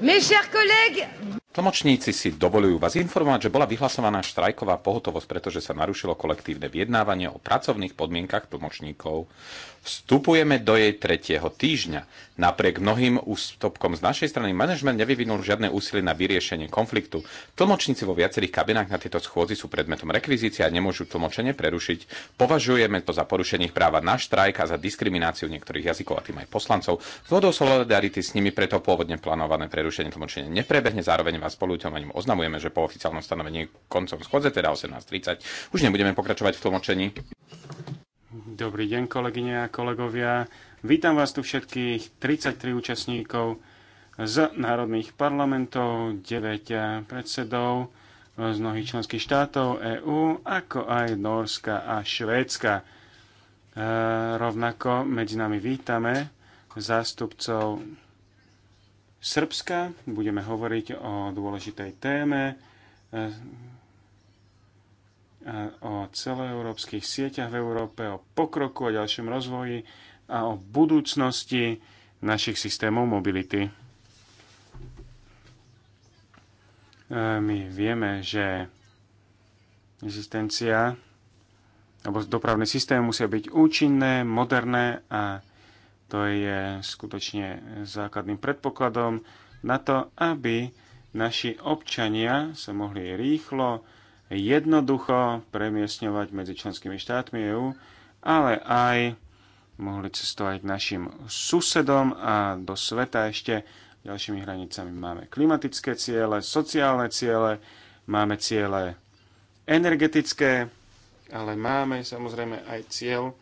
Mes chers collègues, Tlmočníci si dovolujú vás informovať, že bola vyhlasovaná štrajková pohotovosť, pretože sa narušilo kolektívne vyjednávanie o pracovných podmienkach tlmočníkov. Vstupujeme do jej tretieho týždňa. Napriek mnohým ústupkom z našej strany manažment nevyvinul žiadne úsilie na vyriešenie konfliktu. Tlmočníci vo viacerých kabinách na tieto schôdzi sú predmetom rekvizície a nemôžu tlmočenie prerušiť. Považujeme to za porušenie práva na štrajk a za diskrimináciu niektorých jazykov a tým aj poslancov. Z solidarity s nimi preto pôvodne plánované prerušenie tlmočenia neprebehne zároveň a spolúťovaním oznamujeme, že po oficiálnom stanovení koncom schodze, teda 18.30, už nebudeme pokračovať v tlmočení. Dobrý deň, kolegyne a kolegovia. Vítam vás tu všetkých 33 účastníkov z národných parlamentov, 9 predsedov z mnohých členských štátov EÚ, ako aj Norska a Švédska. E, rovnako medzi nami vítame zástupcov Srbska. Budeme hovoriť o dôležitej téme, eh, o celoeurópskych sieťach v Európe, o pokroku, a ďalšom rozvoji a o budúcnosti našich systémov mobility. Eh, my vieme, že existencia alebo dopravné systémy musia byť účinné, moderné a to je skutočne základným predpokladom na to, aby naši občania sa mohli rýchlo, jednoducho premiesňovať medzi členskými štátmi EÚ, ale aj mohli cestovať našim susedom a do sveta ešte ďalšími hranicami máme klimatické ciele, sociálne ciele, máme ciele energetické, ale máme samozrejme aj cieľ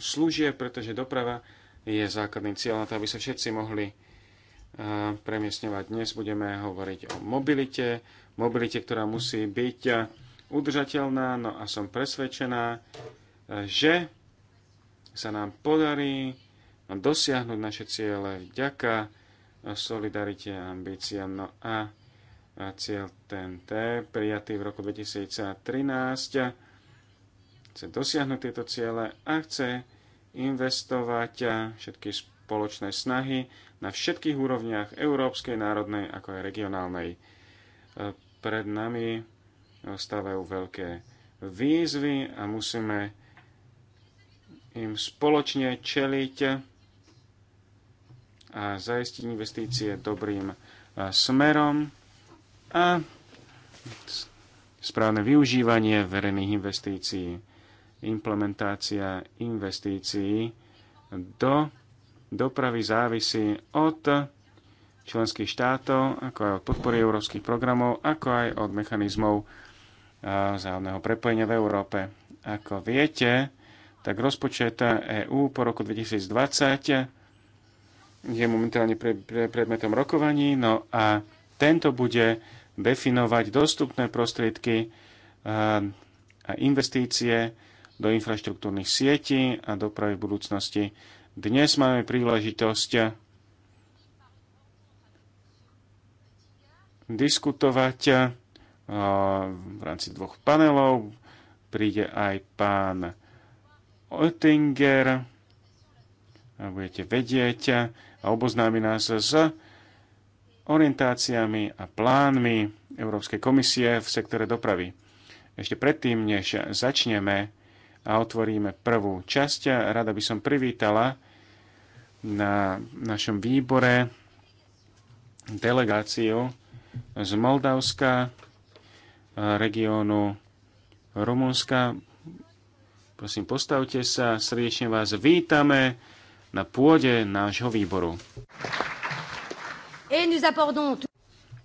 služieb, pretože doprava je základný cieľ na to, aby sa všetci mohli premiesňovať. Dnes budeme hovoriť o mobilite, mobilite, ktorá musí byť udržateľná, no a som presvedčená, že sa nám podarí dosiahnuť naše ciele vďaka solidarite a ambíciám. No a cieľ TNT prijatý v roku 2013 chce dosiahnuť tieto ciele a chce investovať všetky spoločné snahy na všetkých úrovniach európskej, národnej, ako aj regionálnej. E, pred nami Stávajú veľké výzvy a musíme im spoločne čeliť a zaistiť investície dobrým e, smerom a správne využívanie verejných investícií implementácia investícií do dopravy závisí od členských štátov, ako aj od podpory európskych programov, ako aj od mechanizmov eh, vzájomného prepojenia v Európe. Ako viete, tak rozpočet EÚ po roku 2020 je momentálne predmetom rokovaní, no a tento bude definovať dostupné prostriedky eh, a investície do infraštruktúrnych sietí a dopravy v budúcnosti. Dnes máme príležitosť diskutovať eh, v rámci dvoch panelov. Príde aj pán Oettinger a budete vedieť a oboznámi nás s orientáciami a plánmi Európskej komisie v sektore dopravy. Ešte predtým, než začneme a otvoríme prvú časť. Rada by som privítala na našom výbore delegáciu z Moldavska, regiónu Rumunska. Prosím, postavte sa, srdečne vás vítame na pôde nášho výboru.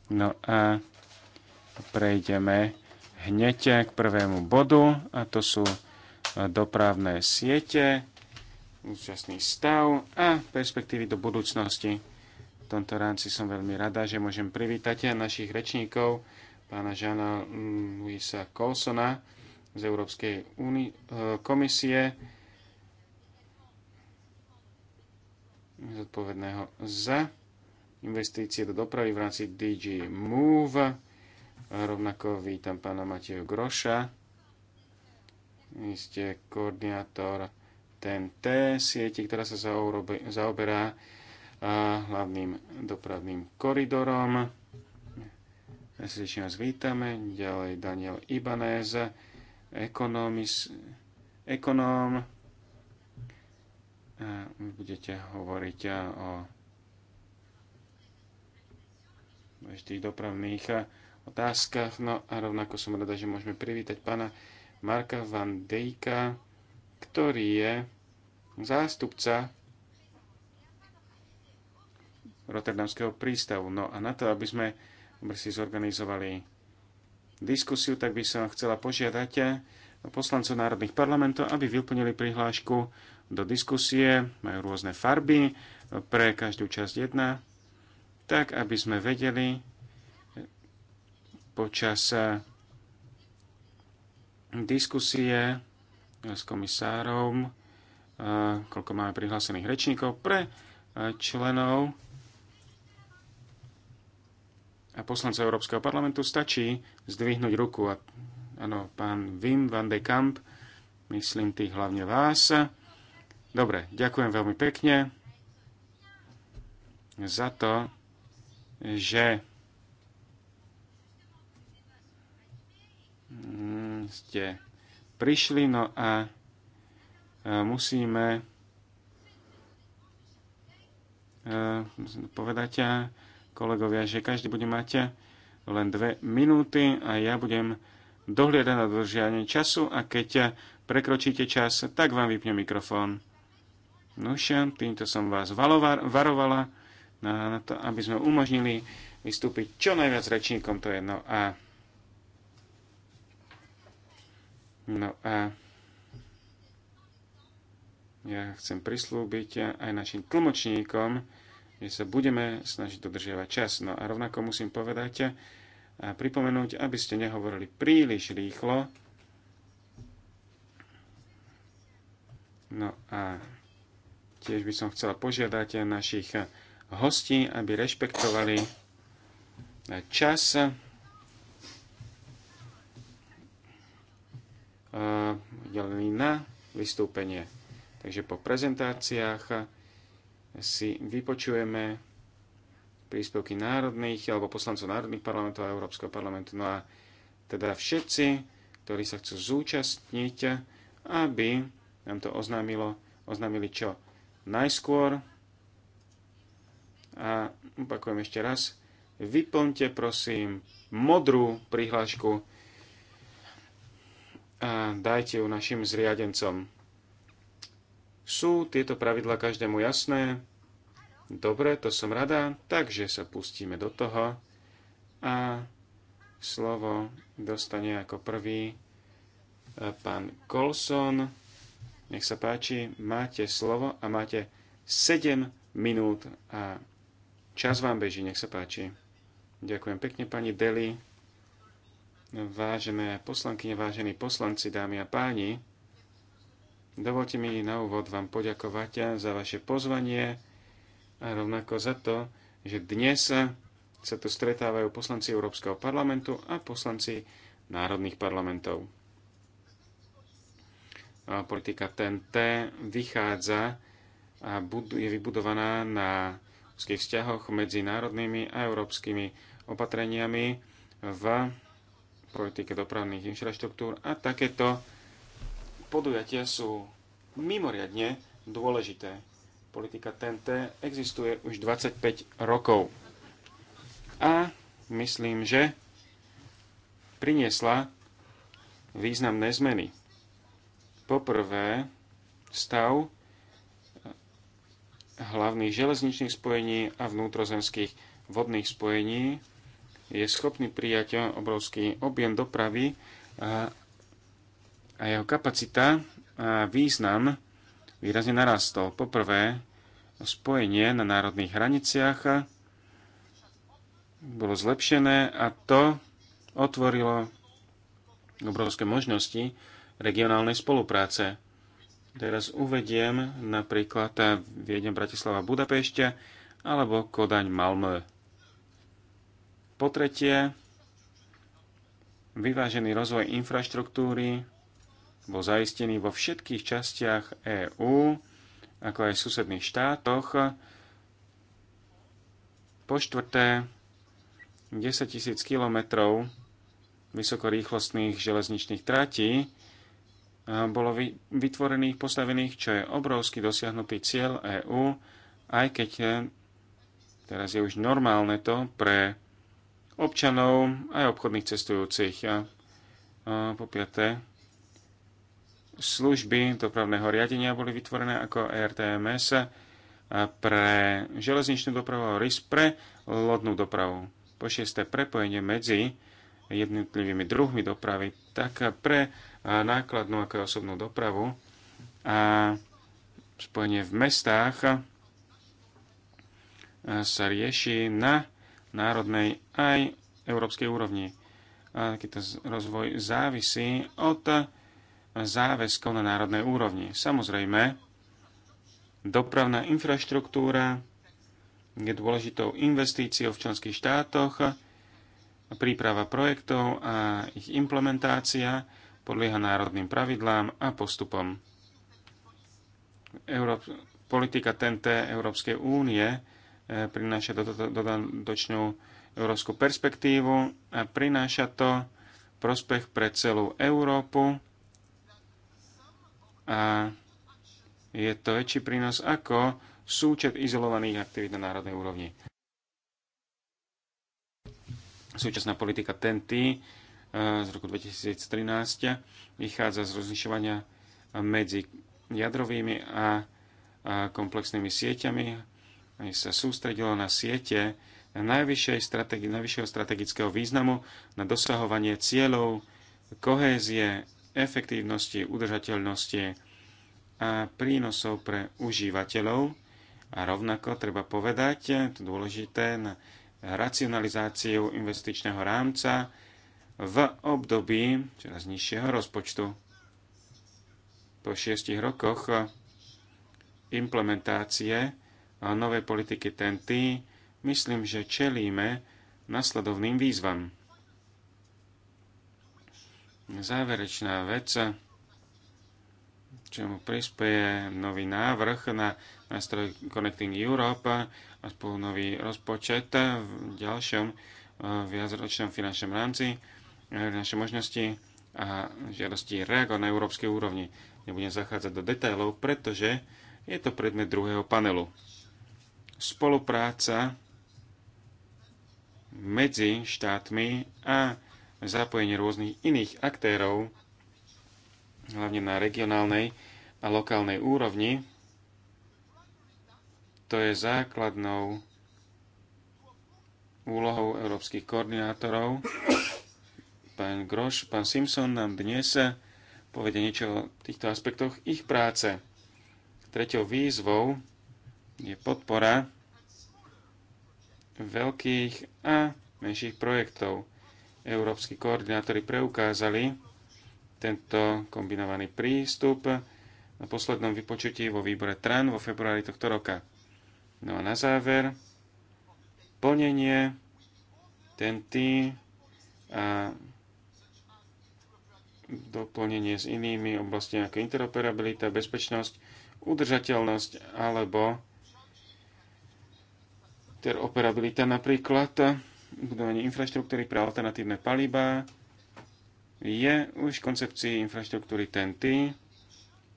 No a prejdeme hneď k prvému bodu a to sú dopravné siete, súčasný stav a perspektívy do budúcnosti. V tomto rámci som veľmi rada, že môžem privítať našich rečníkov, pána Žana Luisa Colsona z Európskej eh, komisie, zodpovedného za investície do dopravy v rámci DG Move. Rovnako vítam pána Mateja Groša, ste koordinátor TNT sieti, ktorá sa zaoberá hlavným dopravným koridorom. Ja Srdečne vás vítame. Ďalej Daniel Ibanez, ekonomis, ekonóm. Budete hovoriť o dôležitých dopravných otázkach. No a rovnako som rada, že môžeme privítať pána Marka Van Dejka, ktorý je zástupca Rotterdamského prístavu. No a na to, aby sme si zorganizovali diskusiu, tak by som chcela požiadať poslancov národných parlamentov, aby vyplnili prihlášku do diskusie. Majú rôzne farby pre každú časť jedna, tak aby sme vedeli počas diskusie s komisárom, e, koľko máme prihlásených rečníkov pre e, členov a poslancov Európskeho parlamentu stačí zdvihnúť ruku. A, áno, pán Wim van de Kamp, myslím tých hlavne vás. Dobre, ďakujem veľmi pekne za to, že ste prišli, no a musíme povedať kolegovia, že každý bude mať len dve minúty a ja budem dohliadať na dodržiavanie času a keď prekročíte čas, tak vám vypne mikrofón. Nuž, týmto som vás varovala, na to, aby sme umožnili vystúpiť čo najviac rečníkom, to je no a No a ja chcem prislúbiť aj našim tlmočníkom, že sa budeme snažiť dodržiavať čas. No a rovnako musím povedať a pripomenúť, aby ste nehovorili príliš rýchlo. No a tiež by som chcela požiadať našich hostí, aby rešpektovali čas. delený na vystúpenie. Takže po prezentáciách si vypočujeme príspevky národných alebo poslancov národných parlamentov a Európskeho parlamentu. No a teda všetci, ktorí sa chcú zúčastniť, aby nám to oznámilo, oznámili čo najskôr. A opakujem ešte raz, vyplňte prosím modrú prihlášku a dajte ju našim zriadencom. Sú tieto pravidla každému jasné? Dobre, to som rada, takže sa pustíme do toho a slovo dostane ako prvý e, pán Colson. Nech sa páči, máte slovo a máte 7 minút a čas vám beží, nech sa páči. Ďakujem pekne, pani Deli. Vážené poslankyne, vážení poslanci, dámy a páni, dovolte mi na úvod vám poďakovať za vaše pozvanie a rovnako za to, že dnes sa tu stretávajú poslanci Európskeho parlamentu a poslanci národných parlamentov. Politika TNT vychádza a je vybudovaná na vzťahoch medzi národnými a európskymi opatreniami v politike dopravných infraštruktúr a takéto podujatia sú mimoriadne dôležité. Politika TNT existuje už 25 rokov a myslím, že priniesla významné zmeny. Poprvé, stav hlavných železničných spojení a vnútrozemských vodných spojení je schopný prijať obrovský objem dopravy a, a jeho kapacita a význam výrazne narastol. Poprvé, spojenie na národných hraniciach bolo zlepšené a to otvorilo obrovské možnosti regionálnej spolupráce. Teraz uvediem napríklad Viedem, Bratislava, Budapešťa alebo Kodaň, Malmö. Po tretie, vyvážený rozvoj infraštruktúry bol zaistený vo všetkých častiach EÚ, ako aj v susedných štátoch. Po štvrté, 10 000 kilometrov vysokorýchlostných železničných trátí eh, bolo vytvorených, postavených, čo je obrovský dosiahnutý cieľ EÚ, aj keď eh, teraz je už normálne to pre občanov aj obchodných cestujúcich. A po piaté, služby dopravného riadenia boli vytvorené ako RTMS pre železničnú dopravu a RIS pre lodnú dopravu. Po šiesté, prepojenie medzi jednotlivými druhmi dopravy, tak pre nákladnú ako aj osobnú dopravu a spojenie v mestách sa rieši na národnej aj európskej úrovni. A takýto rozvoj závisí od záväzkov na národnej úrovni. Samozrejme, dopravná infraštruktúra je dôležitou investíciou v členských štátoch, príprava projektov a ich implementácia podlieha národným pravidlám a postupom. Euró- politika TNT Európskej únie E, prináša dodatočnú európsku perspektívu a prináša to prospech pre celú Európu a je to väčší prínos ako súčet izolovaných aktivít na národnej úrovni. Súčasná politika TNT e, z roku 2013 vychádza z rozlišovania medzi jadrovými a komplexnými sieťami sa sústredilo na siete najvyššej strategi- najvyššieho strategického významu na dosahovanie cieľov kohézie, efektívnosti, udržateľnosti a prínosov pre užívateľov. A rovnako treba povedať, to dôležité, na racionalizáciu investičného rámca v období čoraz nižšieho rozpočtu. Po šiestich rokoch implementácie novej politiky TNT, myslím, že čelíme nasledovným výzvam. Záverečná vec, mu prispieje nový návrh na nástroj Connecting Europe a spolu nový rozpočet v ďalšom eh, viacročnom finančnom rámci, eh, naše možnosti a žiadosti reago na európskej úrovni. Nebudem zachádzať do detailov, pretože je to predmet druhého panelu spolupráca medzi štátmi a zapojenie rôznych iných aktérov, hlavne na regionálnej a lokálnej úrovni, to je základnou úlohou európskych koordinátorov. Pán Groš, pán Simpson nám dnes povede niečo o týchto aspektoch ich práce. Tretou výzvou je podpora veľkých a menších projektov. Európsky koordinátori preukázali tento kombinovaný prístup na poslednom vypočutí vo výbore TRAN vo februári tohto roka. No a na záver, plnenie TNT a doplnenie s inými oblastiami ako interoperabilita, bezpečnosť, udržateľnosť alebo interoperabilita napríklad, budovanie infraštruktúry pre alternatívne paliba, je už v koncepcii infraštruktúry TNT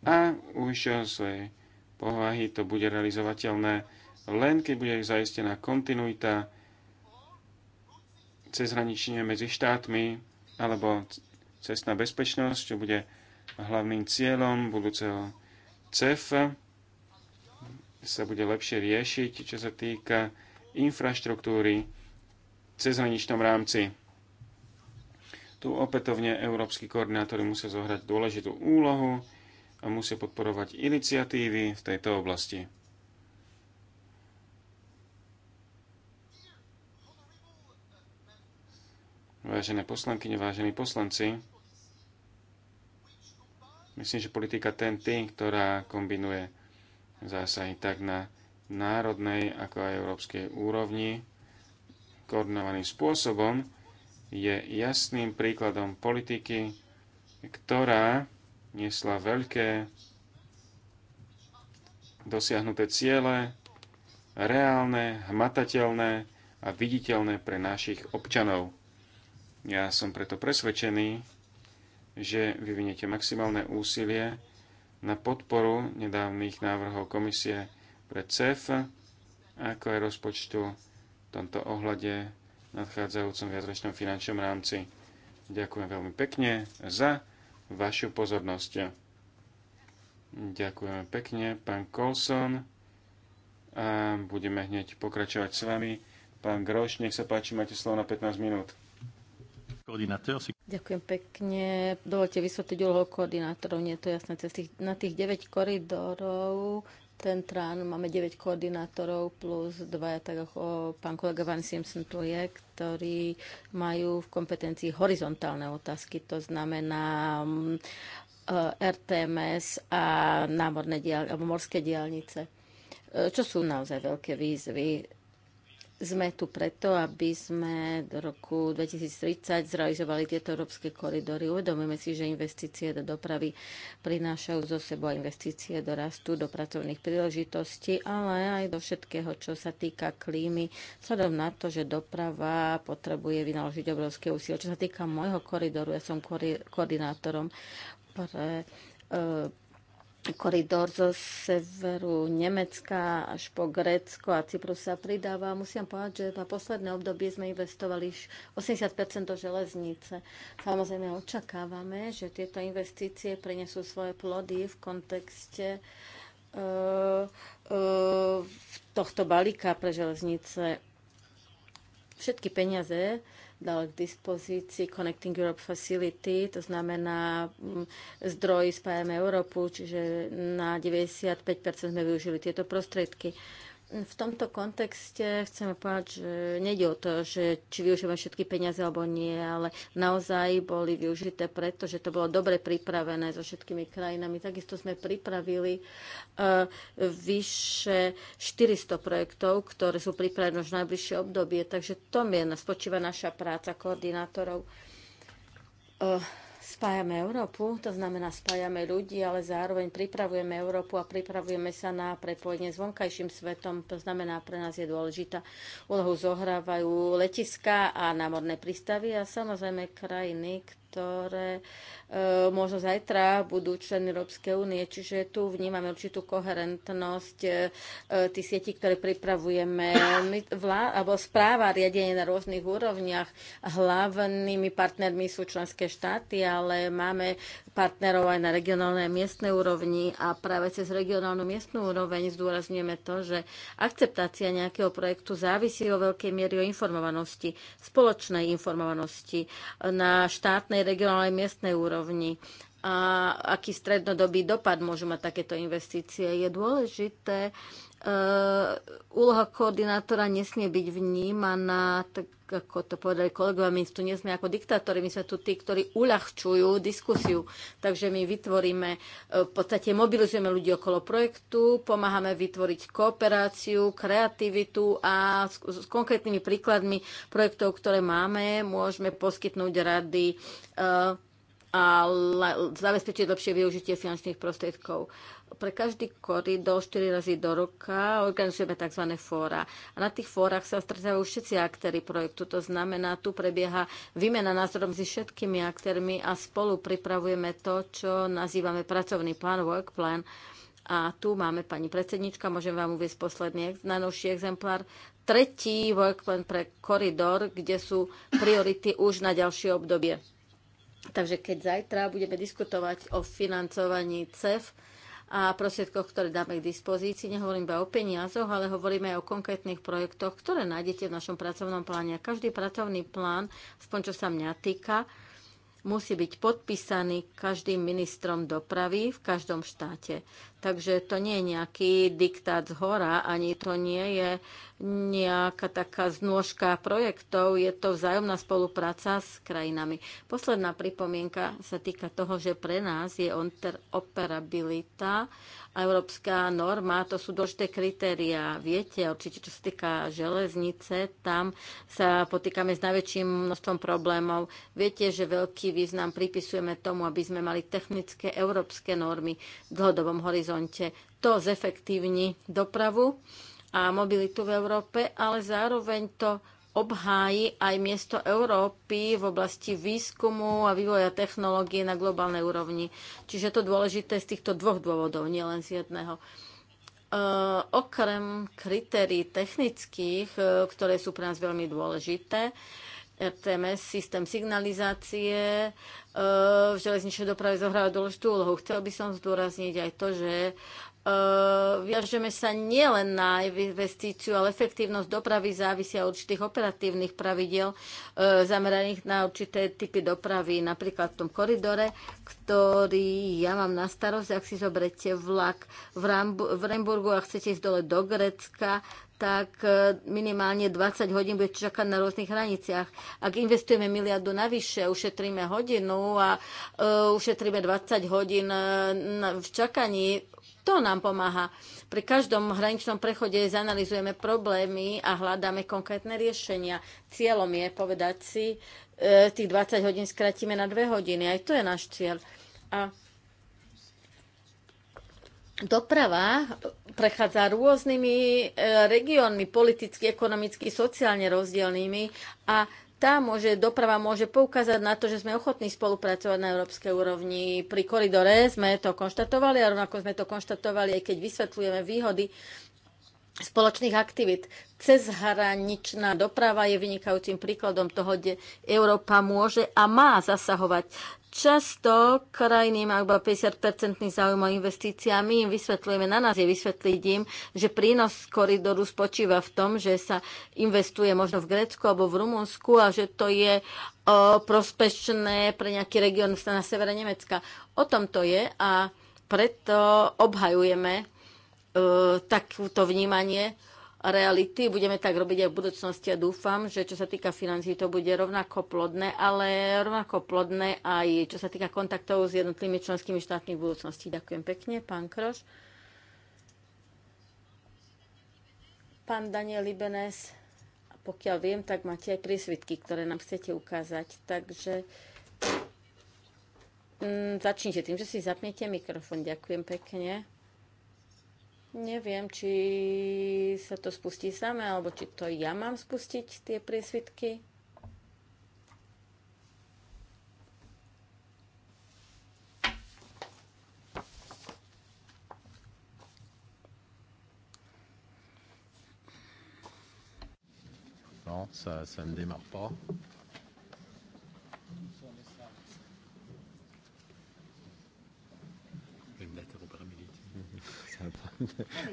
a už svojej povahy to bude realizovateľné len keď bude zaistená kontinuita cezhranične medzi štátmi alebo cestná bezpečnosť, čo bude hlavným cieľom budúceho CEF, sa bude lepšie riešiť, čo sa týka infraštruktúry v cezhraničnom rámci. Tu opätovne európsky koordinátori musia zohrať dôležitú úlohu a musia podporovať iniciatívy v tejto oblasti. Vážené poslankyne, vážení poslanci, myslím, že politika TNT, ktorá kombinuje zásahy tak na národnej ako aj európskej úrovni koordinovaným spôsobom je jasným príkladom politiky, ktorá niesla veľké dosiahnuté ciele, reálne, hmatateľné a viditeľné pre našich občanov. Ja som preto presvedčený, že vyvinete maximálne úsilie na podporu nedávnych návrhov komisie pre CEF, ako aj rozpočtu v tomto ohľade v nadchádzajúcom viacročnom finančnom rámci. Ďakujem veľmi pekne za vašu pozornosť. Ďakujem pekne, pán Colson. A budeme hneď pokračovať s vami. Pán Groš, nech sa páči, máte slovo na 15 minút. Ďakujem pekne. Dovolte vysvetliť úlohu koordinátorov. Nie je to jasné. Cez tých, na tých 9 koridorov ten trán. Máme 9 koordinátorov plus 2, tak ako pán kolega Van Simpson tu je, ktorí majú v kompetencii horizontálne otázky, to znamená e, RTMS a námorné dial- alebo morské diálnice, e, čo sú naozaj veľké výzvy sme tu preto, aby sme do roku 2030 zrealizovali tieto európske koridory. Uvedomíme si, že investície do dopravy prinášajú zo sebou investície do rastu, do pracovných príležitostí, ale aj do všetkého, čo sa týka klímy, vzhľadom na to, že doprava potrebuje vynaložiť obrovské úsilie. Čo sa týka môjho koridoru, ja som koordinátorom pre e, koridor zo severu Nemecka až po Grécko a Cyprus sa pridáva. Musím povedať, že na posledné obdobie sme investovali 80 do železnice. Samozrejme očakávame, že tieto investície prinesú svoje plody v kontekste uh, e, uh, e, tohto balíka pre železnice. Všetky peniaze, dal k dispozícii Connecting Europe Facility, to znamená mm, zdroj Spájame Európu, čiže na 95% sme využili tieto prostriedky v tomto kontexte chcem povedať, že nejde o to, že či využívame všetky peniaze alebo nie, ale naozaj boli využité preto, že to bolo dobre pripravené so všetkými krajinami. Takisto sme pripravili uh, vyše 400 projektov, ktoré sú pripravené už v najbližšie obdobie, takže tom je spočíva naša práca koordinátorov. Uh, spájame Európu, to znamená spájame ľudí, ale zároveň pripravujeme Európu a pripravujeme sa na prepojenie s vonkajším svetom. To znamená, pre nás je dôležitá. Úlohu zohrávajú letiska a námorné prístavy a samozrejme krajiny, ktoré e, možno zajtra budú členy Európskej únie. Čiže tu vnímame určitú koherentnosť e, e, tých sietí, ktoré pripravujeme. My, vlá, alebo správa riadenie na rôznych úrovniach. Hlavnými partnermi sú členské štáty, ale máme partnerov aj na regionálnej miestnej úrovni a práve cez regionálnu miestnú úroveň zdôrazňujeme to, že akceptácia nejakého projektu závisí o veľkej miery o informovanosti, spoločnej informovanosti na štátnej lokálnej, regionálnej, miestnej úrovni a aký strednodobý dopad môžu mať takéto investície. Je dôležité E, úloha koordinátora nesmie byť vnímaná, tak ako to povedali kolegovia, my tu nie sme ako diktátori, my sme tu tí, ktorí uľahčujú diskusiu. Takže my vytvoríme, e, v podstate mobilizujeme ľudí okolo projektu, pomáhame vytvoriť kooperáciu, kreativitu a s, s konkrétnymi príkladmi projektov, ktoré máme, môžeme poskytnúť rady uh, a zabezpečiť lepšie využitie finančných prostriedkov. Pre každý koridor 4 razy do roka organizujeme tzv. fóra. A na tých fórach sa stretávajú všetci aktéry projektu. To znamená, tu prebieha výmena názorov si všetkými aktérmi a spolu pripravujeme to, čo nazývame pracovný plán, work plan. A tu máme pani predsednička, môžem vám uvieť posledný, najnovší exemplár tretí work plan pre koridor, kde sú priority už na ďalšie obdobie. Takže keď zajtra budeme diskutovať o financovaní CEF a prostriedkoch, ktoré dáme k dispozícii, nehovorím iba o peniazoch, ale hovoríme aj o konkrétnych projektoch, ktoré nájdete v našom pracovnom pláne. A každý pracovný plán, aspoň čo sa mňa týka, musí byť podpísaný každým ministrom dopravy v každom štáte. Takže to nie je nejaký diktát z hora, ani to nie je nejaká taká znôžka projektov, je to vzájomná spolupráca s krajinami. Posledná pripomienka sa týka toho, že pre nás je interoperabilita a európska norma, to sú dôležité kritéria. Viete, určite čo sa týka železnice, tam sa potýkame s najväčším množstvom problémov. Viete, že veľký význam pripisujeme tomu, aby sme mali technické európske normy v dlhodobom horizonte horizonte. To zefektívni dopravu a mobilitu v Európe, ale zároveň to obhájí aj miesto Európy v oblasti výskumu a vývoja technológie na globálnej úrovni. Čiže to dôležité z týchto dvoch dôvodov, nielen z jedného. okrem kritérií technických, ktoré sú pre nás veľmi dôležité, RTMS, e systém signalizácie e, v železničnej doprave zohráva dôležitú úlohu. Chcel by som zdôrazniť aj to, že e, viažeme sa nielen na investíciu, ale efektívnosť dopravy závisia od určitých operatívnych pravidel zameraných na určité typy dopravy, napríklad v tom koridore, ktorý ja mám na starosť, ak si zoberete vlak v, Rambu- v Remburgu a chcete ísť dole do Grecka, tak e, minimálne 20 hodín bude čakať na rôznych hraniciach. Ak investujeme miliardu navyše, ušetríme hodinu a uh, ušetríme 20 hodín e, v čakaní, to nám pomáha. Pri každom hraničnom prechode zanalizujeme problémy a hľadáme konkrétne riešenia. Cieľom je povedať si, uh, tých 20 hodín skratíme na 2 hodiny. Aj to je náš cieľ. A doprava prechádza rôznymi e, regiónmi, politicky, ekonomicky, sociálne rozdielnými a tá môže, doprava môže poukázať na to, že sme ochotní spolupracovať na európskej úrovni. Pri koridore sme to konštatovali a rovnako sme to konštatovali, aj keď vysvetľujeme výhody spoločných aktivít. Cezhraničná doprava je vynikajúcim príkladom toho, kde Európa môže a má zasahovať Často krajiny majú iba 50-percentný záujem o a my im vysvetľujeme, na nás je vysvetliť im, že prínos koridoru spočíva v tom, že sa investuje možno v Grécku alebo v Rumunsku a že to je o, prospešné pre nejaký región na severe Nemecka. O tom to je a preto obhajujeme e, takúto vnímanie reality. Budeme tak robiť aj v budúcnosti a dúfam, že čo sa týka financí, to bude rovnako plodné, ale rovnako plodné aj čo sa týka kontaktov s jednotlivými členskými štátmi v budúcnosti. Ďakujem pekne, pán Kroš. Pán Daniel Libenes, pokiaľ viem, tak máte aj prísvitky, ktoré nám chcete ukázať. Takže mm, začnite tým, že si zapnete mikrofón. Ďakujem pekne. Neviem, či sa to spustí samé, alebo či to ja mám spustiť, tie priesvitky. Non, ça, ça ne démarre pas.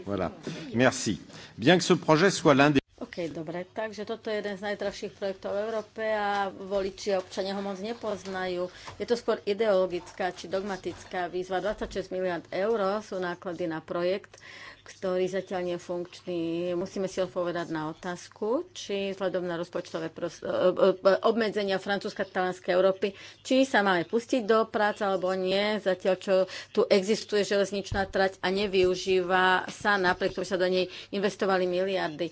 voilà. Merci. Bien que ce projet soit l'un des OK, dobre. Takže toto je jeden z najdražších projektov v Európe a voliči a občania ho moc nepoznajú. Je to skôr ideologická či dogmatická výzva. 26 miliard eur sú náklady na projekt, ktorý zatiaľ nie je funkčný. Musíme si odpovedať na otázku, či vzhľadom na rozpočtové e, e, e, obmedzenia francúzska talanskej Európy, či sa máme pustiť do práce alebo nie, zatiaľ čo tu existuje železničná trať a nevyužíva sa, napriek tomu sa do nej investovali miliardy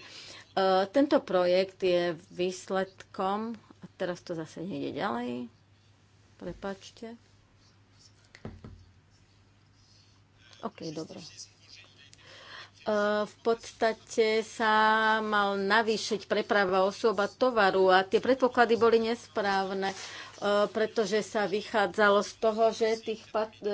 E, tento projekt je výsledkom, a teraz to zase nejde ďalej, prepačte. OK, dobre e, v podstate sa mal navýšiť preprava osoba tovaru a tie predpoklady boli nesprávne. E, pretože sa vychádzalo z toho, že tých e,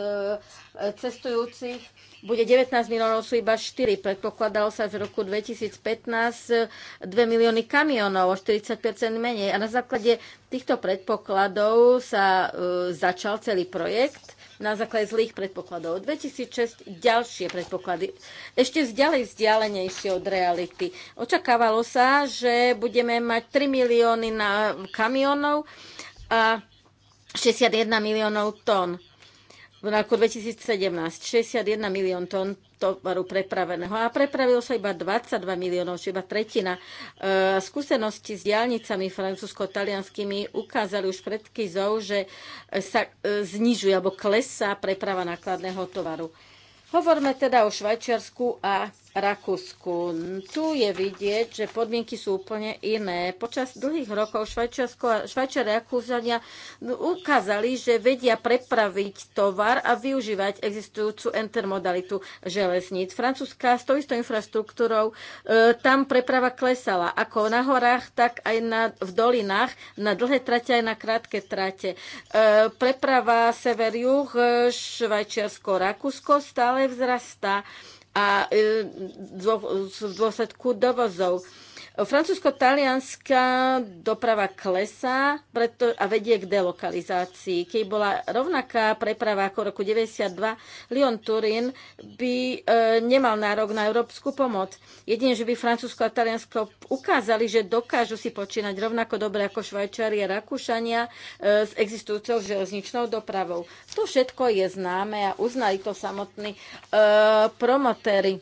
cestujúcich bude 19 miliónov, sú iba 4. Predpokladalo sa, že v roku 2015 2 e, milióny kamionov, o 40 menej. A na základe týchto predpokladov sa začal celý projekt na základe zlých predpokladov. 2006 ďalšie predpoklady, ešte vzdialej vzdialenejšie od reality. Očakávalo sa, že budeme mať 3 milióny na kamionov a 61 miliónov tón v roku 2017 61 milión tón tovaru prepraveného a prepravilo sa iba 22 miliónov, či iba tretina. E, skúsenosti s diálnicami francúzsko-talianskými ukázali už pred krizou, že sa e, znižuje alebo klesá preprava nákladného tovaru. Hovorme teda o Švajčiarsku a Rakúsku. Tu je vidieť, že podmienky sú úplne iné. Počas dlhých rokov Švajčia a Rakúzania ukázali, že vedia prepraviť tovar a využívať existujúcu intermodalitu železníc. Francúzska s tou istou infraštruktúrou e, tam preprava klesala. Ako na horách, tak aj na, v dolinách, na dlhé trate aj na krátke trate. E, preprava sever-juh, e, Švajčiarsko-Rakúsko stále vzrastá a v dôsledku dovozov. Francúzsko-talianská doprava klesá preto, a vedie k delokalizácii. Keď bola rovnaká preprava ako roku 92, Lyon Turín by e, nemal nárok na európsku pomoc. Jedine, že by Francúzsko a Taliansko ukázali, že dokážu si počínať rovnako dobre ako Švajčari a Rakúšania e, s existujúcou železničnou dopravou. To všetko je známe a uznali to samotní e, promotéry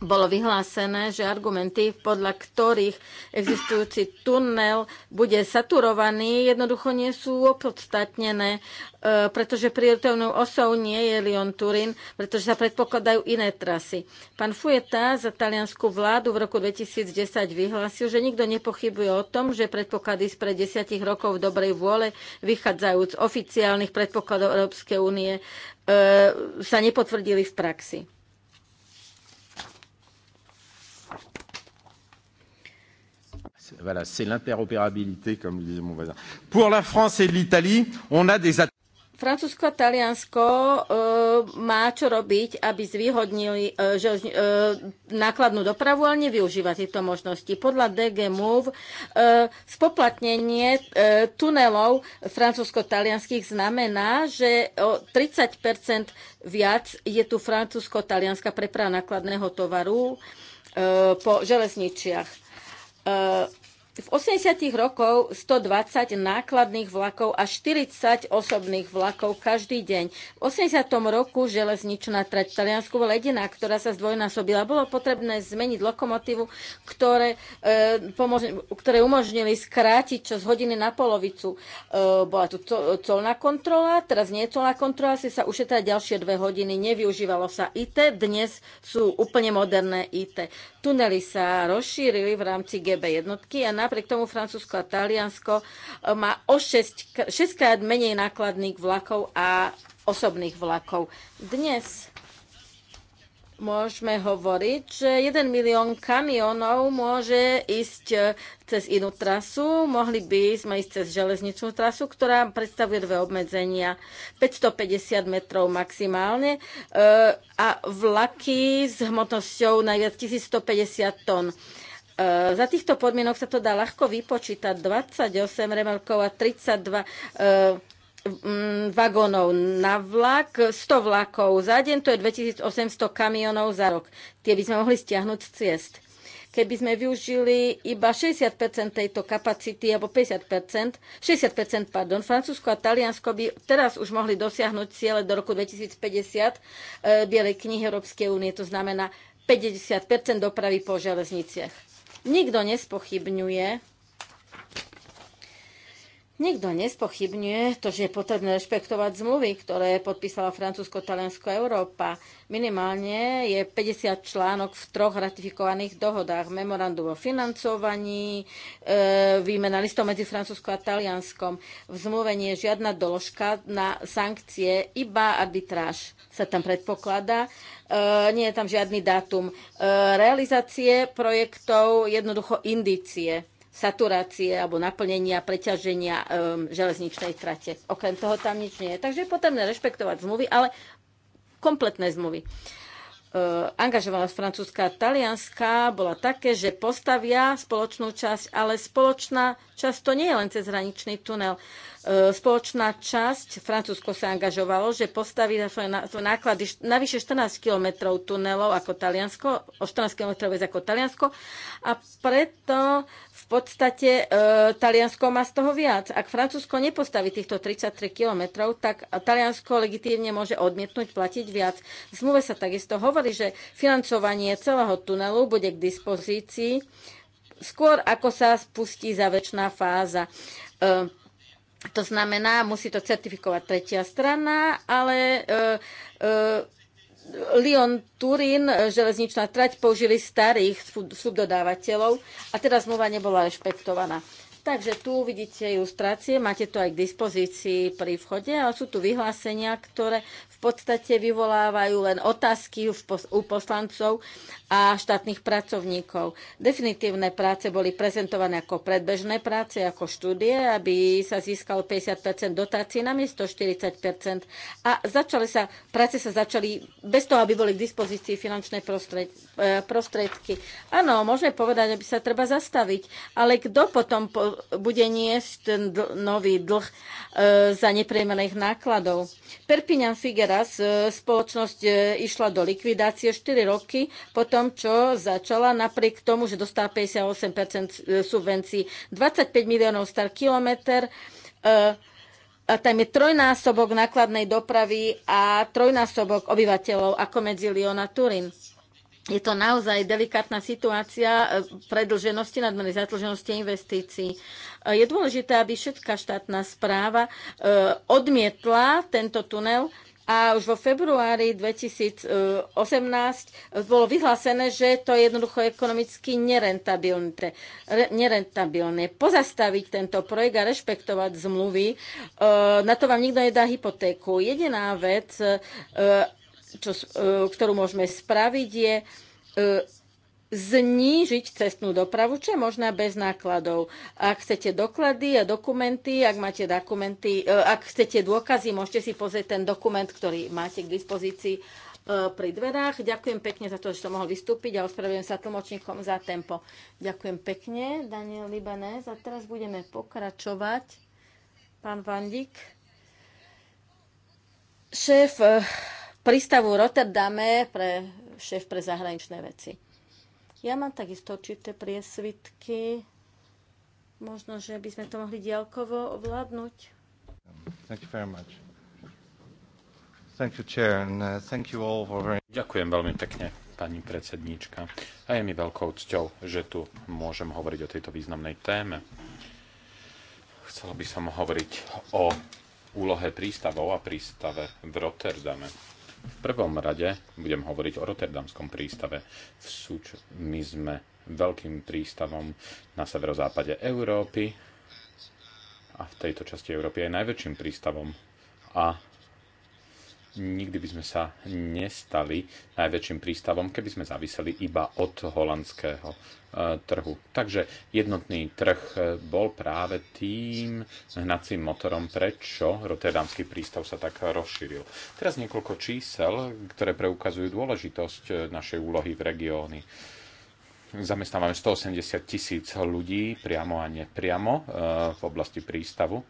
bolo vyhlásené, že argumenty, podľa ktorých existujúci tunel bude saturovaný, jednoducho nie sú opodstatnené, e, pretože prioritevnou osou nie je Lyon-Turín, pretože sa predpokladajú iné trasy. Pán Fueta za taliansku vládu v roku 2010 vyhlásil, že nikto nepochybuje o tom, že predpoklady spred desiatich rokov dobrej vôle, vychádzajúc z oficiálnych predpokladov Európskej únie, e, sa nepotvrdili v praxi. Voilà, c'est l'interopérabilité, comme disait mon voisin. Pour la France et l'Italie, on a des attentes. Francúzsko a Taliansko e, má čo robiť, aby zvýhodnili e, že, e, nákladnú dopravu, ale nevyužíva tieto možnosti. Podľa DG Move e, spoplatnenie e, tunelov francúzsko-talianských znamená, že o 30 viac je tu francúzsko-talianská preprava nákladného tovaru e, po železničiach uh, v 80. rokov 120 nákladných vlakov a 40 osobných vlakov každý deň. V 80. roku železničná trať Taliansku bola jediná, ktorá sa zdvojnásobila. Bolo potrebné zmeniť lokomotívu, ktoré, e, pomož- ktoré umožnili skrátiť čo z hodiny na polovicu. E, bola tu to- colná kontrola, teraz nie je colná kontrola, si sa ušetrá ďalšie dve hodiny. Nevyužívalo sa IT, dnes sú úplne moderné IT. Tunely sa rozšírili v rámci GB jednotky a na napriek tomu Francúzsko a Taliansko e, má o 6, 6 krát menej nákladných vlakov a osobných vlakov. Dnes môžeme hovoriť, že 1 milión kamionov môže ísť e, cez inú trasu. Mohli by sme ísť cez železničnú trasu, ktorá predstavuje dve obmedzenia. 550 metrov maximálne e, a vlaky s hmotnosťou najviac 1150 tón. Eh, za týchto podmienok sa to dá ľahko vypočítať 28 remelkov a 32 eh, mm, vagónov na vlak, 100 vlakov za deň, to je 2800 kamionov za rok. Tie by sme mohli stiahnuť z ciest. Keby sme využili iba 60% tejto kapacity, alebo 50%, 60%, pardon, Francúzsko a Taliansko by teraz už mohli dosiahnuť ciele do roku 2050 e, eh, Bielej knihy Európskej únie, to znamená 50% dopravy po železniciach. Nikto nespochybňuje Nikto nespochybňuje to, že je potrebné rešpektovať zmluvy, ktoré podpísala Francúzsko, Taliansko Európa. Minimálne je 50 článok v troch ratifikovaných dohodách. Memorandum o financovaní, e, výmena listov medzi Francúzsko a Talianskom. V zmluve nie je žiadna doložka na sankcie, iba arbitráž sa tam predpokladá. E, nie je tam žiadny dátum e, realizácie projektov, jednoducho indície saturácie alebo naplnenia, preťaženia um, železničnej trate. Okrem toho tam nič nie je. Takže je potrebné rešpektovať zmluvy, ale kompletné zmluvy. Uh, angažovanosť francúzska a talianská bola také, že postavia spoločnú časť, ale spoločná časť to nie je len cez hraničný tunel. Uh, spoločná časť, Francúzsko sa angažovalo, že postaví na svoje náklady navyše 14 kilometrov tunelov ako Taliansko, o 14 km viac ako Taliansko a preto podstate e, Taliansko má z toho viac. Ak Francúzsko nepostaví týchto 33 kilometrov, tak Taliansko legitívne môže odmietnúť platiť viac. V zmluve sa takisto hovorí, že financovanie celého tunelu bude k dispozícii skôr, ako sa spustí záverečná fáza. E, to znamená, musí to certifikovať tretia strana, ale e, e, Lyon-Turín, e, železničná trať, použili starých subdodávateľov a teda zmluva nebola rešpektovaná. Takže tu uvidíte ilustrácie, máte to aj k dispozícii pri vchode ale sú tu vyhlásenia, ktoré v podstate vyvolávajú len otázky u poslancov a štátnych pracovníkov. Definitívne práce boli prezentované ako predbežné práce, ako štúdie, aby sa získalo 50 dotácií na miesto 40 a začali sa, práce sa začali bez toho, aby boli k dispozícii finančné e, prostriedky. Áno, môžeme povedať, aby sa treba zastaviť, ale kto potom po, bude niesť ten dl- nový dlh e, za nepriemených nákladov. Perpiňan Figueras e, spoločnosť e, išla do likvidácie 4 roky po tom, čo začala, napriek tomu, že dostala 58% e, subvencií, 25 miliónov star kilometr. E, a tam je trojnásobok nákladnej dopravy a trojnásobok obyvateľov ako medzi Lyon a Turín je to naozaj delikátna situácia e, predlženosti, nadmernej zatlženosti investícií. E, je dôležité, aby všetká štátna správa e, odmietla tento tunel a už vo februári 2018 bolo vyhlásené, že to je jednoducho ekonomicky nerentabilné. nerentabilné. Pozastaviť tento projekt a rešpektovať zmluvy, na to vám nikto nedá hypotéku. Jediná vec, čo, e, ktorú môžeme spraviť, je e, znížiť cestnú dopravu, čo je možná bez nákladov. Ak chcete doklady a dokumenty, ak máte dokumenty, e, ak chcete dôkazy, môžete si pozrieť ten dokument, ktorý máte k dispozícii pri dverách. Ďakujem pekne za to, že som mohol vystúpiť a ospravedlňujem sa tlmočníkom za tempo. Ďakujem pekne, Daniel Libanés. A teraz budeme pokračovať. Pán Vandík, šéf prístavu v Rotterdame pre šéf pre zahraničné veci. Ja mám takisto určité priesvitky. Možno, že by sme to mohli dielkovo ovládnuť. Uh, Ďakujem veľmi pekne, pani predsedníčka. A je mi veľkou cťou, že tu môžem hovoriť o tejto významnej téme. Chcela by som hovoriť o úlohe prístavov a prístave v Rotterdame v prvom rade budem hovoriť o Rotterdamskom prístave. V súč- my sme veľkým prístavom na severozápade Európy a v tejto časti Európy je najväčším prístavom a nikdy by sme sa nestali najväčším prístavom, keby sme zaviseli iba od holandského e, trhu. Takže jednotný trh e, bol práve tým hnacím motorom, prečo Rotterdamský prístav sa tak rozšíril. Teraz niekoľko čísel, ktoré preukazujú dôležitosť e, našej úlohy v regióne zamestnávame 180 tisíc ľudí priamo a nepriamo eh, v oblasti prístavu,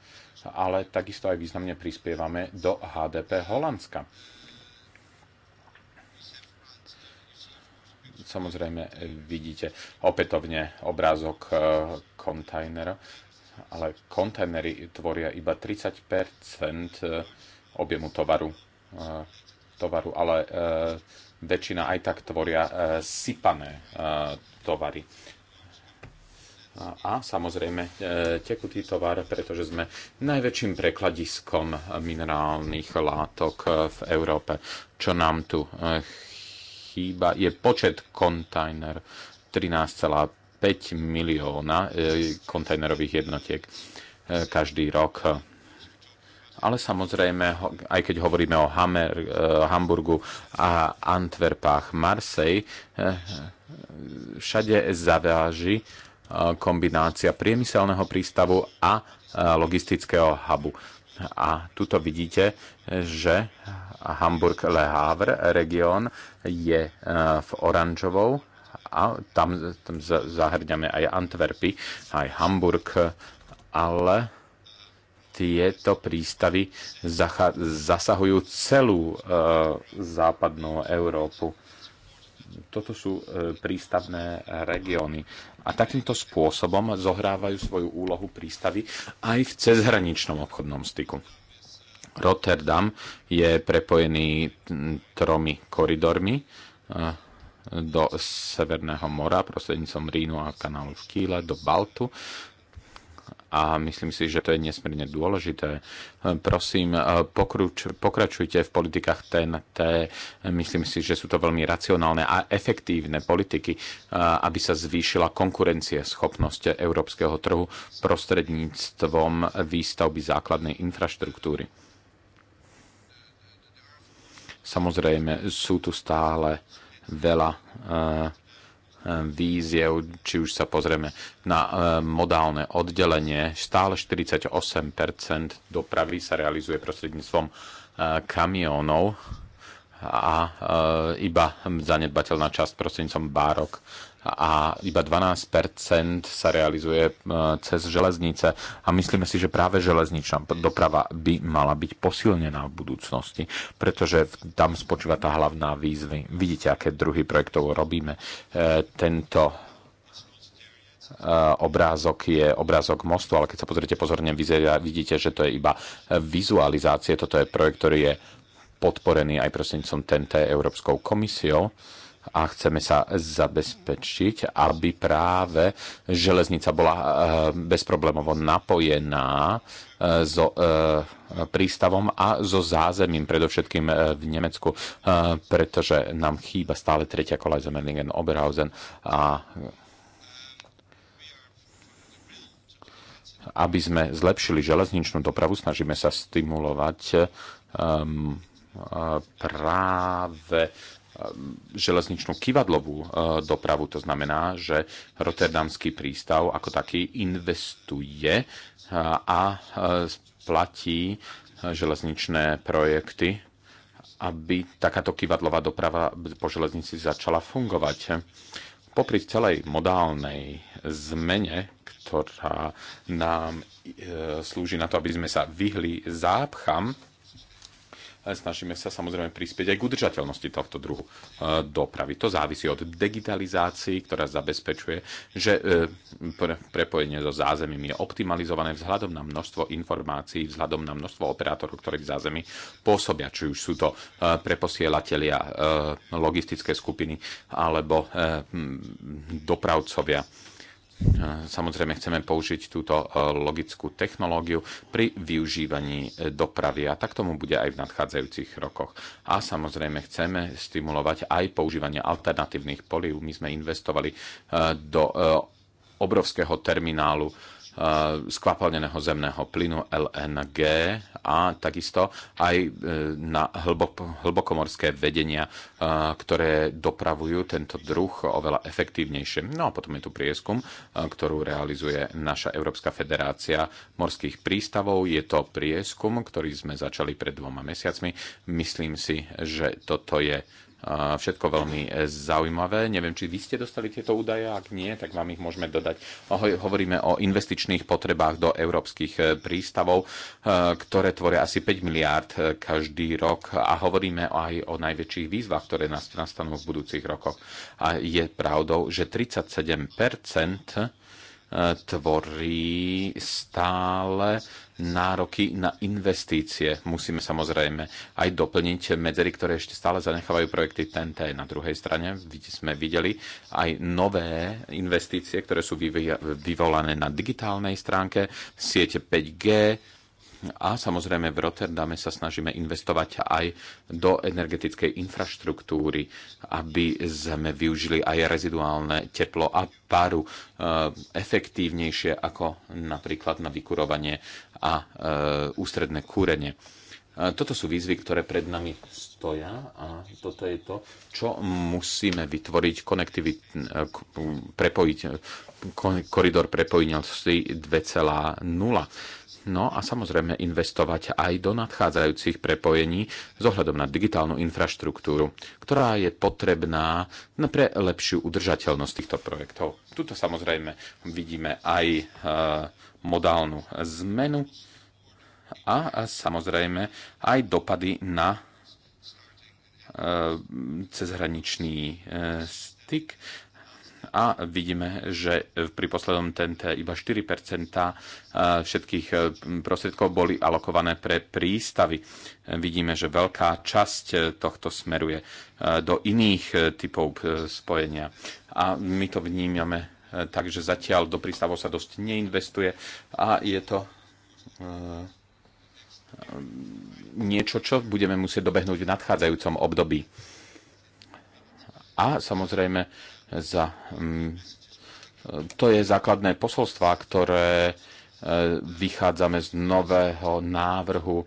ale takisto aj významne prispievame do HDP Holandska. Samozrejme vidíte opätovne obrázok eh, kontajnera, ale kontajnery tvoria iba 30 eh, objemu tovaru, tovaru ale väčšina aj tak tvoria e, sypané e, tovary a samozrejme e, tekutý tovar, pretože sme najväčším prekladiskom minerálnych látok v Európe. Čo nám tu chýba je počet kontajner 13,5 milióna kontajnerových jednotiek každý rok ale samozrejme, aj keď hovoríme o Hammer, eh, Hamburgu a Antwerpách, Marsej, eh, všade zaváži eh, kombinácia priemyselného prístavu a logistického hubu. A tuto vidíte, že Hamburg Le Havre región je v oranžovou a tam, tam zahrňame aj Antwerpy, aj Hamburg, ale tieto prístavy zasahujú celú e, západnú Európu. Toto sú e, prístavné regióny. A takýmto spôsobom zohrávajú svoju úlohu prístavy aj v cezhraničnom obchodnom styku. Rotterdam je prepojený tromi koridormi. E, do Severného mora prostrednícom Rínu a kanálu Škýle do Baltu a myslím si, že to je nesmierne dôležité. Prosím, pokruč, pokračujte v politikách TNT. Myslím si, že sú to veľmi racionálne a efektívne politiky, aby sa zvýšila konkurencie schopnosť európskeho trhu prostredníctvom výstavby základnej infraštruktúry. Samozrejme, sú tu stále veľa víziev, či už sa pozrieme na e, modálne oddelenie, stále 48 dopravy sa realizuje prostredníctvom e, kamionov a e, iba zanedbateľná časť prostredníctvom bárok a iba 12 sa realizuje e, cez železnice. A myslíme si, že práve železničná doprava by mala byť posilnená v budúcnosti, pretože tam spočíva tá hlavná výzvy. Vidíte, aké druhy projektov robíme. E, tento e, obrázok je obrázok mostu, ale keď sa pozriete pozorne, vidíte, že to je iba vizualizácie. Toto je projekt, ktorý je podporený aj prostredníctvom TNT Európskou komisiou a chceme sa zabezpečiť, aby práve železnica bola eh, bezproblémovo napojená eh, so eh, prístavom a so zázemím, predovšetkým v Nemecku, pretože nám chýba stále tretia kola Zemmerlingen Oberhausen a aby sme zlepšili železničnú dopravu, snažíme sa stimulovať práve železničnú kivadlovú e, dopravu. To znamená, že Rotterdamský prístav ako taký investuje e, a e, platí železničné projekty, aby takáto kivadlová doprava po železnici začala fungovať. Popri celej modálnej zmene, ktorá nám slúži na to, aby sme sa vyhli zápcham, E, snažíme sa samozrejme prispieť aj k udržateľnosti tohto druhu e, dopravy. To závisí od digitalizácií, ktorá zabezpečuje, že e, prepojenie so zázemím je optimalizované vzhľadom na množstvo informácií, vzhľadom na množstvo operátorov, ktorí v zázemí pôsobia, či už sú to preposielatelia, logistické skupiny alebo dopravcovia Eh, samozrejme, chceme použiť túto eh, logickú technológiu pri využívaní eh, dopravy a tak tomu bude aj v nadchádzajúcich rokoch. A samozrejme, chceme stimulovať aj používanie alternatívnych polív. My sme investovali do obrovského terminálu Eh, skvapalneného zemného plynu LNG a takisto aj eh, na hlbok, hlbokomorské vedenia, eh, ktoré dopravujú tento druh oveľa efektívnejšie. No a potom je tu prieskum, ktorú realizuje naša Európska federácia morských prístavov. Je to prieskum, ktorý sme začali pred dvoma mesiacmi. Myslím si, že toto je všetko veľmi e, zaujímavé. Neviem, či vy ste dostali tieto údaje, ak nie, tak vám ich môžeme dodať. Hovoríme o investičných potrebách do európskych e, prístavov, e, ktoré tvoria asi 5 miliárd každý rok a hovoríme aj o najväčších výzvach, ktoré nastanú v budúcich rokoch. A je pravdou, že 37 E, tvorí stále nároky na investície. Musíme samozrejme aj doplniť medzery, ktoré ešte stále zanechávajú projekty TNT. Na druhej strane sme videli aj nové investície, ktoré sú vyvolané na digitálnej stránke, siete 5G, a samozrejme v Rotterdame sa snažíme investovať aj do energetickej infraštruktúry, aby sme využili aj reziduálne teplo a paru e, efektívnejšie ako napríklad na vykurovanie a e, ústredné kúrenie. E, toto sú výzvy, ktoré pred nami stoja a toto je to, čo musíme vytvoriť, konektivit, e, prepojiť, e, koridor prepojenia 2,0 No a samozrejme investovať aj do nadchádzajúcich prepojení s ohľadom na digitálnu infraštruktúru, ktorá je potrebná pre lepšiu udržateľnosť týchto projektov. Tuto samozrejme vidíme aj e, modálnu zmenu a, samozrejme aj dopady na e, cezhraničný e, styk a vidíme, že pri poslednom tente iba 4 eh, všetkých eh, prostriedkov boli alokované pre prístavy. Vidíme, že veľká časť eh, tohto smeruje do iných typov spojenia. A my to vnímame tak, že zatiaľ do prístavov sa dosť neinvestuje a je to niečo, čo budeme musieť dobehnúť v nadchádzajúcom období. A samozrejme, za... Mm, to je základné posolstva, ktoré e, vychádzame z nového návrhu e,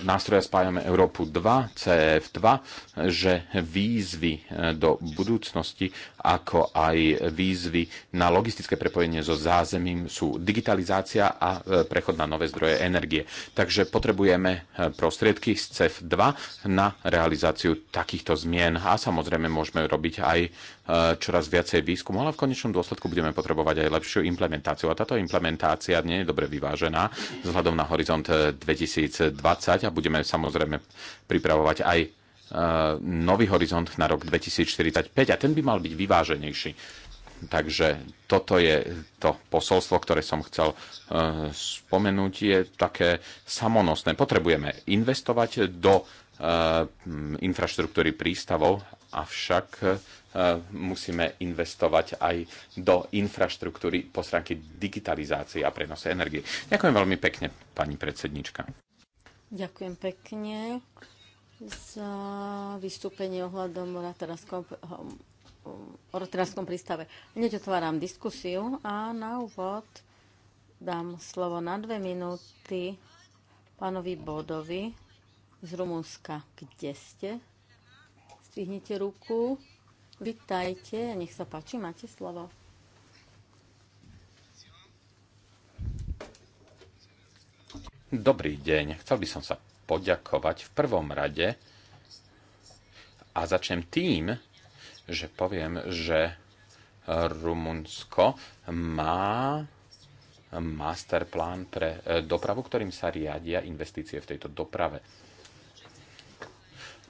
nástroja Spájame Európu 2, CF2, že výzvy e, do budúcnosti ako aj výzvy na logistické prepojenie so zázemím sú digitalizácia a e, prechod na nové zdroje energie. Takže potrebujeme e, prostriedky z CEF2 na realizáciu takýchto zmien a samozrejme môžeme robiť aj e, čoraz viacej výskumu, ale v konečnom dôsledku budeme potrebovať aj lepšiu implementáciu. A táto implementácia nie je dobre vyvážená vzhľadom na horizont 2020 a budeme samozrejme pripravovať aj E, nový horizont na rok 2045 a ten by mal byť vyváženejší. Takže toto je to posolstvo, ktoré som chcel e, spomenúť, je také samonosné. Potrebujeme investovať do e, infraštruktúry prístavov, avšak musíme investovať aj do infraštruktúry po stránke digitalizácie a prenose energie. Ďakujem veľmi pekne, pani predsednička. Ďakujem pekne za vystúpenie ohľadom o Rotterdamskom prístave. Hneď otváram diskusiu a na úvod dám slovo na dve minúty pánovi Bodovi z Rumunska. Kde ste? Stihnite ruku. Vítajte, nech sa páči, máte slovo. Dobrý deň, chcel by som sa poďakovať v prvom rade a začnem tým, že poviem, že Rumunsko má masterplán pre e, dopravu, ktorým sa riadia investície v tejto doprave.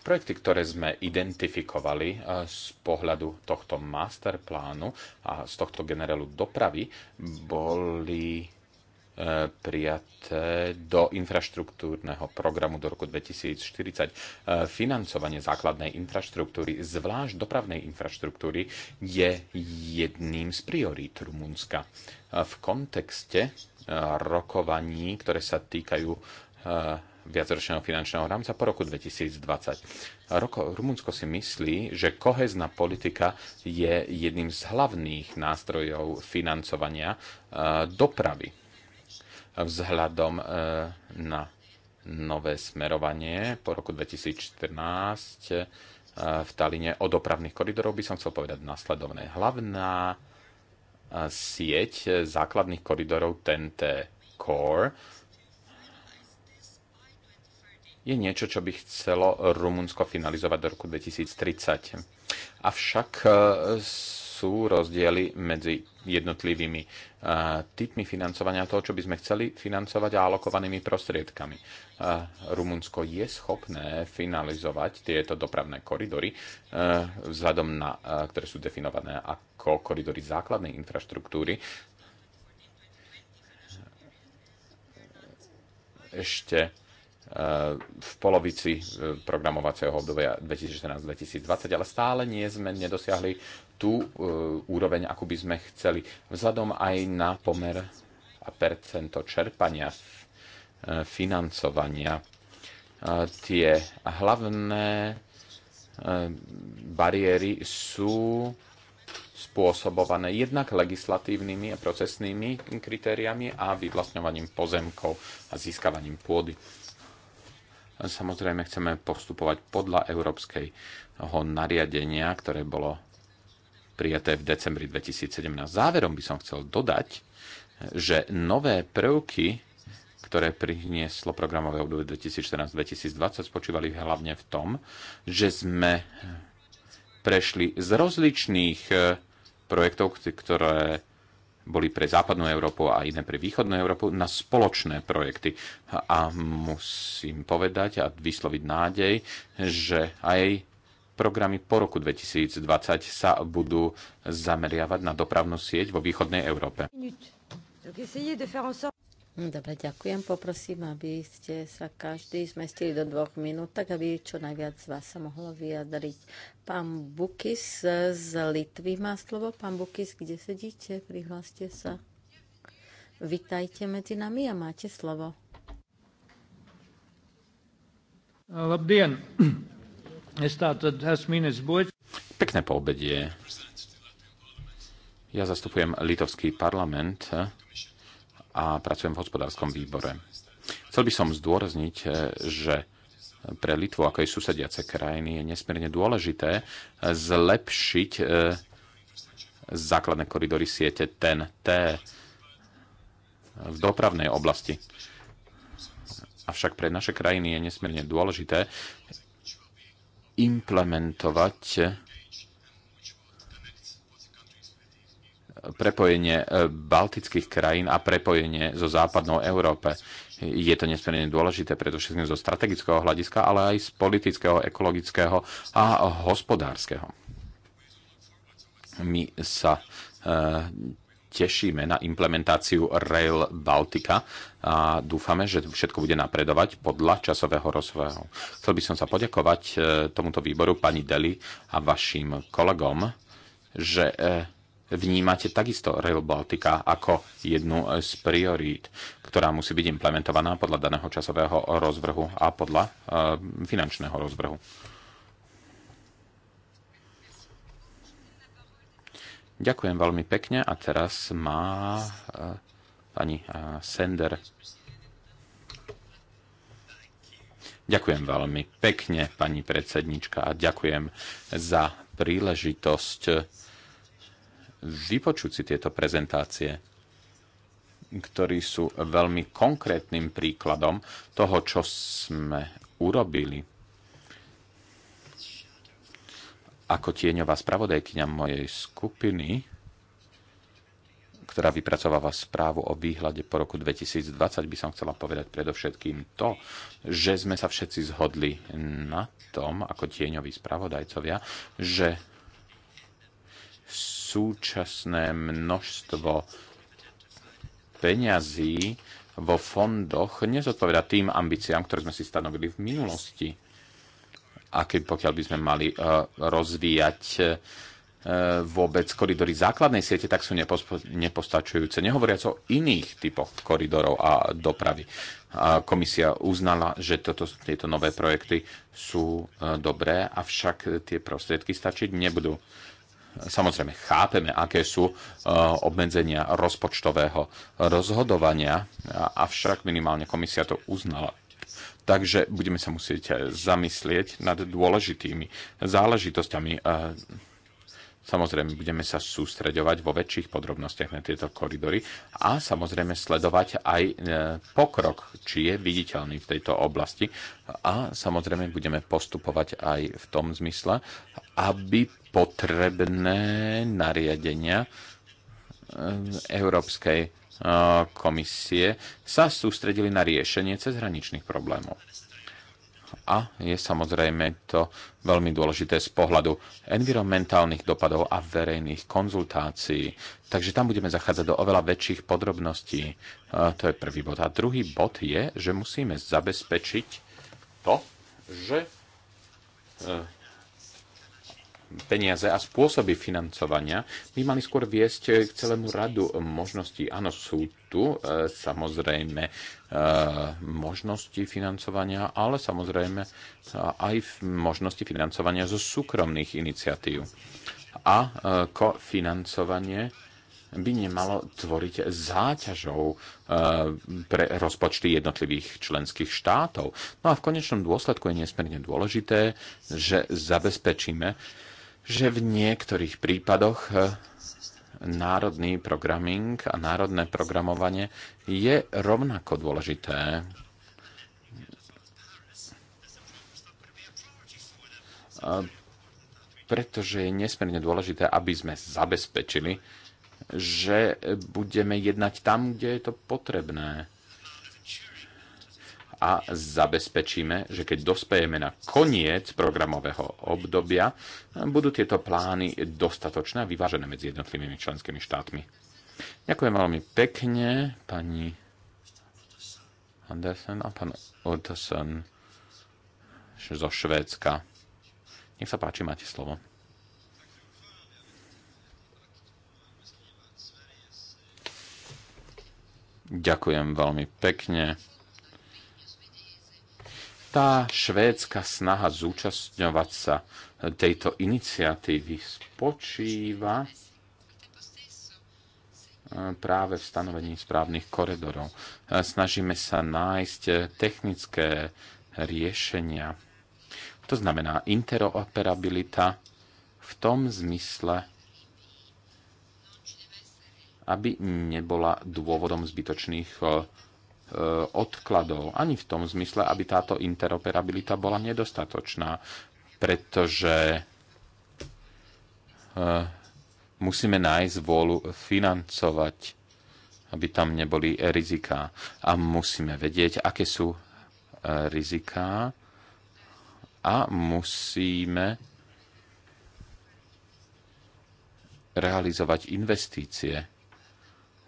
Projekty, ktoré sme identifikovali e, z pohľadu tohto masterplánu a z tohto generálu dopravy, boli prijaté do infraštruktúrneho programu do roku 2040. E, financovanie základnej infraštruktúry, zvlášť dopravnej infraštruktúry, je jedným z priorít Rumunska. E, v kontexte e, rokovaní, ktoré sa týkajú viacročného finančného rámca po roku 2020. Roko, Rumunsko si myslí, že kohezná politika je jedným z hlavných nástrojov financovania dopravy vzhľadom e, na nové smerovanie po roku 2014 e, v Taline o dopravných koridorov by som chcel povedať nasledovné. Hlavná e, sieť základných koridorov TNT Core je niečo, čo by chcelo Rumunsko finalizovať do roku 2030. Avšak sú rozdiely medzi jednotlivými e, typmi financovania toho, čo by sme chceli financovať a alokovanými prostriedkami. E, Rumunsko je schopné finalizovať tieto dopravné koridory e, vzhľadom na, ktoré sú definované ako koridory základnej infraštruktúry, ešte v polovici e, programovacieho obdobia 2014-2020, ale stále nie sme nedosiahli tú e, úroveň, ako by sme chceli, vzhľadom aj na pomer a percento čerpania e, financovania. Tie hlavné bariéry sú spôsobované jednak legislatívnymi a procesnými kritériami a vyvlastňovaním pozemkov a získavaním pôdy Samozrejme chceme postupovať podľa európskeho nariadenia, ktoré bolo prijaté v decembri 2017. Záverom by som chcel dodať, že nové prvky, ktoré prinieslo programové obdobie 2014-2020, spočívali hlavne v tom, že sme prešli z rozličných eh, projektov, ktoré boli pre západnú Európu a iné pre východnú Európu na spoločné projekty. A musím povedať a vysloviť nádej, že aj programy po roku 2020 sa budú zameriavať na dopravnú sieť vo východnej Európe. No, dobre, ďakujem. Poprosím, aby ste sa každý zmestili do dvoch minút, tak aby čo najviac z vás sa mohlo vyjadriť. Pán Bukis z Litvy má slovo. Pán Bukis, kde sedíte? Prihláste sa. Vitajte medzi nami a máte slovo. Labdien. Pekné poobedie. Ja zastupujem Litovský parlament a pracujem v hospodárskom výbore. Chcel by som zdôrazniť, eh, že pre Litvu, ako aj susediace krajiny, je nesmierne dôležité zlepšiť eh, základné koridory siete TNT v dopravnej oblasti. Avšak pre naše krajiny je nesmierne dôležité implementovať prepojenie e, baltických krajín a prepojenie zo západnou Európe. Je to nesmierne dôležité, sme zo strategického hľadiska, ale aj z politického, ekologického a hospodárskeho. My sa e, tešíme na implementáciu Rail Baltica a dúfame, že všetko bude napredovať podľa časového rozvoja. Chcel by som sa poďakovať e, tomuto výboru, pani Deli a vašim kolegom, že vnímate takisto Rail Baltica ako jednu z priorít, ktorá musí byť implementovaná podľa daného časového rozvrhu a podľa eh, finančného rozvrhu. Ďakujem veľmi pekne a teraz má eh, pani eh, Sender. Ďakujem veľmi pekne, pani predsednička, a ďakujem za príležitosť vypočuť si tieto prezentácie, ktorí sú veľmi konkrétnym príkladom toho, čo sme urobili. Ako tieňová spravodajkyňa mojej skupiny, ktorá vypracováva správu o výhľade po roku 2020, by som chcela povedať predovšetkým to, že sme sa všetci zhodli na tom, ako tieňoví spravodajcovia, že súčasné množstvo peňazí vo fondoch nezodpoveda tým ambíciám, ktoré sme si stanovili v minulosti. A keď pokiaľ by sme mali uh, rozvíjať uh, vôbec koridory základnej siete, tak sú nepostačujúce. Nehovoriac o iných typoch koridorov a dopravy. A komisia uznala, že toto, tieto nové projekty sú e, dobré, avšak tie prostriedky stačiť nebudú. Samozrejme, chápeme, aké sú e, obmedzenia rozpočtového rozhodovania, avšak minimálne komisia to uznala. Takže budeme sa musieť zamyslieť nad dôležitými záležitosťami. E, samozrejme, budeme sa sústreďovať vo väčších podrobnostiach na tieto koridory a samozrejme sledovať aj e, pokrok, či je viditeľný v tejto oblasti. A samozrejme, budeme postupovať aj v tom zmysle, aby potrebné nariadenia eh, Európskej eh, komisie sa sústredili na riešenie cezhraničných problémov. A je samozrejme to veľmi dôležité z pohľadu environmentálnych dopadov a verejných konzultácií. Takže tam budeme zachádzať do oveľa väčších podrobností. Eh, to je prvý bod. A druhý bod je, že musíme zabezpečiť to, že peniaze a spôsoby financovania by mali skôr viesť k celému radu možností. Áno, sú tu e, samozrejme e, možnosti financovania, ale samozrejme aj možnosti financovania zo súkromných iniciatív. A e, kofinancovanie by nemalo tvoriť záťažou pre rozpočty jednotlivých členských štátov. No a v konečnom dôsledku je nesmierne dôležité, že zabezpečíme, že v niektorých prípadoch e, národný programming a národné programovanie je rovnako dôležité. Pretože je nesmierne dôležité, aby sme zabezpečili, že budeme jednať tam, kde je to potrebné a zabezpečíme, že keď dospejeme na koniec programového obdobia, budú tieto plány dostatočné a vyvážené medzi jednotlivými členskými štátmi. Ďakujem veľmi pekne, pani Andersen a pán Ottersen zo Švédska. Nech sa páči, máte slovo. Ďakujem veľmi pekne tá švédska snaha zúčastňovať sa tejto iniciatívy spočíva e, práve v stanovení správnych koridorov. E, snažíme sa nájsť technické riešenia. To znamená interoperabilita v tom zmysle, aby nebola dôvodom zbytočných e, Eh, odkladov, ani v tom zmysle, aby táto interoperabilita bola nedostatočná, pretože eh, musíme nájsť vôľu financovať, aby tam neboli riziká. A musíme vedieť, aké sú eh, riziká a musíme realizovať investície,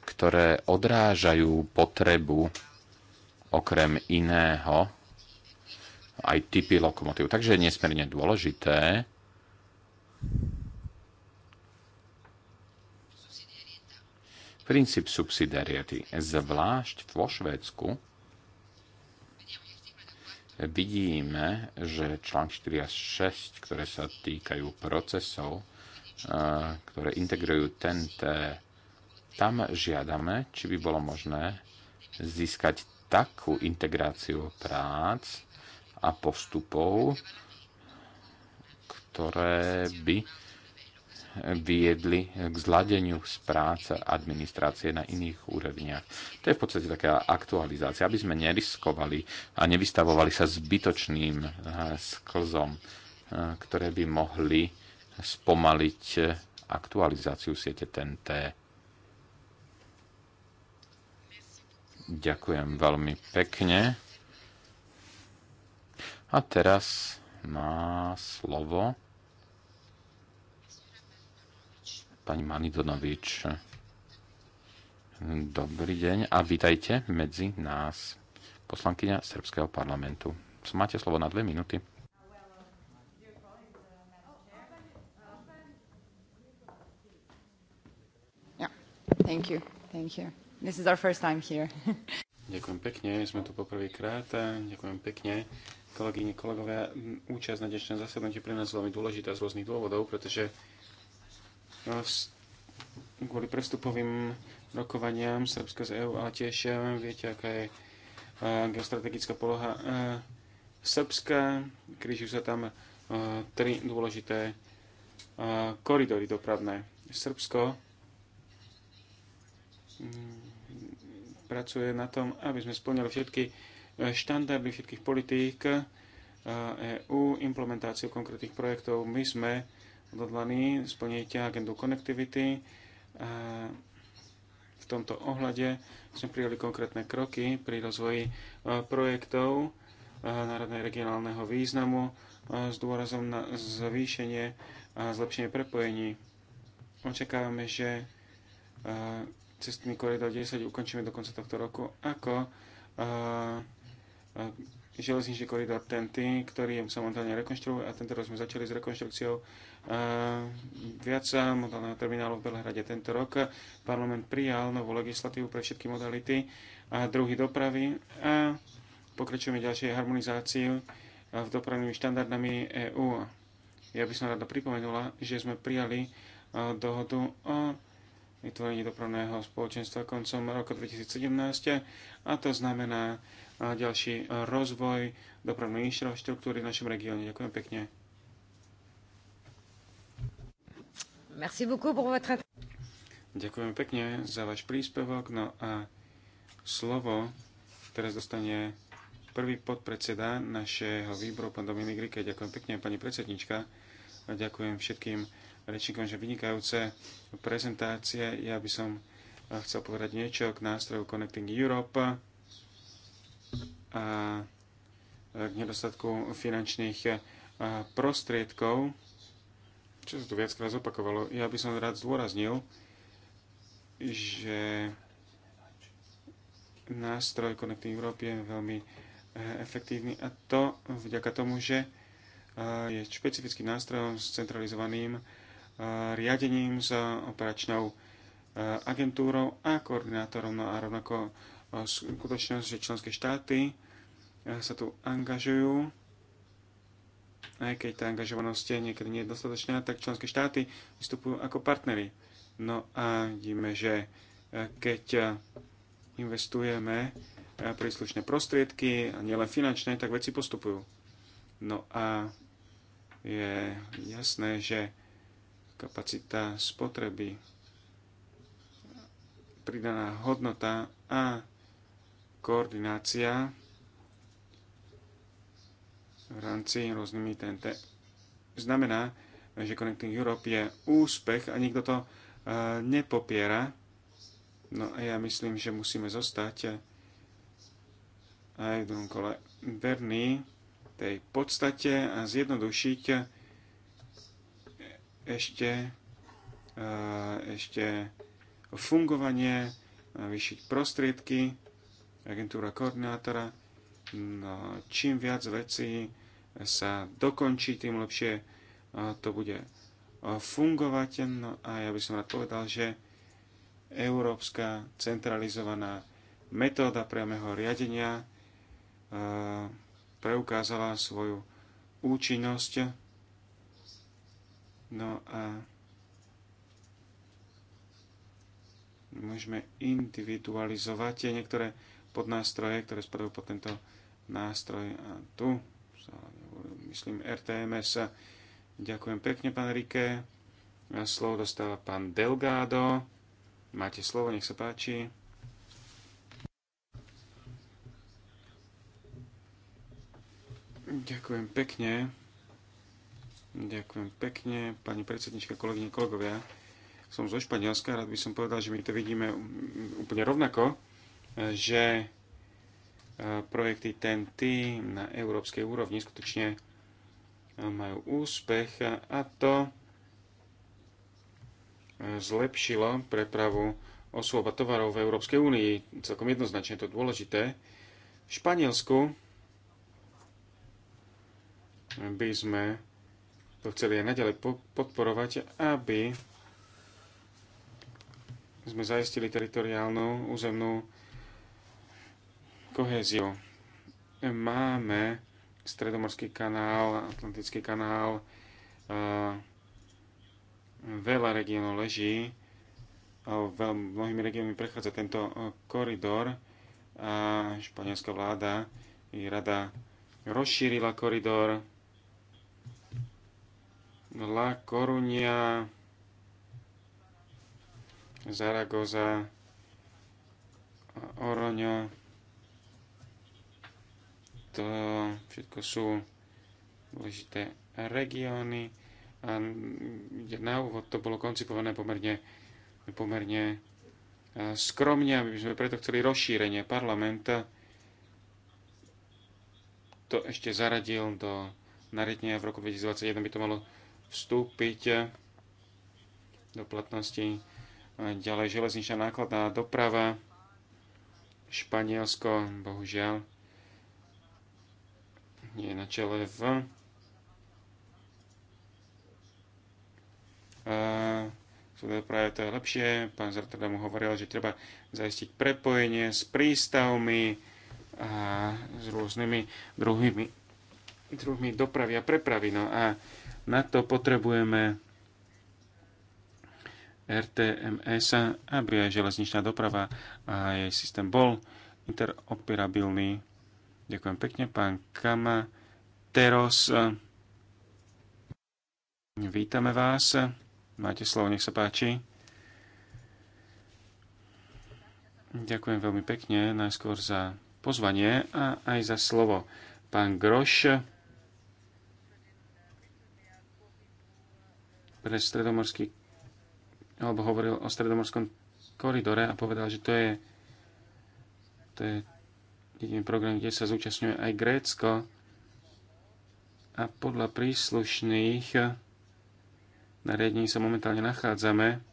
ktoré odrážajú potrebu okrem iného aj typy lokomotív. Takže je nesmierne dôležité princíp subsidiarity, zvlášť vo Švédsku, vidíme, že článk 4 a 6, ktoré sa týkajú procesov, e, ktoré integrujú TNT, tam žiadame, či by bolo možné získať takú integráciu prác a postupov, ktoré by viedli k zladeniu z práce administrácie na iných úrovniach. To je v podstate taká aktualizácia, aby sme neriskovali a nevystavovali sa zbytočným eh, sklzom, eh, ktoré by mohli spomaliť aktualizáciu siete TNT. Ďakujem veľmi pekne. A teraz má slovo pani Manidonovič. Dobrý deň a vítajte medzi nás, poslankyňa Srbského parlamentu. Máte slovo na dve minúty. Thank you. Thank you. This is our first time here. Ďakujem pekne, sme tu poprvýkrát. Ďakujem pekne. Kolegyne, kolegovia, účasť na dnešnom zasadnutí pre nás veľmi dôležitá z rôznych dôvodov, pretože e, kvôli prestupovým rokovaniam Srbska z EÚ, ale tiež e, viete, aká je e, geostrategická poloha Srbska. Krížujú sa tam tri dôležité koridory dopravné. Srbsko Mm, pracuje na tom, aby sme splnili všetky eh, štandardy všetkých politík EU, eh, e implementáciu konkrétnych projektov. My sme odhodlaní splniť agendu connectivity. v tomto ohľade sme prijali konkrétne kroky pri rozvoji eh, projektov národnej regionálneho významu s dôrazom na zvýšenie a zlepšenie prepojení. Očakávame, že cestný koridor 10 ukončíme do konca tohto roku, ako uh, uh, železničný koridor TNT, ktorý sa momentálne rekonštruuje a tento rok sme začali s rekonštrukciou uh, viac modálneho terminálu v Belhrade. Tento rok parlament prijal novú legislatívu pre všetky modality a druhy dopravy a pokračujeme ďalšej harmonizáciu v dopravnými štandardami EÚ. Ja by som rada pripomenula, že sme prijali dohodu o vytvorení dopravného spoločenstva koncom roka 2017 a to znamená ďalší rozvoj dopravnej infraštruktúry v našom regióne. Ďakujem pekne. Merci beaucoup pour votre... Ďakujem pekne za váš príspevok. No a slovo teraz dostane prvý podpredseda našeho výboru, pán Dominik Rike. Ďakujem pekne, pani predsednička. A ďakujem všetkým rečníkom, že vynikajúce prezentácie. Ja by som eh, chcel povedať niečo k nástroju Connecting Europe a eh, k nedostatku finančných eh, prostriedkov, čo sa tu viackrát zopakovalo. Ja by som rád zdôraznil, že nástroj Connecting Europe je veľmi efektívny a to vďaka tomu, že je špecifickým nástrojom s centralizovaným riadením, s operačnou e, agentúrou a koordinátorom. No a rovnako e, skutočnosť, že členské štáty e, sa tu angažujú, aj keď tá angažovanosť niekedy nedostatočná, je tak členské štáty vystupujú ako partnery. No a vidíme, že keď investujeme príslušné prostriedky, a nielen finančné, tak veci postupujú. No a je jasné, že kapacita spotreby, pridaná hodnota a koordinácia v rámci rôznymi TNT. Znamená, že Connecting Europe je úspech a nikto to e, nepopiera. No a ja myslím, že musíme zostať aj v druhom kole verní tej podstate a zjednodušiť ešte, ešte fungovanie, vyšiť prostriedky, agentúra koordinátora. No, čím viac vecí sa dokončí, tým lepšie to bude fungovať. No a ja by som rád povedal, že európska centralizovaná metóda priameho riadenia preukázala svoju účinnosť No a môžeme individualizovať niektoré podnástroje, ktoré spadajú pod tento nástroj. A tu, myslím, RTMS. Ďakujem pekne, pán Rike. A slovo dostáva pán Delgado. Máte slovo, nech sa páči. Ďakujem pekne. Ďakujem pekne, pani predsednička, kolegyne, kolegovia. Som zo Španielska, rád by som povedal, že my to vidíme úplne rovnako, že e, projekty TNT na európskej úrovni skutočne e, majú úspech a to e, zlepšilo prepravu osôb a tovarov v Európskej únii. Celkom jednoznačne to dôležité. V Španielsku by sme to chceli aj naďalej podporovať, aby sme zaistili teritoriálnu územnú kohéziu. Máme Stredomorský kanál, Atlantický kanál, veľa regiónov leží, veľ, mnohými regiónmi prechádza tento koridor a španielská vláda i rada rozšírila koridor La Coruña, Zaragoza, Oroňo. To všetko sú dôležité regióny. A na úvod to bolo koncipované pomerne, pomerne e, skromne, aby sme preto chceli rozšírenie parlamenta. To ešte zaradil do nariadenia v roku 2021 by to malo vstúpiť do platnosti. Ďalej železničná nákladná doprava. Španielsko, bohužiaľ, je na čele v e, Súdne práve to je lepšie. Pán z mu hovoril, že treba zaistiť prepojenie s prístavmi a s rôznymi druhými, druhmi dopravy a prepravy. No a na to potrebujeme RTMS, aby aj železničná doprava a jej systém bol interoperabilný. Ďakujem pekne, pán Kama. Teros, vítame vás. Máte slovo, nech sa páči. Ďakujem veľmi pekne najskôr za pozvanie a aj za slovo. Pán Groš, pre stredomorský, alebo hovoril o stredomorskom koridore a povedal, že to je, to je jediný program, kde sa zúčastňuje aj Grécko a podľa príslušných nariadení sa momentálne nachádzame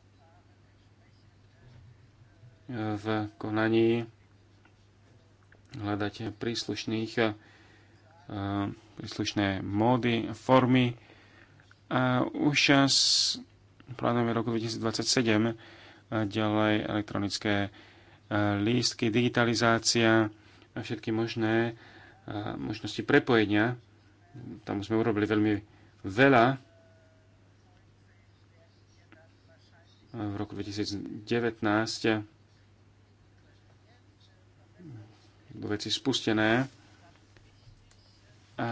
v konaní hľadať príslušných eh, príslušné módy, formy a už plánujeme roku 2027 ďalej elektronické lístky, digitalizácia a všetky možné možnosti prepojenia. Tam sme urobili veľmi veľa. V roku 2019 do veci spustené a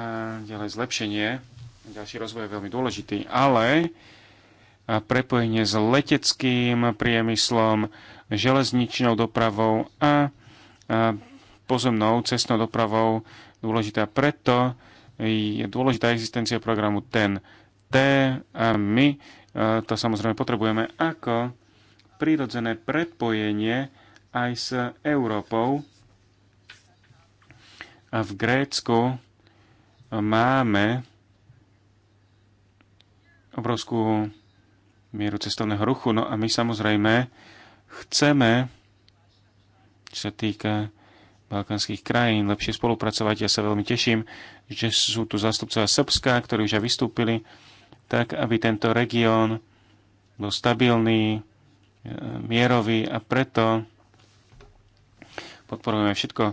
ďalej zlepšenie ďalší rozvoj je veľmi dôležitý, ale prepojenie s leteckým priemyslom, železničnou dopravou a pozemnou cestnou dopravou dôležitá. Preto je dôležitá existencia programu TEN. T a my to samozrejme potrebujeme ako prírodzené prepojenie aj s Európou. A v Grécku máme obrovskú mieru cestovného ruchu. No a my samozrejme chceme, čo sa týka balkánskych krajín, lepšie spolupracovať. Ja sa veľmi teším, že sú tu zástupcovia Srbska, ktorí už aj vystúpili, tak aby tento región bol stabilný, e, mierový a preto podporujeme všetko,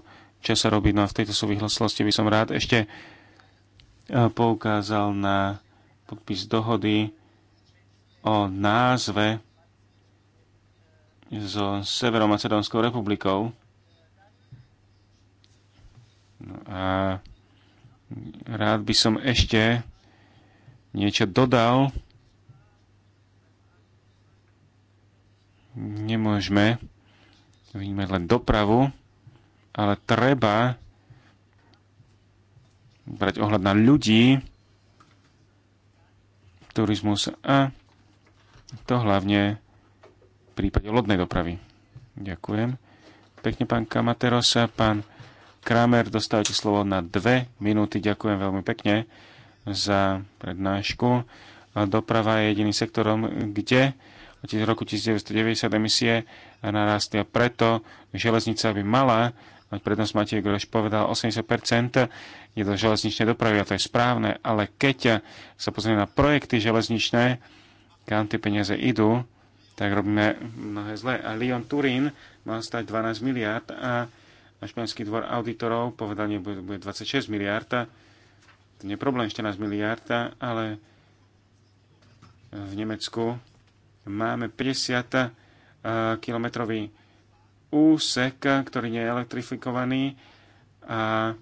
čo sa robí. No a v tejto súvislosti by som rád ešte e, poukázal na podpis dohody o názve so Severomacedónskou republikou. No a rád by som ešte niečo dodal. Nemôžeme vnímať len dopravu, ale treba brať ohľad na ľudí, turizmus a to hlavne v prípade lodnej dopravy. Ďakujem. Pekne pán Kamaterosa, pán Kramer, dostávate slovo na dve minúty. Ďakujem veľmi pekne za prednášku. Doprava je jediným sektorom, kde od roku 1990 emisie narastia a preto železnica by mala mať prednosť Matej Groš povedal 80% je do železničnej dopravy a to je správne, ale keď sa pozrieme na projekty železničné, kam tie peniaze idú, tak robíme mnohé zlé. A Lyon Turín má stať 12 miliard a Španielský dvor auditorov povedal, že bude 26 miliard. To nie je problém 14 miliard, ale v Nemecku máme 50 eh, kilometrový úsek, ktorý nie je elektrifikovaný a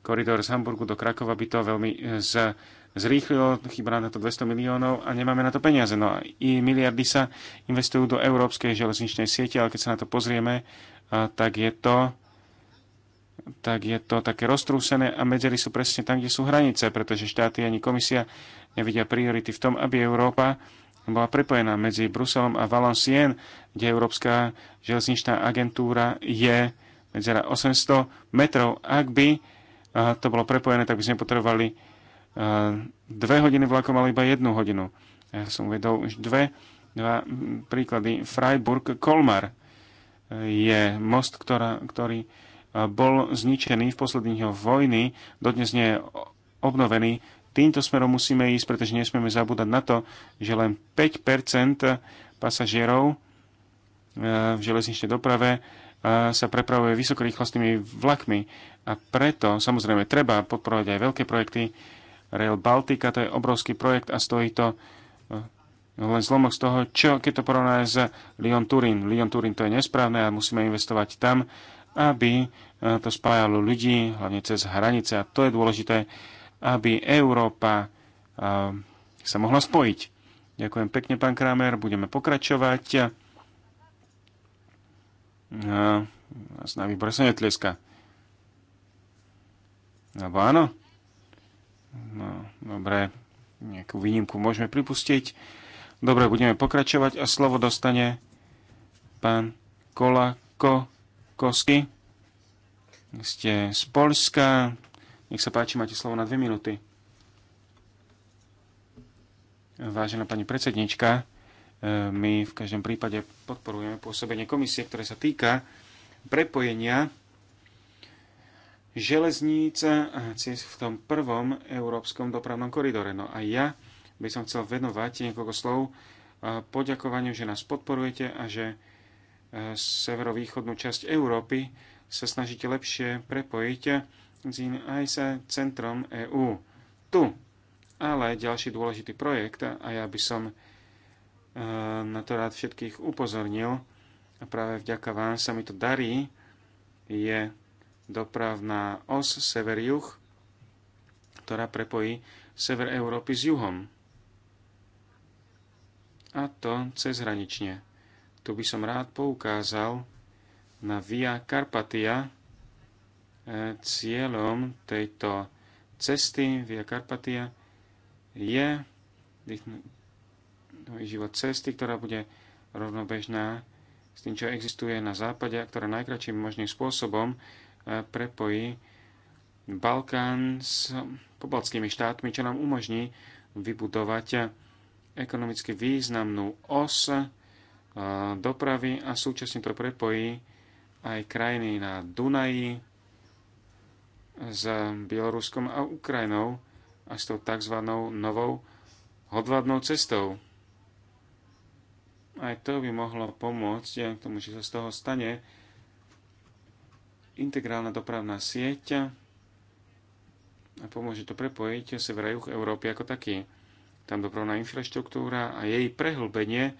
koridor z Hamburgu do Krakova by to veľmi e, z, zrýchlilo, chýba na to 200 miliónov a nemáme na to peniaze. No a i miliardy sa investujú do európskej železničnej siete, ale keď sa na to pozrieme, a, e, tak je to tak je to také roztrúsené a medzery sú presne tam, kde sú hranice, pretože štáty ani komisia nevidia priority v tom, aby Európa bola prepojená medzi Bruselom a Valenciennes, kde Európska železničná agentúra je medzera 800 metrov. Ak by eh, to bolo prepojené, tak by sme potrebovali eh, dve hodiny vlakom, ale iba jednu hodinu. Ja som uvedol už dve, dva príklady. Freiburg-Kolmar eh, je most, ktorá, ktorý bol zničený v posledných vojny. Dodnes nie je obnovený týmto smerom musíme ísť, pretože nesmieme zabúdať na to, že len 5 pasažierov e, v železničnej doprave e, sa prepravuje vysokorýchlostnými vlakmi. A preto samozrejme treba podporovať aj veľké projekty. Rail Baltica to je obrovský projekt a stojí to e, len zlomok z toho, čo keď to porovnáme s Lyon Turín. Lyon Turín to je nesprávne a musíme investovať tam, aby to spájalo ľudí, hlavne cez hranice. A to je dôležité aby Európa sa mohla spojiť. Ďakujem pekne, pán Kramer, budeme pokračovať. Vás na výbore sa netlieska. Alebo áno? No, dobre, nejakú výnimku môžeme pripustiť. Dobre, budeme pokračovať a slovo dostane pán Kola Kosky. Ste z Polska, nech sa páči, máte slovo na dve minúty. Vážená pani predsednička, e, my v každom prípade podporujeme pôsobenie komisie, ktoré sa týka prepojenia železníc v tom prvom európskom dopravnom koridore. No a ja by som chcel venovať niekoľko slov poďakovaniu, že nás podporujete a že e, severovýchodnú časť Európy sa snažíte lepšie prepojiť ZIN aj sa centrom EÚ. Tu. Ale ďalší dôležitý projekt, a ja by som e, na to rád všetkých upozornil, a práve vďaka vám sa mi to darí, je dopravná os sever-juh, ktorá prepojí sever Európy s juhom. A to cezhranične. Tu by som rád poukázal na Via Carpatia, E, cieľom tejto cesty Via Carpatia je no, život cesty, ktorá bude rovnobežná s tým, čo existuje na západe a ktorá najkračším možným spôsobom e, prepojí Balkán s pobaltskými štátmi, čo nám umožní vybudovať ekonomicky významnú os e, dopravy a súčasne to prepojí aj krajiny na Dunaji, s Bieloruskom a Ukrajinou a s tou tzv. novou hodvádnou cestou. Aj to by mohlo pomôcť k tomu, že sa z toho stane integrálna dopravná sieť a pomôže to prepojiť sever a juh Európy ako taký. Tam dopravná infraštruktúra a jej prehlbenie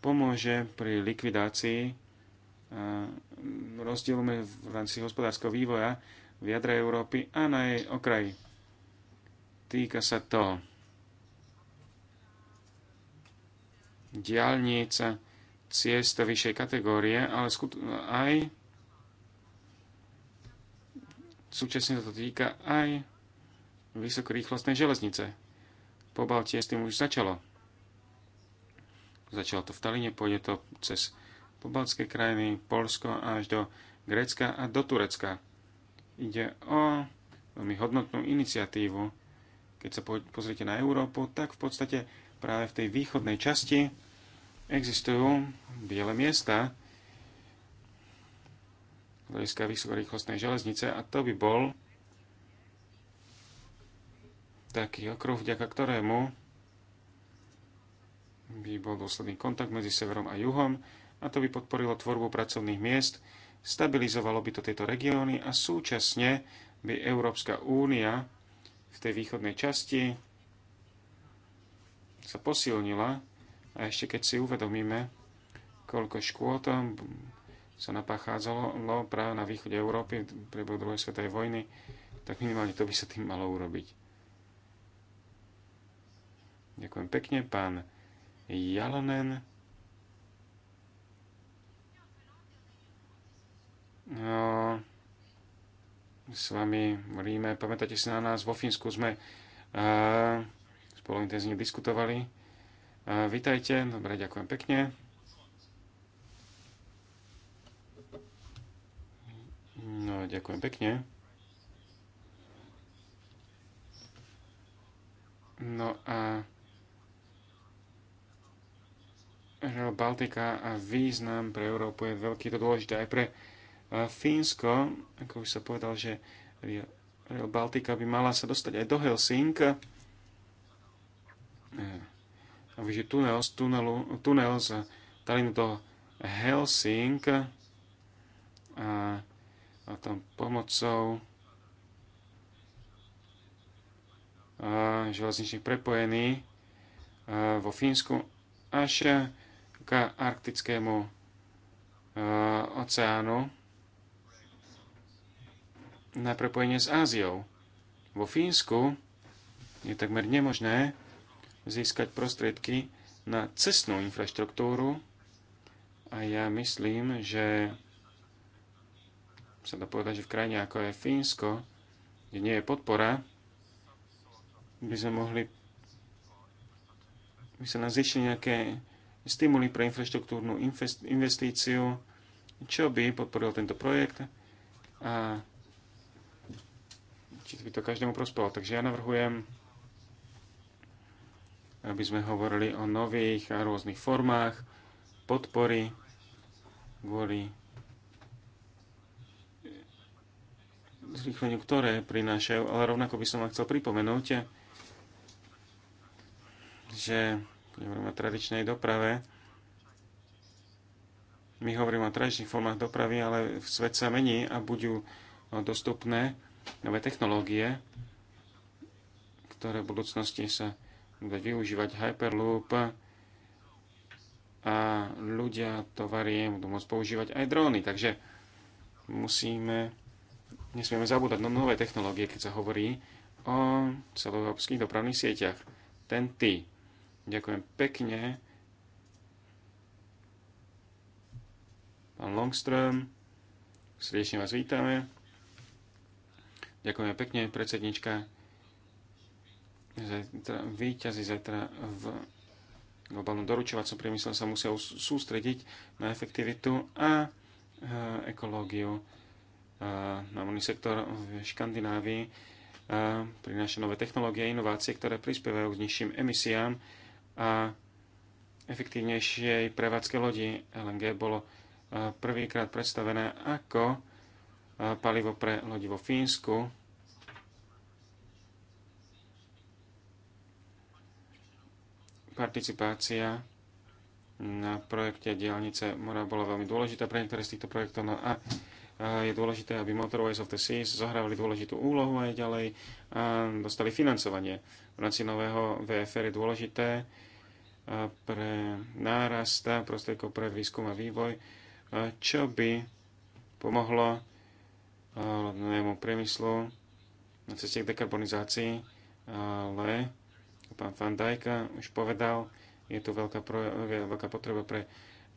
pomôže pri likvidácii rozdielu v rámci hospodárskeho vývoja v jadre Európy a na jej okraji. Týka sa to diálnica ciest vyššej kategórie, ale aj súčasne sa to týka aj vysokorýchlostnej železnice. Po Baltie s tým už začalo. Začalo to v Taline, pôjde to cez pobaltské krajiny, Polsko až do Grécka a do Turecka. Ide o veľmi hodnotnú iniciatívu. Keď sa pozrite na Európu, tak v podstate práve v tej východnej časti existujú biele miesta z hľadiska vysokorýchlostnej železnice a to by bol taký okruh, vďaka ktorému by bol dôsledný kontakt medzi severom a juhom a to by podporilo tvorbu pracovných miest stabilizovalo by to tieto regióny a súčasne by Európska únia v tej východnej časti sa posilnila a ešte keď si uvedomíme, koľko tam sa napáchádzalo práve na východe Európy v priebehu druhej svetovej vojny, tak minimálne to by sa tým malo urobiť. Ďakujem pekne, pán Jalonen. No, s vami v Pamätáte si na nás? Vo Fínsku sme spolu intenzívne diskutovali. vítajte. Dobre, ďakujem pekne. No, ďakujem pekne. No a Baltika a význam pre Európu je veľký, to dôležité aj pre Fínsko, ako už sa povedal, že Rail Baltica by mala sa dostať aj do Helsink. E, a už tunel z, tunelu, tunel z Talinu do Helsink a, a tam pomocou a, železničných prepojení a, e, vo Fínsku až k arktickému e, oceánu na prepojenie s Áziou. Vo Fínsku je takmer nemožné získať prostriedky na cestnú infraštruktúru a ja myslím, že sa dá povedať, že v krajine ako je Fínsko, kde nie je podpora, by sme mohli by sa nám zišli nejaké stimuly pre infraštruktúrnu investíciu, čo by podporil tento projekt a či by to každému prospelo. Takže ja navrhujem, aby sme hovorili o nových a rôznych formách podpory kvôli zrýchleniu, ktoré prinášajú. Ale rovnako by som vám chcel pripomenúť, že hovoríme o tradičnej doprave. My hovoríme o tradičných formách dopravy, ale svet sa mení a budú dostupné nové technológie, ktoré v budúcnosti sa budú využívať Hyperloop a ľudia, tovarie budú môcť používať aj dróny. Takže musíme, nesmieme zabúdať na nové technológie, keď sa hovorí o celoeurópskych dopravných sieťach. Ten ty. Ďakujem pekne. Pán Longström, srdečne vás vítame. Ďakujem pekne, predsednička. Zajtra, výťazí zajtra v globálnom doručovacom priemysle sa musia sústrediť na efektivitu a e, ekológiu. E, môj sektor v Škandinávii e, prináša nové technológie a inovácie, ktoré prispievajú k nižším emisiám a efektívnejšej prevádzke lodi. LNG bolo prvýkrát predstavené ako palivo pre lodi vo Fínsku. Participácia na projekte diálnice mora bola veľmi dôležitá pre niektoré z týchto projektov. No a je dôležité, aby Motorways of the Seas zohrávali dôležitú úlohu aj ďalej a dostali financovanie. V rámci nového VFR je dôležité pre nárast prostriedkov pre výskum a vývoj, čo by pomohlo hlavnému priemyslu na ceste k dekarbonizácii, ale pán Van Dijk už povedal, je tu veľká, pro, veľká potreba pre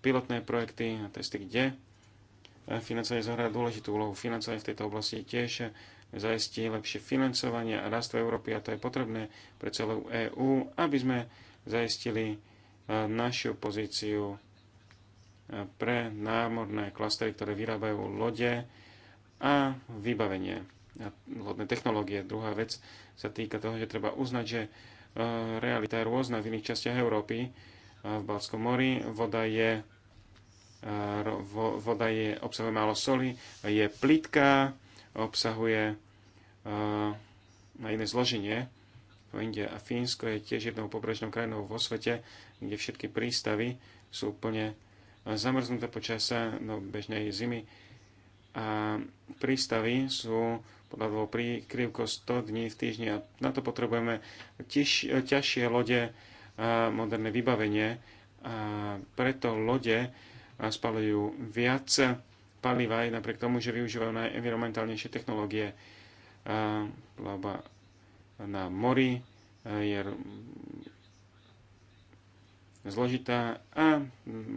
pilotné projekty a testy, kde financovanie zohrá dôležitú úlohu. Financovanie v tejto oblasti tiež zajistí lepšie financovanie a rast v Európy a to je potrebné pre celú EÚ, aby sme zaistili e, našu pozíciu e, pre námorné klastery, ktoré vyrábajú lode, a vybavenie a vhodné technológie. Druhá vec sa týka toho, že treba uznať, že e, realita je rôzna v iných častiach Európy. E, v Balskom mori voda je, e, voda je, obsahuje málo soli, je plitká, obsahuje na iné zloženie. India a Fínsko je tiež jednou pobrežnou krajinou vo svete, kde všetky prístavy sú úplne zamrznuté počas no, bežnej zimy a prístavy sú podľa dvou príkrivko 100 dní v týždni a na to potrebujeme tiež, ťažšie lode, moderné vybavenie a preto lode spalujú viac paliva aj napriek tomu, že využívajú najenvironmentálnejšie technológie. Plavba na mori je zložitá a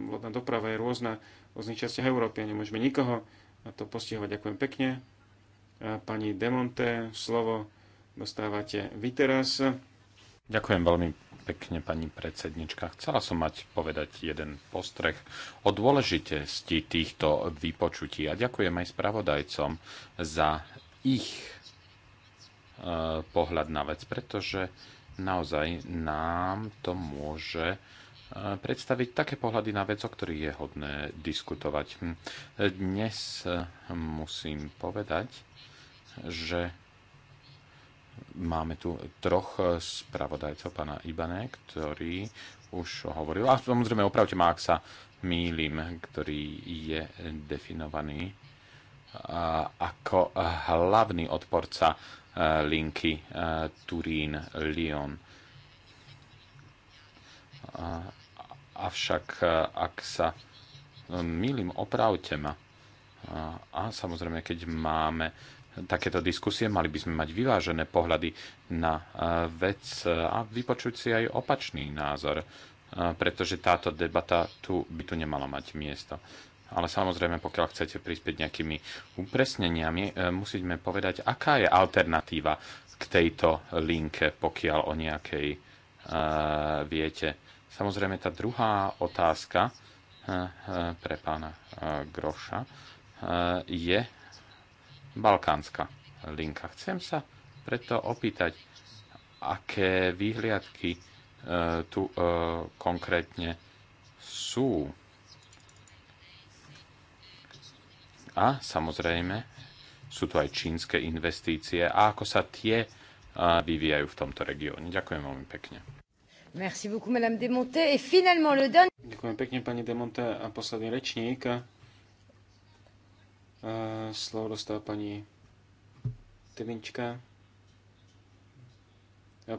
lodná doprava je rôzna v rôznych častiach Európy. a Nemôžeme nikoho to postihovať. Ďakujem pekne. Pani Demonte, slovo dostávate vy teraz. Ďakujem veľmi pekne, pani predsednička. Chcela som mať povedať jeden postreh o dôležitosti týchto vypočutí a ďakujem aj spravodajcom za ich e, pohľad na vec, pretože naozaj nám to môže predstaviť také pohľady na vec, o ktorých je hodné diskutovať. Dnes eh, musím povedať, že máme tu troch eh, spravodajcov, pána Ibane, ktorý už hovoril, a samozrejme opravte ma, ak sa mýlim, ktorý je definovaný eh, ako hlavný odporca linky Turín-Lyon Avšak e, ak sa e, milím, opravte ma. E, a samozrejme, keď máme takéto diskusie, mali by sme mať vyvážené pohľady na vec a vypočuť si aj opačný názor, pretože táto debata tu by tu nemala mať miesto. Ale samozrejme, pokiaľ chcete prispieť nejakými upresneniami, musíme povedať, aká je alternatíva k tejto linke, pokiaľ o nejakej uh, viete. Samozrejme, tá druhá otázka eh, eh, pre pána eh, Groša je balkánska linka. Chcem sa preto opýtať, aké výhliadky tu konkrétne sú. A samozrejme, sú tu aj čínske investície a ako sa tie vyvíjajú v tomto regióne. Ďakujem veľmi pekne. Merci beaucoup, Madame Et finalement, le dernier... Ďakujem pekne, pani Demonte. A posledný rečník. slovo dostáva pani Telinčka.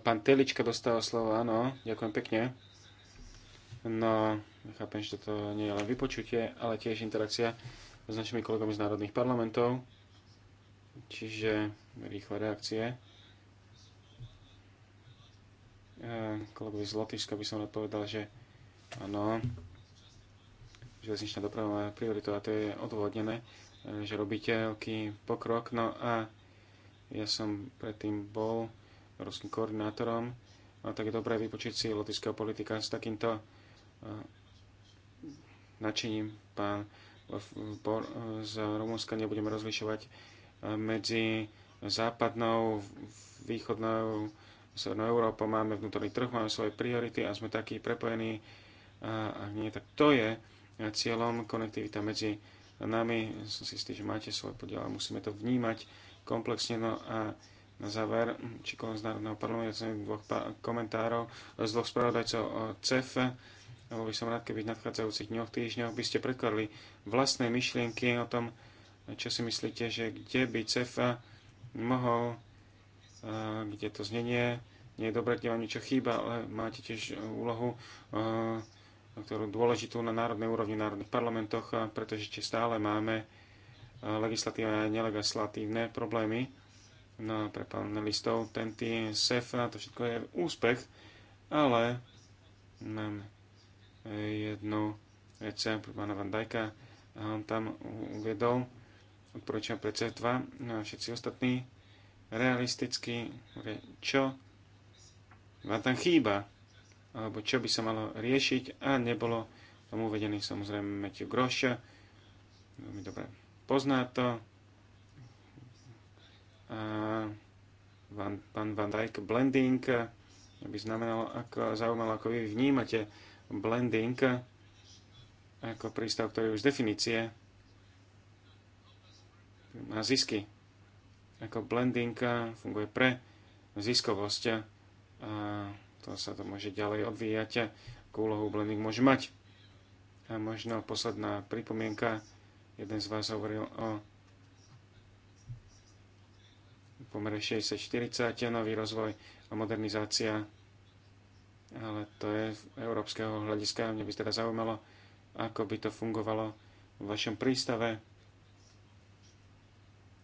pán Telička dostáva slovo, áno. Ďakujem pekne. No, chápem, že toto nie je len vypočutie, ale tiež interakcia s našimi kolegami z národných parlamentov. Čiže rýchle reakcie. Eh, kolegovi z Lotyšska by som rád povedal, že áno, železničná doprava je prioritu, a to je odvodnené, eh, že robíte veľký pokrok. No a ja som predtým bol ruským koordinátorom, a tak je dobré vypočiť si lotyšského politika s takýmto eh, načením. Pán z Rumunska nebudeme rozlišovať medzi západnou, východnou, Severnou Európou, máme vnútorný trh, máme svoje priority a sme takí prepojení. A ak nie, tak to je cieľom konektivita medzi nami. Som si istý, že máte svoj podiel a musíme to vnímať komplexne. No a na záver, či z Národného parlamentu, dvoch komentárov z dvoch spravodajcov o CEF. Bol by som rád, keby v nadchádzajúcich dňoch, týždňoch by ste predkladli vlastné myšlienky o tom, čo si myslíte, že kde by CEF mohol kde to znenie nie je dobré, kde vám niečo chýba, ale máte tiež úlohu, ktorú dôležitú na národnej úrovni, v národných parlamentoch, pretože ešte stále máme legislatívne a nelegislatívne problémy. No pre panelistov, TNT, SEF, na to všetko je úspech, ale mám jednu vec pre pána Van Dijka a on tam uvedol, odporúčam pre CEF2 a všetci ostatní, realisticky, čo vám tam chýba, alebo čo by sa malo riešiť a nebolo tam uvedený samozrejme Matthew Groša, veľmi dobre pozná to. A Van, pán Van Dijk blending, aby znamenalo, ako, zaujímalo, ako vy vnímate blending ako prístav, ktorý už z definície má zisky ako blending eh, funguje pre ziskovosť eh, a to sa to môže ďalej odvíjať, eh, akú úlohu blending môže mať. A možno posledná pripomienka, jeden z vás hovoril o pomere 640 nový rozvoj a modernizácia, ale to je z európskeho hľadiska. Mňa by teda zaujímalo, ako by to fungovalo v vašom prístave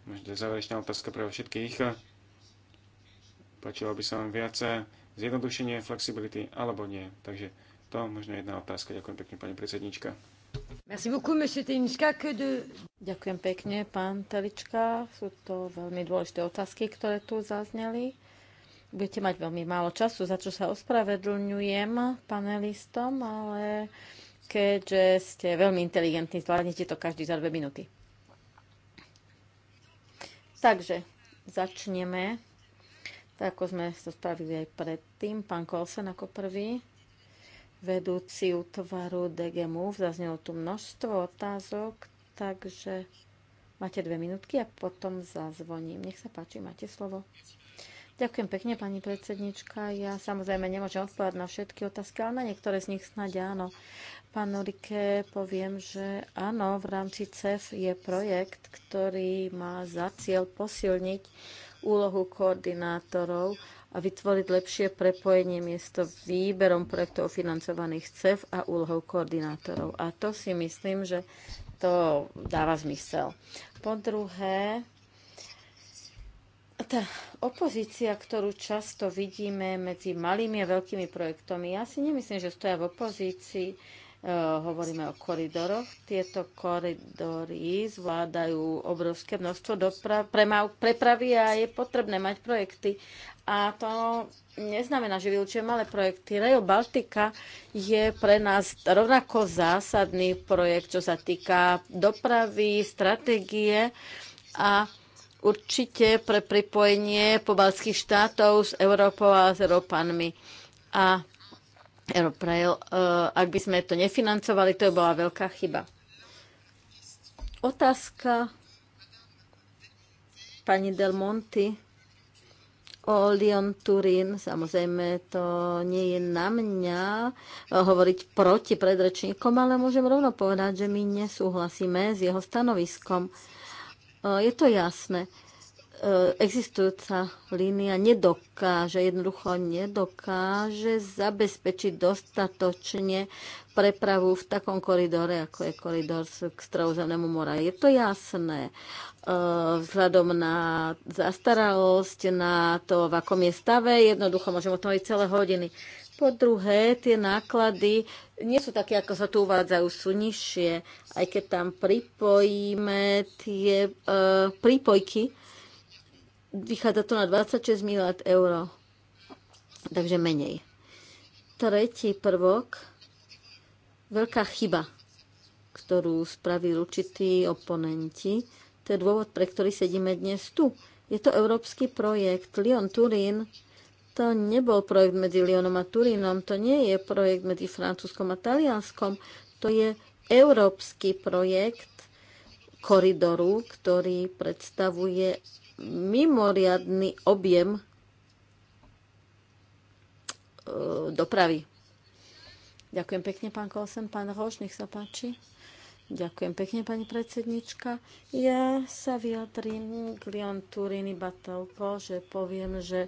Možno záverečná otázka pre všetkých. Počilo by sa vám viac zjednodušenie, flexibility alebo nie. Takže to možno jedna otázka. Ďakujem pekne, pani predsednička. Merci beaucoup, monsieur Tenička. Que de... Ďakujem pekne, pán Telička. Sú to veľmi dôležité otázky, ktoré tu zazneli. Budete mať veľmi málo času, za čo sa ospravedlňujem panelistom, ale keďže ste veľmi inteligentní, zvládnete to každý za dve minúty. Takže začneme, tak ako sme to spravili aj predtým, pán Kolsen ako prvý, vedúci útvaru DGMU, zaznelo tu množstvo otázok, takže máte dve minútky a potom zazvoním. Nech sa páči, máte slovo. Ďakujem pekne, pani predsednička. Ja samozrejme nemôžem odpovedať na všetky otázky, ale na niektoré z nich snáď áno. Pán Ulike, poviem, že áno, v rámci CEF je projekt, ktorý má za cieľ posilniť úlohu koordinátorov a vytvoriť lepšie prepojenie miesto výberom projektov financovaných CEF a úlohou koordinátorov. A to si myslím, že to dáva zmysel. Po druhé, tá opozícia, ktorú často vidíme medzi malými a veľkými projektami, ja si nemyslím, že stoja v opozícii. E, hovoríme o koridoroch. Tieto koridory zvládajú obrovské množstvo doprav, prepravy a je potrebné mať projekty. A to neznamená, že vylúčujem malé projekty. Rail Baltica je pre nás rovnako zásadný projekt, čo sa týka dopravy, stratégie a určite pre pripojenie pobalských štátov s Európou a s Európanmi. A Europrail, e, ak by sme to nefinancovali, to by bola veľká chyba. Otázka pani Del Monti o Lyon Turín. Samozrejme, to nie je na mňa e, hovoriť proti predrečníkom, ale môžem rovno povedať, že my nesúhlasíme s jeho stanoviskom. Uh, E, je to jasné. E, existujúca línia nedokáže, jednoducho nedokáže zabezpečiť dostatočne prepravu v takom koridore, ako je koridor k Stredozemnému mora. Je to jasné e, vzhľadom na zastaralosť, na to, v akom je stave. Jednoducho môžeme o tom aj celé hodiny. Po druhé, tie náklady nie sú také, ako sa tu uvádzajú, sú nižšie. Aj keď tam pripojíme tie e, prípojky, vychádza to na 26 miliard eur. Takže menej. Tretí prvok, veľká chyba, ktorú spravili určití oponenti. To je dôvod, pre ktorý sedíme dnes tu. Je to európsky projekt Lyon-Turín to nebol projekt medzi Lyonom a Turínom, to nie je projekt medzi Francúzskom a Talianskom, to je európsky projekt koridoru, ktorý predstavuje mimoriadný objem e, dopravy. Ďakujem pekne, pán Kolsen, pán Roš, nech sa páči. Ďakujem pekne, pani predsednička. Ja sa vyjadrím k Lyon Turini Batelko, že poviem, že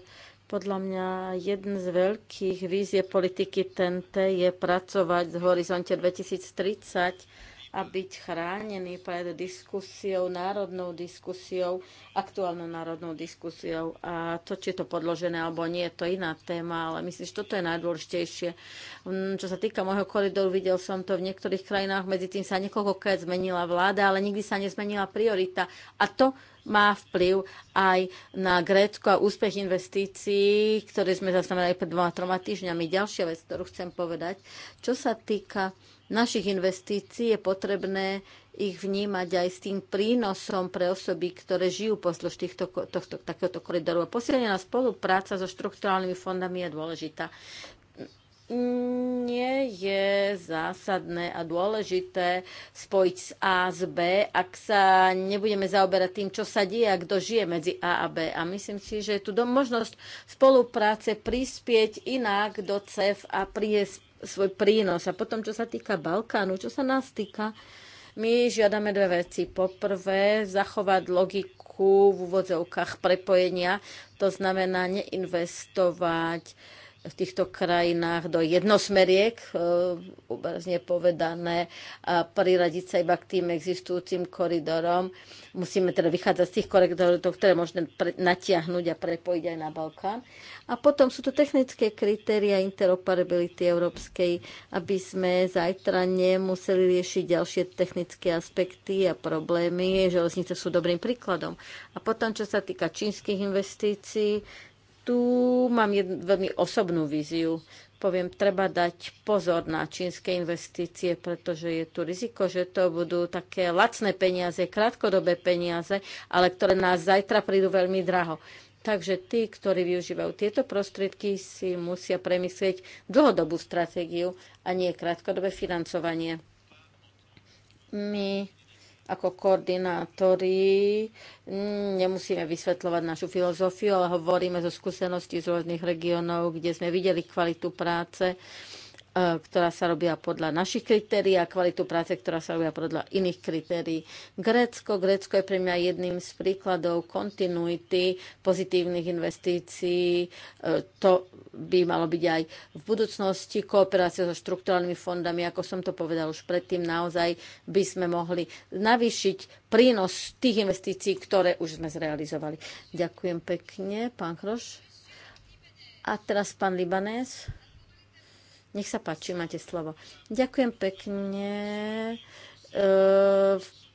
podľa mňa jeden z veľkých vízie politiky TNT je pracovať v horizonte 2030 a byť chránený pred diskusiou, národnou diskusiou, aktuálnou národnou diskusiou. A to, či je to podložené alebo nie, je to iná téma, ale myslím, že toto je najdôležitejšie. Mm, čo sa týka môjho koridoru, videl som to v niektorých krajinách, medzi tým sa niekoľkokrát zmenila vláda, ale nikdy sa nezmenila priorita. A to má vplyv aj na Grécko a úspech investícií, ktoré sme zaznamenali pred dvoma, troma týždňami. Ďalšia vec, ktorú chcem povedať, čo sa týka našich investícií je potrebné ich vnímať aj s tým prínosom pre osoby, ktoré žijú pozdĺž týchto, tohto, takéhoto koridoru. Posilnená spolupráca so štrukturálnymi fondami je dôležitá. Nie je zásadné a dôležité spojiť s A s B, ak sa nebudeme zaoberať tým, čo sa deje a kto žije medzi A a B. A myslím si, že je tu možnosť spolupráce prispieť inak do CEF a prispieť svoj prínos. A potom, čo sa týka Balkánu, čo sa nás týka, my žiadame dve veci. Poprvé, zachovať logiku v úvodzovkách prepojenia, to znamená neinvestovať v týchto krajinách do jednosmeriek, e, obrazne povedané, a priradiť sa iba k tým existujúcim koridorom. Musíme teda vychádzať z tých koridorov, ktoré možno natiahnuť a prepojiť aj na Balkán. A potom sú to technické kritéria interoperability európskej, aby sme zajtra nemuseli riešiť ďalšie technické aspekty a problémy. Železnice sú dobrým príkladom. A potom, čo sa týka čínskych investícií, tu mám jednu veľmi osobnú víziu. Poviem, treba dať pozor na čínske investície, pretože je tu riziko, že to budú také lacné peniaze, krátkodobé peniaze, ale ktoré nás zajtra prídu veľmi draho. Takže tí, ktorí využívajú tieto prostriedky, si musia premyslieť dlhodobú stratégiu a nie krátkodobé financovanie. My ako koordinátori mm, nemusíme vysvetľovať našu filozofiu, ale hovoríme zo skúseností z rôznych regiónov, kde sme videli kvalitu práce Eh, ktorá sa robia podľa našich kritérií a kvalitu práce, ktorá sa robia podľa iných kritérií. Grécko, Grécko je pre mňa jedným z príkladov kontinuity pozitívnych investícií. Eh, to by malo byť aj v budúcnosti kooperácia so štruktúralnými fondami, ako som to povedal už predtým, naozaj by sme mohli navýšiť prínos tých investícií, ktoré už sme zrealizovali. Ďakujem pekne, pán Hroš. A teraz pán Libanés. Nech sa páči, máte slovo. Ďakujem pekne. E,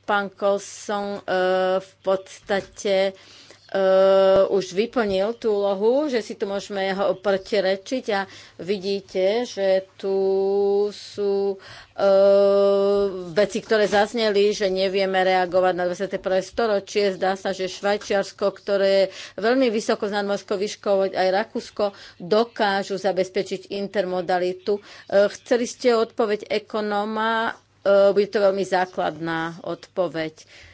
pán Kolson e, v podstate uh, už vyplnil tú lohu, že si tu môžeme ho rečiť a vidíte, že tu sú uh, veci, ktoré zazneli, že nevieme reagovať na 21. storočie. Zdá sa, že Švajčiarsko, ktoré je veľmi vysoko z nadmorskou výškou, aj Rakúsko, dokážu zabezpečiť intermodalitu. Uh, chceli ste odpoveď ekonóma, uh, bude to veľmi základná odpoveď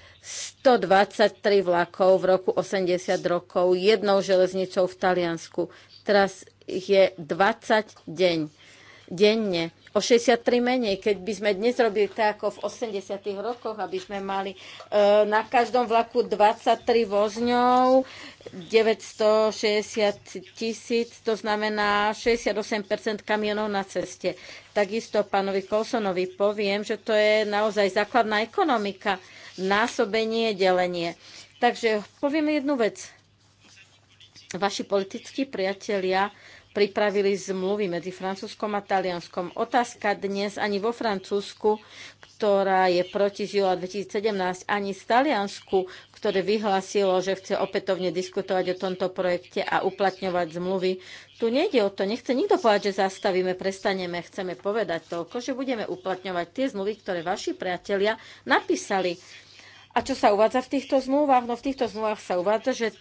123 vlakov v roku 80 rokov, jednou železnicou v Taliansku. Teraz ich je 20 deň, denne. O 63 menej, keď by sme dnes robili tak ako v 80 rokoch, aby sme mali e, na každom vlaku 23 vozňov, 960 tisíc, to znamená 68 kamionov na ceste. Takisto pánovi Kolsonovi poviem, že to je naozaj základná ekonomika. E, násobenie, delenie. Takže poviem jednu vec. Vaši politickí priatelia pripravili zmluvy medzi Francúzskom a Talianskom. Otázka dnes ani vo Francúzsku, ktorá je proti žila 2017, ani z Taliansku, ktoré vyhlásilo, že chce opätovne diskutovať o tomto projekte a uplatňovať zmluvy. Tu nejde o to, nechce nikto povedať, že zastavíme, prestaneme, chceme povedať toľko, že budeme uplatňovať tie zmluvy, ktoré vaši priatelia napísali. A čo sa uvádza v týchto zmluvách? No v týchto zmluvách sa uvádza, že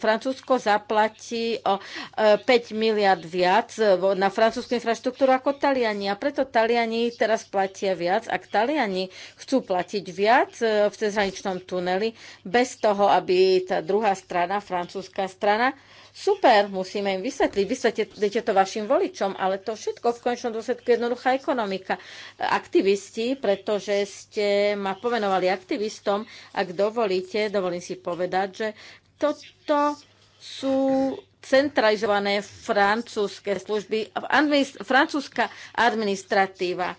Francúzsko zaplatí o 5 e, miliard viac e, na francúzsku infraštruktúru ako Taliani. A preto Taliani teraz platia viac. Ak Taliani chcú platiť viac e, v cezhraničnom tuneli, bez toho, aby tá druhá strana, francúzska strana, super, musíme im vysvetliť, vysvetlite to vašim voličom, ale to všetko v končnom dôsledku je jednoduchá ekonomika. Aktivisti, pretože ste ma pomenovali aktivistom, ak dovolíte, dovolím si povedať, že toto sú centralizované francúzske služby, administ, francúzska administratíva, e,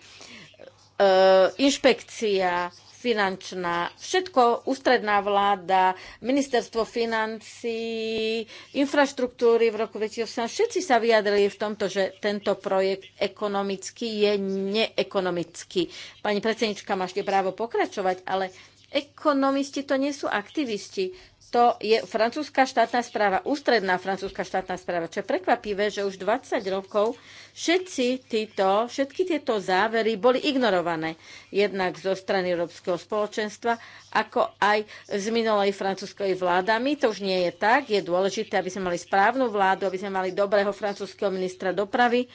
inšpekcia, finančná, všetko, ústredná vláda, ministerstvo financí, infraštruktúry v roku 2018, všetci sa vyjadrili v tomto, že tento projekt ekonomicky je neekonomický. Pani predsednička, máte právo pokračovať, ale ekonomisti to nie sú aktivisti to je francúzska štátna správa, ústredná francúzska štátna správa, čo je prekvapivé, že už 20 rokov všetci títo, všetky tieto závery boli ignorované. Jednak zo strany Európskeho spoločenstva, ako aj z minulej francúzskej vládami. To už nie je tak. Je dôležité, aby sme mali správnu vládu, aby sme mali dobrého francúzského ministra dopravy,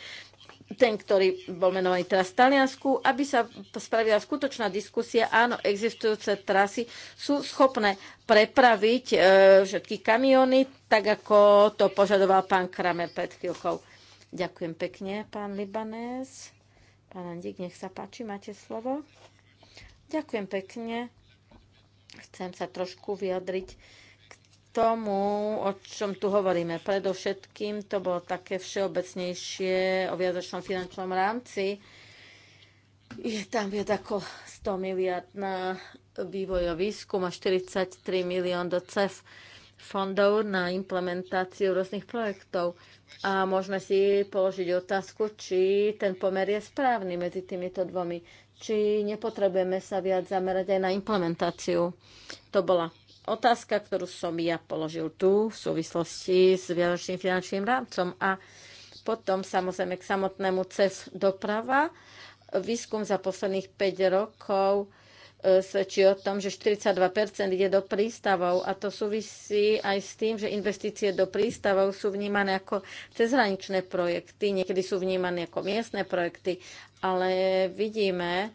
ten, ktorý bol menovaný teraz v Taliansku, aby sa spravila skutočná diskusia. Áno, existujúce trasy sú schopné prepraviť e, všetky kamiony, tak ako to požadoval pán Kramer pred chvíľkou. Ďakujem pekne, pán Libanés. Pán Andík, nech sa páči, máte slovo. Ďakujem pekne. Chcem sa trošku vyjadriť tomu, o čom tu hovoríme. Predovšetkým to bolo také všeobecnejšie o viazačnom finančnom rámci. Je tam viac ako 100 miliard na vývoj a výskum a 43 milión do CEF fondov na implementáciu rôznych projektov. A môžeme si položiť otázku, či ten pomer je správny medzi týmito dvomi. Či nepotrebujeme sa viac zamerať aj na implementáciu. To bola otázka, ktorú som ja položil tu v súvislosti s Vianočným finančným rámcom a potom samozrejme k samotnému cez doprava. Výskum za posledných 5 rokov e, svedčí o tom, že 42% ide do prístavov a to súvisí aj s tým, že investície do prístavov sú vnímané ako cezhraničné projekty, niekedy sú vnímané ako miestne projekty, ale vidíme,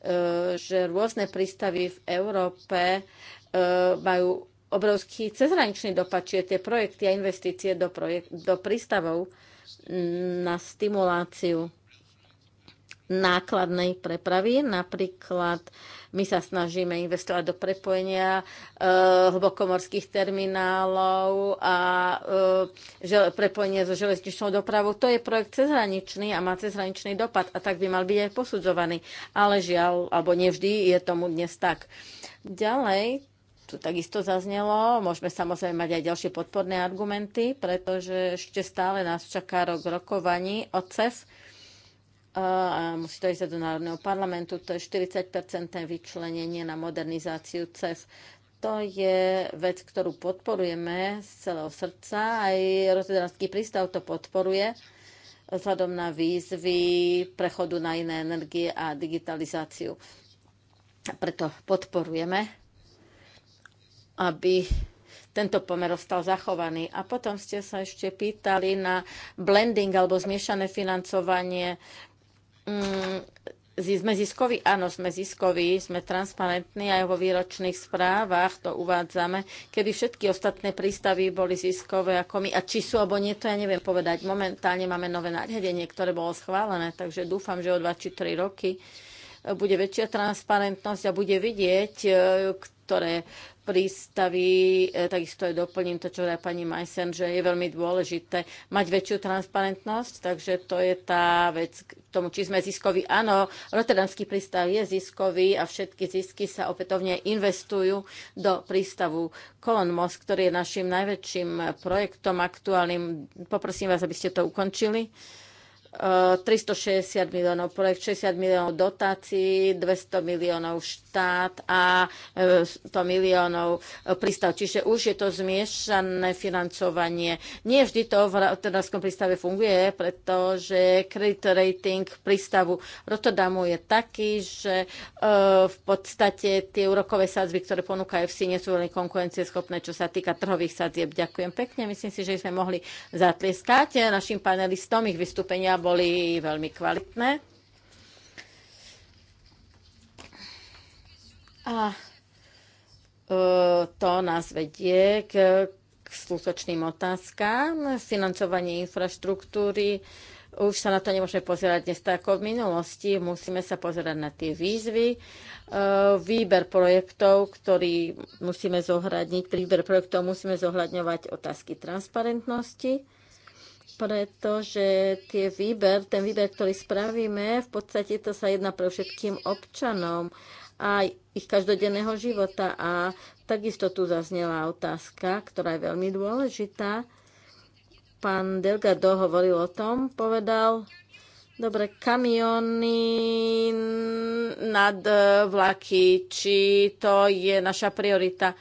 e, že rôzne prístavy v Európe E, majú obrovský cezhraničný dopad, čiže tie projekty a investície do, projekt, do prístavov mm, na stimuláciu nákladnej prepravy. Napríklad my sa snažíme investovať do prepojenia e, hlbokomorských terminálov a e, žele, prepojenie so železničnou dopravou. To je projekt cezhraničný a má cezhraničný dopad a tak by mal byť aj posudzovaný. Ale žiaľ, alebo nevždy je tomu dnes tak. Ďalej, tu takisto zaznelo. Môžeme samozrejme mať aj ďalšie podporné argumenty, pretože ešte stále nás čaká rok rokovaní od CEF. A musí to ísť do Národného parlamentu, to je 40 vyčlenenie na modernizáciu CEF. To je vec, ktorú podporujeme z celého srdca. Aj Rotterdamský prístav to podporuje vzhľadom na výzvy prechodu na iné energie a digitalizáciu. Preto podporujeme aby tento pomer ostal zachovaný. A potom ste sa ešte pýtali na blending alebo zmiešané financovanie. Mm, sme ziskoví? Áno, sme ziskoví, sme transparentní aj vo výročných správach, to uvádzame. Keby všetky ostatné prístavy boli ziskové ako my, a či sú alebo nie, to ja neviem povedať. Momentálne máme nové nariadenie, ktoré bolo schválené, takže dúfam, že o 2 či 3 roky bude väčšia transparentnosť a bude vidieť, e, ktoré prístavy. E, takisto aj doplním to, čo hovorí pani Majsen, že je veľmi dôležité mať väčšiu transparentnosť, takže to je tá vec k tomu, či sme ziskoví. Áno, Rotterdamský prístav je ziskový a všetky zisky sa opätovne investujú do prístavu Kolon Most, ktorý je našim najväčším projektom aktuálnym. Poprosím vás, aby ste to ukončili. 360 miliónov projekt, 60 miliónov dotácií, 200 miliónov štát a 100 e, miliónov prístav. Čiže už je to zmiešané financovanie. Nie vždy to v Rotterdamskom prístave funguje, pretože credit rating prístavu Rotterdamu je taký, že e, v podstate tie úrokové sadzby, ktoré ponúka FC, nie sú veľmi konkurencieschopné, čo sa týka trhových sadzieb. Ďakujem pekne. Myslím si, že sme mohli zatlieskať našim panelistom ich vystúpenia boli veľmi kvalitné. A e, to nás vedie k, k skutočným otázkám. Financovanie infraštruktúry už sa na to nemôžeme pozerať dnes tak ako v minulosti. Musíme sa pozerať na tie výzvy, e, výber projektov, ktorý musíme zohľadniť. Pri výber projektov musíme zohľadňovať otázky transparentnosti pretože tie výber, ten výber, ktorý spravíme, v podstate to sa jedná pre všetkým občanom a ich každodenného života. A takisto tu zaznela otázka, ktorá je veľmi dôležitá. Pán Delgado hovoril o tom, povedal, Dobre, kamiony nad eh, vlaky, či to je naša priorita?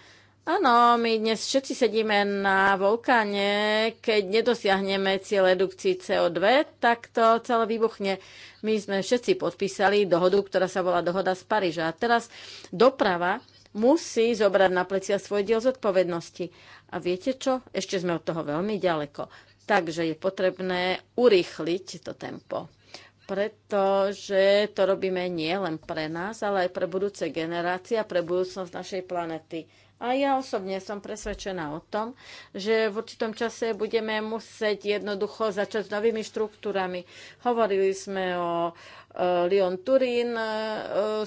Áno, my dnes všetci sedíme na vulkáne. Keď nedosiahneme cieľ redukcii CO2, tak to celé vybuchne. My sme všetci podpísali dohodu, ktorá sa volá dohoda z Paríža. A teraz doprava musí zobrať na plecia svoj diel zodpovednosti. A viete čo? Ešte sme od toho veľmi ďaleko. Takže je potrebné urýchliť to tempo pretože to robíme nie len pre nás, ale aj pre budúce generácie a pre budúcnosť našej planety. A ja osobne som presvedčená o tom, že v určitom čase budeme musieť jednoducho začať s novými štruktúrami. Hovorili sme o e, Lyon Turín, e,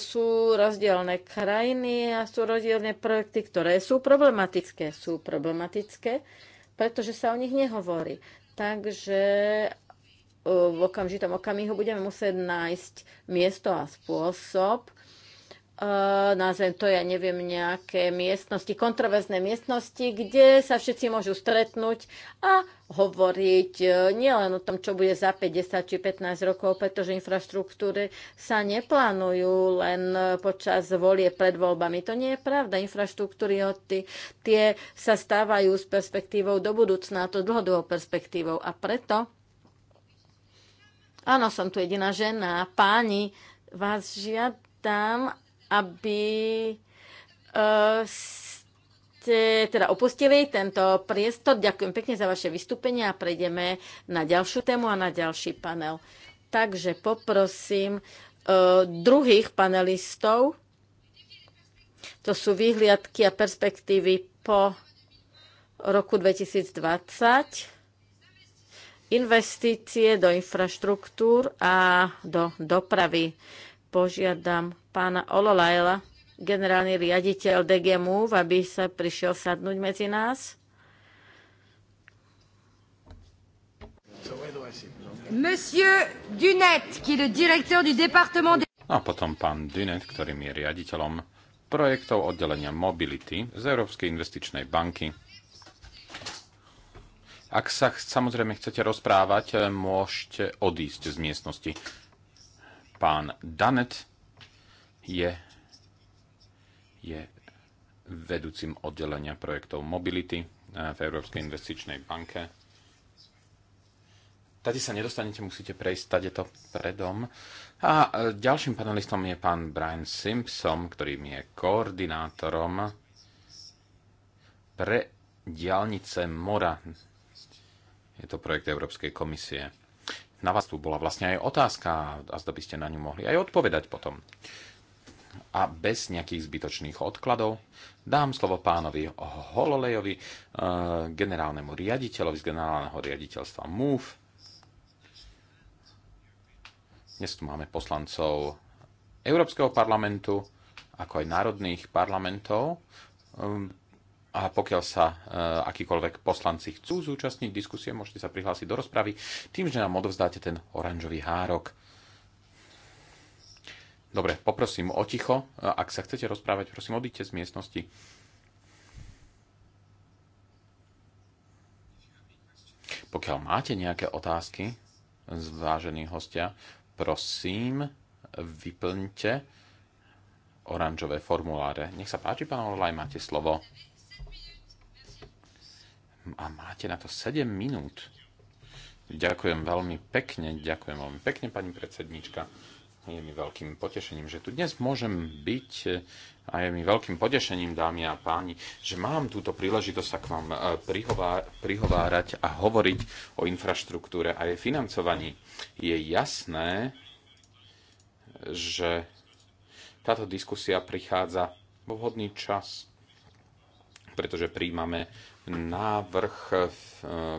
sú rozdielne krajiny a sú rozdielne projekty, ktoré sú problematické. Sú problematické, pretože sa o nich nehovorí. Takže e, v okamžitom okamihu budeme musieť nájsť miesto a spôsob, E, nazvem to, ja neviem, nejaké miestnosti, kontroverzné miestnosti, kde sa všetci môžu stretnúť a hovoriť e, nielen o tom, čo bude za 50 či 15 rokov, pretože infraštruktúry sa neplánujú len počas volie pred voľbami. To nie je pravda. Infraštruktúry tie, tie sa stávajú s perspektívou do budúcna, a to dlhodobou perspektívou. A preto, áno, som tu jediná žena, páni, vás žiadam, aby e, ste teda opustili tento priestor. Ďakujem pekne za vaše vystúpenie a prejdeme na ďalšiu tému a na ďalší panel. Takže poprosím e, druhých panelistov. To sú výhliadky a perspektívy po roku 2020 investície do infraštruktúr a do dopravy požiadam pána Ololajla, generálny riaditeľ DGMU, aby sa prišiel sadnúť medzi nás. Monsieur Dunet, qui est directeur du département de... A potom pán Dunet, ktorým je riaditeľom projektov oddelenia Mobility z Európskej investičnej banky. Ak sa samozrejme chcete rozprávať, môžete odísť z miestnosti pán Danet je, je vedúcim oddelenia projektov Mobility eh, v Európskej investičnej banke. Tady sa nedostanete, musíte prejsť tady to predom. A eh, ďalším panelistom je pán Brian Simpson, ktorým je koordinátorom pre diálnice Mora. Je to projekt Európskej komisie na vás tu bola vlastne aj otázka a zda by ste na ňu mohli aj odpovedať potom. A bez nejakých zbytočných odkladov dám slovo pánovi Hololejovi, eh, generálnemu riaditeľovi z generálneho riaditeľstva MOVE. Dnes tu máme poslancov Európskeho parlamentu, ako aj národných parlamentov. Ehm, a pokiaľ sa e, akýkoľvek poslanci chcú zúčastniť diskusie, môžete sa prihlásiť do rozpravy tým, že nám odovzdáte ten oranžový hárok. Dobre, poprosím o ticho. Eh, ak sa chcete rozprávať, prosím, odíďte z miestnosti. Pokiaľ máte nejaké otázky, zvážení hostia, prosím, vyplňte oranžové formuláre. Nech sa páči, pán Orlaj, máte slovo. A máte na to 7 minút. Ďakujem veľmi pekne, ďakujem veľmi pekne, pani predsednička. Je mi veľkým potešením, že tu dnes môžem byť a je mi veľkým potešením, dámy a páni, že mám túto príležitosť sa k vám e, prihovárať a hovoriť o infraštruktúre a jej financovaní. Je jasné, že táto diskusia prichádza vo vhodný čas, pretože príjmame návrh eh,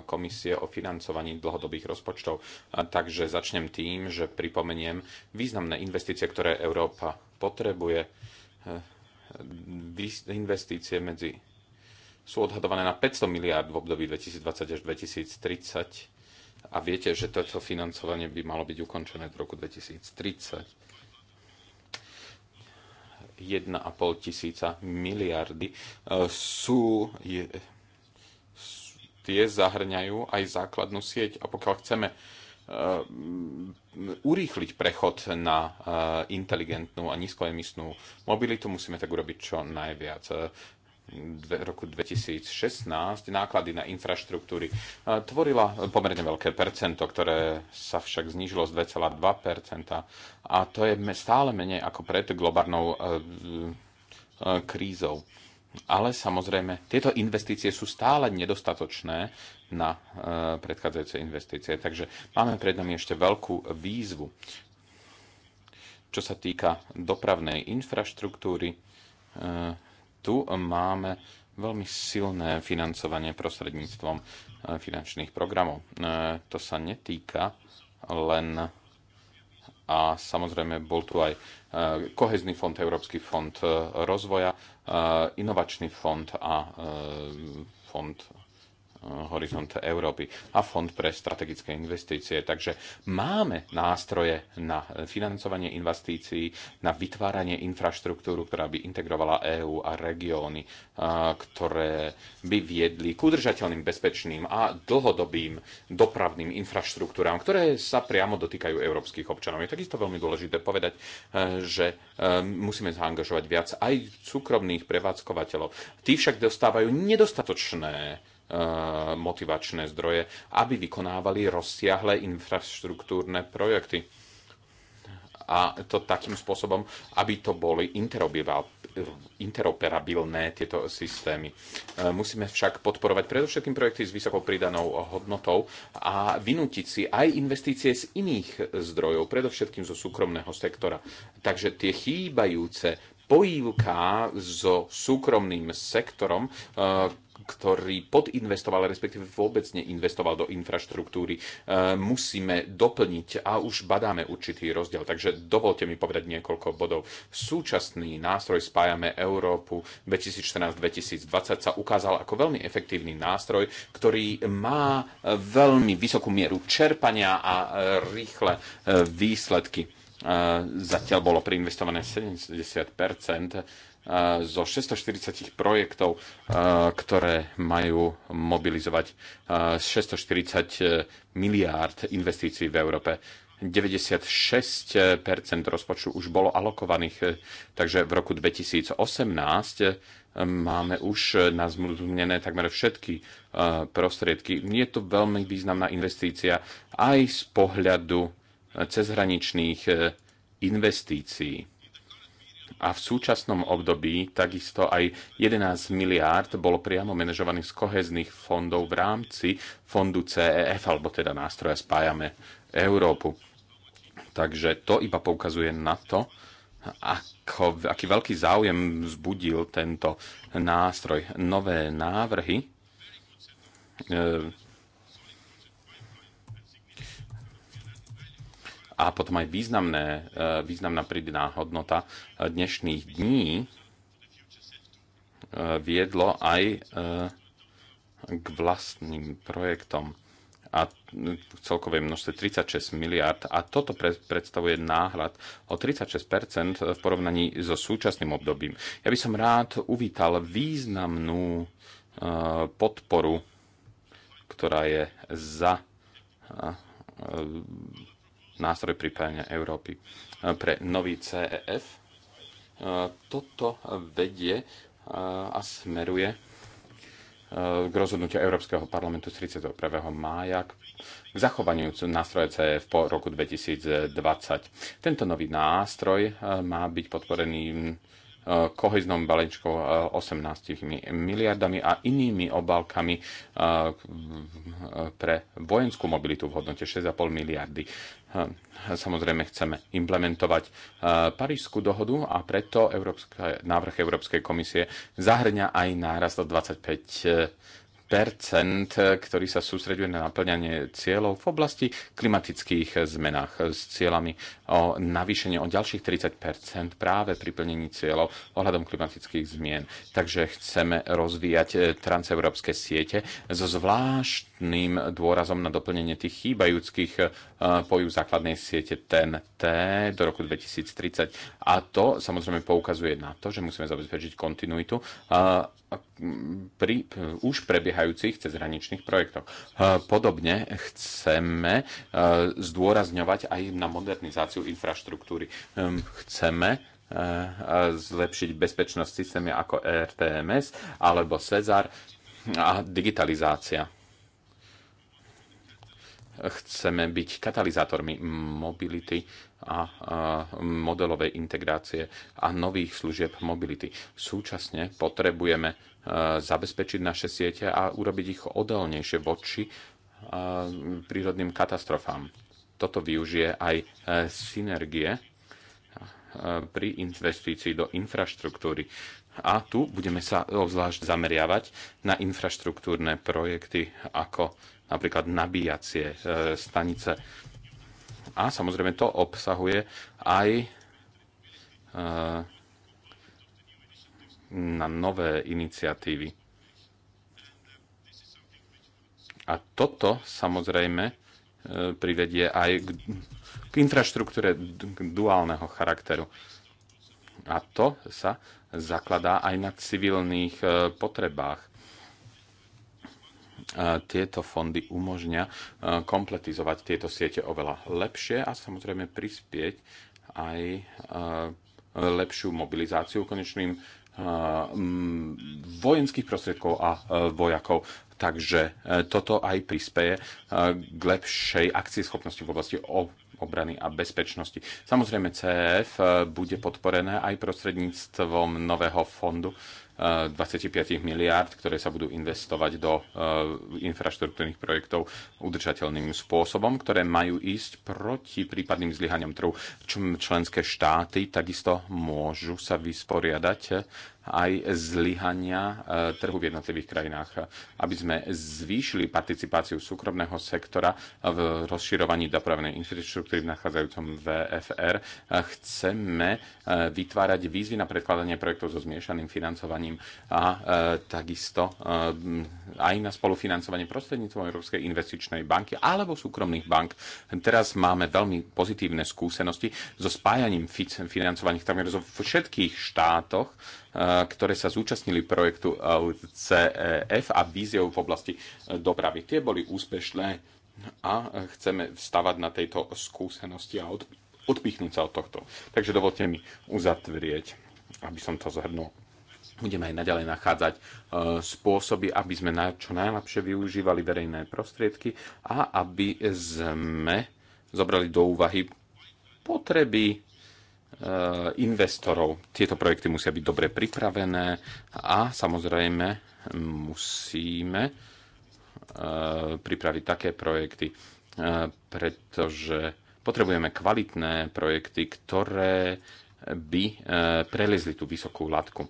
komisie o financovaní dlhodobých rozpočtov. Takže začnem tým, že pripomeniem významné investície, ktoré Európa potrebuje. Eh, investície medzi sú odhadované na 500 miliard v období 2020 až 2030 a viete, že toto financovanie by malo byť ukončené v roku 2030. 1,5 tisíca miliardy eh, sú tie zahrňajú aj základnú sieť. A pokiaľ chceme eh, urýchliť prechod na eh, inteligentnú a nízkoemisnú mobilitu, musíme tak urobiť čo najviac. Eh, v roku 2016 náklady na infraštruktúry tvorila pomerne veľké percento, ktoré sa však znížilo z 2,2 a to je stále menej ako pred globálnou krízou ale samozrejme, tieto investície sú stále nedostatočné na e, predchádzajúce investície. Takže máme pred nami ešte veľkú výzvu. Čo sa týka dopravnej infraštruktúry, e, tu máme veľmi silné financovanie prostredníctvom e, finančných programov. To sa netýka len a samozrejme bol tu aj kohezný fond, Európsky fond rozvoja inovačný fond a e, fond Horizont Európy a Fond pre strategické investície. Takže máme nástroje na financovanie investícií, na vytváranie infraštruktúru, ktorá by integrovala EÚ a regióny, ktoré by viedli k udržateľným, bezpečným a dlhodobým dopravným infraštruktúram, ktoré sa priamo dotýkajú európskych občanov. Je takisto veľmi dôležité povedať, e, že e, musíme zaangažovať viac aj súkromných prevádzkovateľov. Tí však dostávajú nedostatočné Eh, motivačné zdroje, aby vykonávali rozsiahle infraštruktúrne projekty. A to takým spôsobom, aby to boli interoperabilné tieto systémy. Eh, musíme však podporovať predovšetkým projekty s vysokou pridanou hodnotou a vynútiť si aj investície z iných zdrojov, predovšetkým zo súkromného sektora. Takže tie chýbajúce pojívka so súkromným sektorom, eh, ktorý podinvestoval, respektíve vôbec neinvestoval do infraštruktúry, e, musíme doplniť a už badáme určitý rozdiel. Takže dovolte mi povedať niekoľko bodov. Súčasný nástroj Spájame Európu 2014-2020 sa ukázal ako veľmi efektívny nástroj, ktorý má veľmi vysokú mieru čerpania a e, rýchle e, výsledky. Zatiaľ bolo preinvestované 70 zo 640 projektov, ktoré majú mobilizovať 640 e, miliárd investícií v Európe. 96 rozpočtu už bolo alokovaných, e, takže v roku 2018 e, máme už nazmluvnené takmer všetky prostriedky. Je to veľmi významná investícia aj z pohľadu cezhraničných investícií a v súčasnom období takisto aj 11 miliárd bolo priamo manažovaných z kohezných fondov v rámci fondu CEF, alebo teda nástroja Spájame Európu. Takže to iba poukazuje na to, ako, aký veľký záujem vzbudil tento nástroj. Nové návrhy e, a potom aj významné, e, významná pridaná hodnota e, dnešných dní e, viedlo aj k vlastným projektom a v celkovej množstve 36 miliard a toto pre, predstavuje náhľad o 36% v porovnaní so súčasným obdobím. Ja by som rád uvítal významnú podporu, ktorá je za nástroj pripájania Európy e, pre nový CEF. E, toto vedie e, a smeruje k rozhodnutiu Európskeho parlamentu 31. mája k zachovaniu nástroja CF po roku 2020. Tento nový nástroj má byť podporený koheznou balíčkou 18 miliardami a inými obálkami pre vojenskú mobilitu v hodnote 6,5 miliardy Samozrejme chceme implementovať Parížskú dohodu a preto Európske, návrh Európskej komisie zahrňa aj nárast o 25 percent, ktorý sa sústreďuje na naplňanie cieľov v oblasti klimatických zmenách s cieľami o navýšenie o ďalších 30 percent práve pri plnení cieľov ohľadom klimatických zmien. Takže chceme rozvíjať e, transeurópske siete so zvlášť osobitným dôrazom na doplnenie tých chýbajúcich eh, pojov základnej siete TNT do roku 2030. A to samozrejme poukazuje na to, že musíme zabezpečiť kontinuitu eh, pri už prebiehajúcich cezhraničných projektoch. Eh, podobne chceme zdôrazňovať aj na modernizáciu infraštruktúry. Ehm, chceme zlepšiť bezpečnosť systémy ako RTMS alebo Cesar a digitalizácia Chceme byť katalizátormi mobility a modelovej integrácie a nových služieb mobility. Súčasne potrebujeme e, zabezpečiť naše siete a urobiť ich odolnejšie voči e, prírodným katastrofám. Toto využije aj e, synergie pri investícii do infraštruktúry. A tu budeme sa obzvlášť zameriavať na infraštruktúrne projekty ako napríklad nabíjacie e, stanice. A samozrejme to obsahuje aj e, na nové iniciatívy. A toto samozrejme e, privedie aj k, infraštruktúre duálneho charakteru. A to sa zakladá aj na civilných potrebách tieto fondy umožňa kompletizovať tieto siete oveľa lepšie a samozrejme prispieť aj lepšiu mobilizáciu konečným vojenských prostriedkov a vojakov. Takže e, toto aj prispieje k lepšej schopnosti v oblasti obrany a bezpečnosti. Samozrejme, CF e, bude podporené aj prostredníctvom nového fondu, 25 miliárd, ktoré sa budú investovať do eh, infraštruktúrnych projektov udržateľným spôsobom, ktoré majú ísť proti prípadným zlyhaniam trhu. Členské štáty takisto môžu sa vysporiadať eh, aj zlyhania e, trhu v jednotlivých krajinách. Aby sme zvýšili participáciu súkromného sektora v rozširovaní dopravnej infraštruktúry v nachádzajúcom VFR, e, chceme e, vytvárať výzvy na predkladanie projektov so zmiešaným financovaním a takisto aj na spolufinancovanie prostredníctvom Európskej investičnej banky alebo súkromných bank. Teraz máme veľmi pozitívne skúsenosti so spájaním financovaných takmer zo všetkých štátoch ktoré sa zúčastnili projektu CEF a víziou v oblasti e, dopravy. Tie boli úspešné a chceme vstavať na tejto skúsenosti a odpichnúť sa od tohto. Takže dovolte mi uzatvrieť, aby som to zhrnul. Budeme aj naďalej nachádzať e, spôsoby, aby sme na čo najlepšie využívali verejné prostriedky a aby sme zobrali do úvahy potreby Eh, investorov. Tieto projekty musia byť dobre pripravené a samozrejme musíme eh, pripraviť také projekty, eh, pretože potrebujeme kvalitné projekty, ktoré by preliezli tú vysokú látku.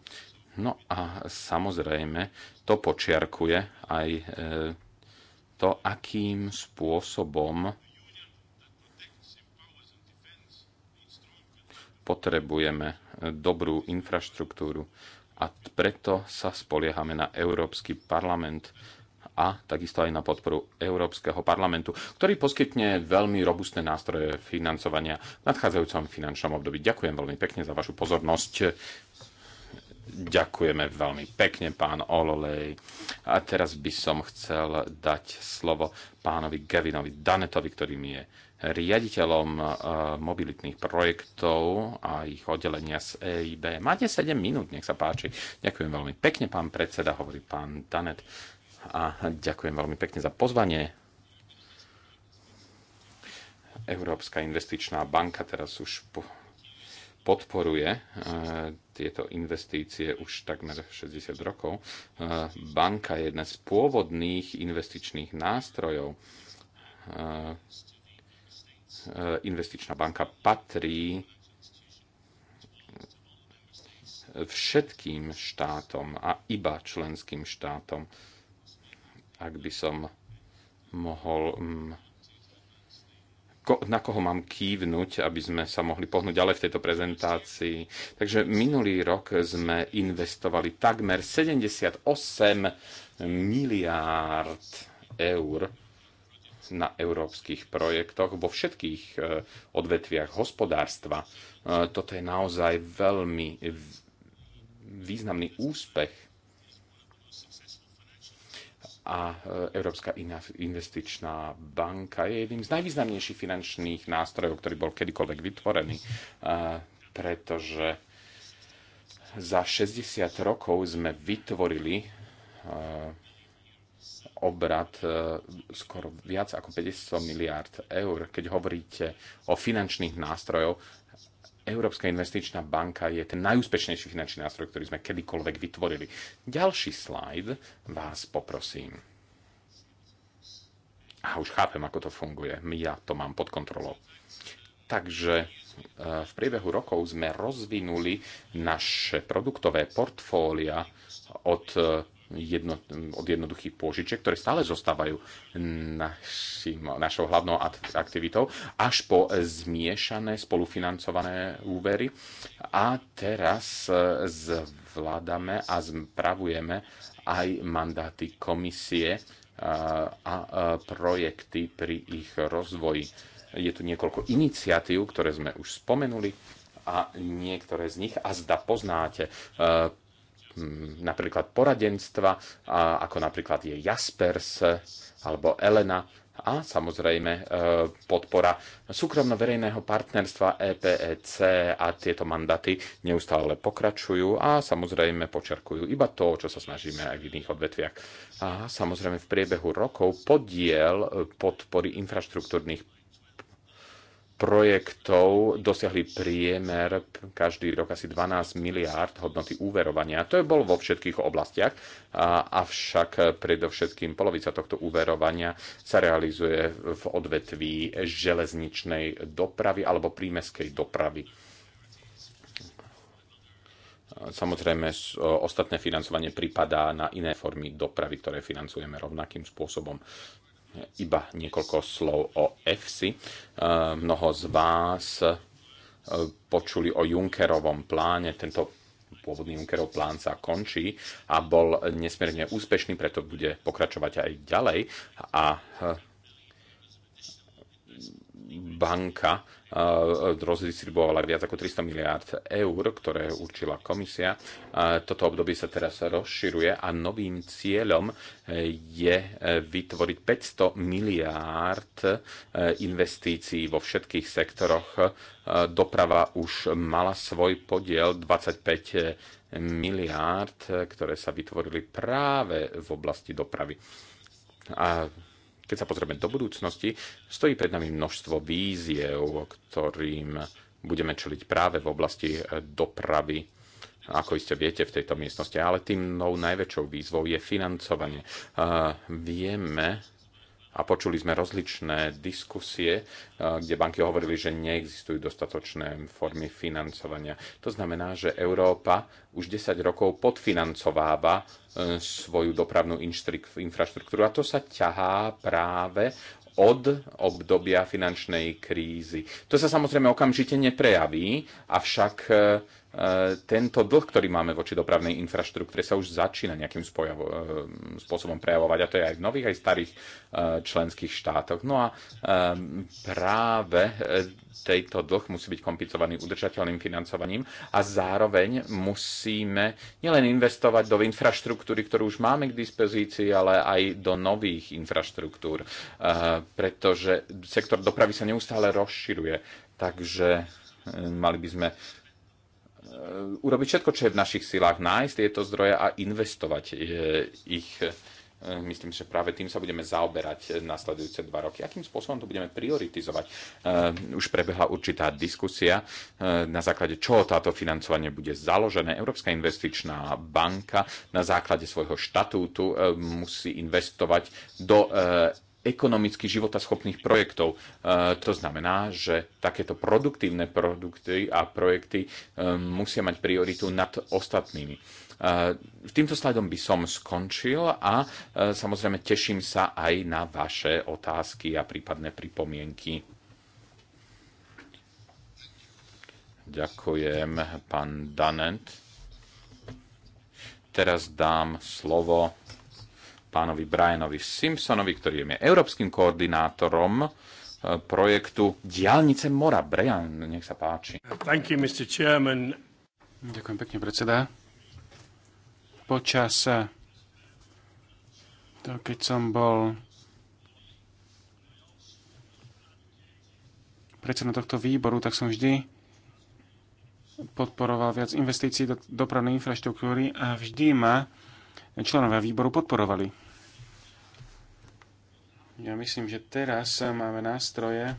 No a samozrejme to počiarkuje aj to, akým spôsobom potrebujeme eh, dobrú infraštruktúru a preto sa spoliehame na Európsky parlament a takisto aj na podporu Európskeho parlamentu, ktorý poskytne veľmi robustné nástroje financovania v nadchádzajúcom finančnom období. Ďakujem veľmi pekne za vašu pozornosť. Ďakujeme veľmi pekne, pán Ololej. A teraz by som chcel dať slovo pánovi Gavinovi Danetovi, ktorým je riaditeľom e, mobilitných projektov a ich oddelenia z EIB. Máte 7 minút, nech sa páči. Ďakujem veľmi pekne, pán predseda, hovorí pán Danet. A ďakujem veľmi pekne za pozvanie. Európska investičná banka teraz už podporuje e, tieto investície už takmer 60 rokov. Eh, banka je jedna z pôvodných investičných nástrojov. Eh, investičná banka patrí všetkým štátom a iba členským štátom. Ak by som mohol mm, ko, na koho mám kývnuť, aby sme sa mohli pohnúť ďalej v tejto prezentácii. Takže minulý rok sme investovali takmer 78 miliárd eur na európskych projektoch vo všetkých e, odvetviach hospodárstva. E, toto je naozaj veľmi významný úspech a e, Európska investičná banka je jedným z najvýznamnejších finančných nástrojov, ktorý bol kedykoľvek vytvorený, e, pretože za 60 rokov sme vytvorili e, obrad skoro viac ako 500 miliárd eur. Keď hovoríte o finančných nástrojoch. Európska investičná banka je ten najúspešnejší finančný nástroj, ktorý sme kedykoľvek vytvorili. Ďalší slajd vás poprosím. A už chápem, ako to funguje. Ja to mám pod kontrolou. Takže e, v priebehu rokov sme rozvinuli naše produktové portfólia od e, jedno, od jednoduchých pôžiček, ktoré stále zostávajú našim, našou hlavnou aktivitou, až po zmiešané spolufinancované úvery. A teraz e, zvládame a spravujeme aj mandáty komisie e, a e, projekty pri ich rozvoji. Je tu niekoľko iniciatív, ktoré sme už spomenuli a niektoré z nich, a zda poznáte, napríklad poradenstva, ako napríklad je Jaspers e, alebo Elena a samozrejme e, podpora súkromno-verejného partnerstva EPEC a tieto mandaty neustále pokračujú a samozrejme počerkujú iba to, čo sa snažíme aj v iných odvetviach. A samozrejme v priebehu rokov podiel podpory infraštruktúrnych projektov dosiahli priemer každý rok asi 12 miliárd hodnoty úverovania. To je bol vo všetkých oblastiach, avšak predovšetkým polovica tohto úverovania sa realizuje v odvetví železničnej dopravy alebo prímeskej dopravy. Samozrejme, ostatné financovanie pripadá na iné formy dopravy, ktoré financujeme rovnakým spôsobom iba niekoľko slov o EFSI. E, mnoho z vás e, počuli o Junckerovom pláne. Tento pôvodný Junckerov plán sa končí a bol nesmierne úspešný, preto bude pokračovať aj ďalej. A e, banka rozdistribuovala viac ako 300 miliárd eur, ktoré určila komisia. Toto obdobie sa teraz rozširuje a novým cieľom e, je e, vytvoriť 500 miliárd e, investícií vo všetkých sektoroch. Doprava už mala svoj podiel 25 miliárd, ktoré sa vytvorili práve v oblasti dopravy. A keď sa pozrieme do budúcnosti, stojí pred nami množstvo víziev, ktorým budeme čeliť práve v oblasti eh, dopravy. Ako iste viete v tejto miestnosti, ale tým mnou najväčšou výzvou je financovanie. Eh, vieme, a počuli sme rozličné diskusie, eh, kde banky hovorili, že neexistujú dostatočné formy financovania. To znamená, že Európa už 10 rokov podfinancováva svoju dopravnú infraštruktúru. A to sa ťahá práve od obdobia finančnej krízy. To sa samozrejme okamžite neprejaví, avšak E, tento dlh, ktorý máme voči dopravnej infraštruktúre, sa už začína nejakým spojavo, e, spôsobom prejavovať, a to je aj v nových, aj starých e, členských štátoch. No a práve tejto dlh musí byť kompicovaný udržateľným financovaním a zároveň musíme nielen investovať do infraštruktúry, ktorú už máme k dispozícii, ale aj do nových infraštruktúr, pretože sektor dopravy sa neustále rozširuje. Takže mali by sme E, urobiť všetko, čo je v našich silách, nájsť tieto zdroje a investovať e, ich. E, myslím, že práve tým sa budeme zaoberať nasledujúce dva roky. Akým spôsobom to budeme prioritizovať? Už prebehla určitá diskusia, na základe čoho táto financovanie bude založené. Európska investičná banka na základe svojho štatútu musí investovať do ekonomicky životaschopných projektov. E, to znamená, že takéto produktívne produkty a projekty e, musia mať prioritu nad ostatnými. E, týmto slajdom by som skončil a samozrejme teším sa aj na vaše otázky a prípadné pripomienky. Ďakujem, pán Danent. Teraz dám slovo pánovi Brianovi Simpsonovi, ktorý je európskym koordinátorom e, projektu Dialnice Mora. Brian, nech sa páči. Thank you, Mr. Chairman. Ďakujem pekne, predseda. Počas e, to, keď som bol predseda tohto výboru, tak som vždy podporoval viac investícií do dopravnej infraštruktúry a vždy ma členovia výboru podporovali. Ja myslím, že teraz máme nástroje,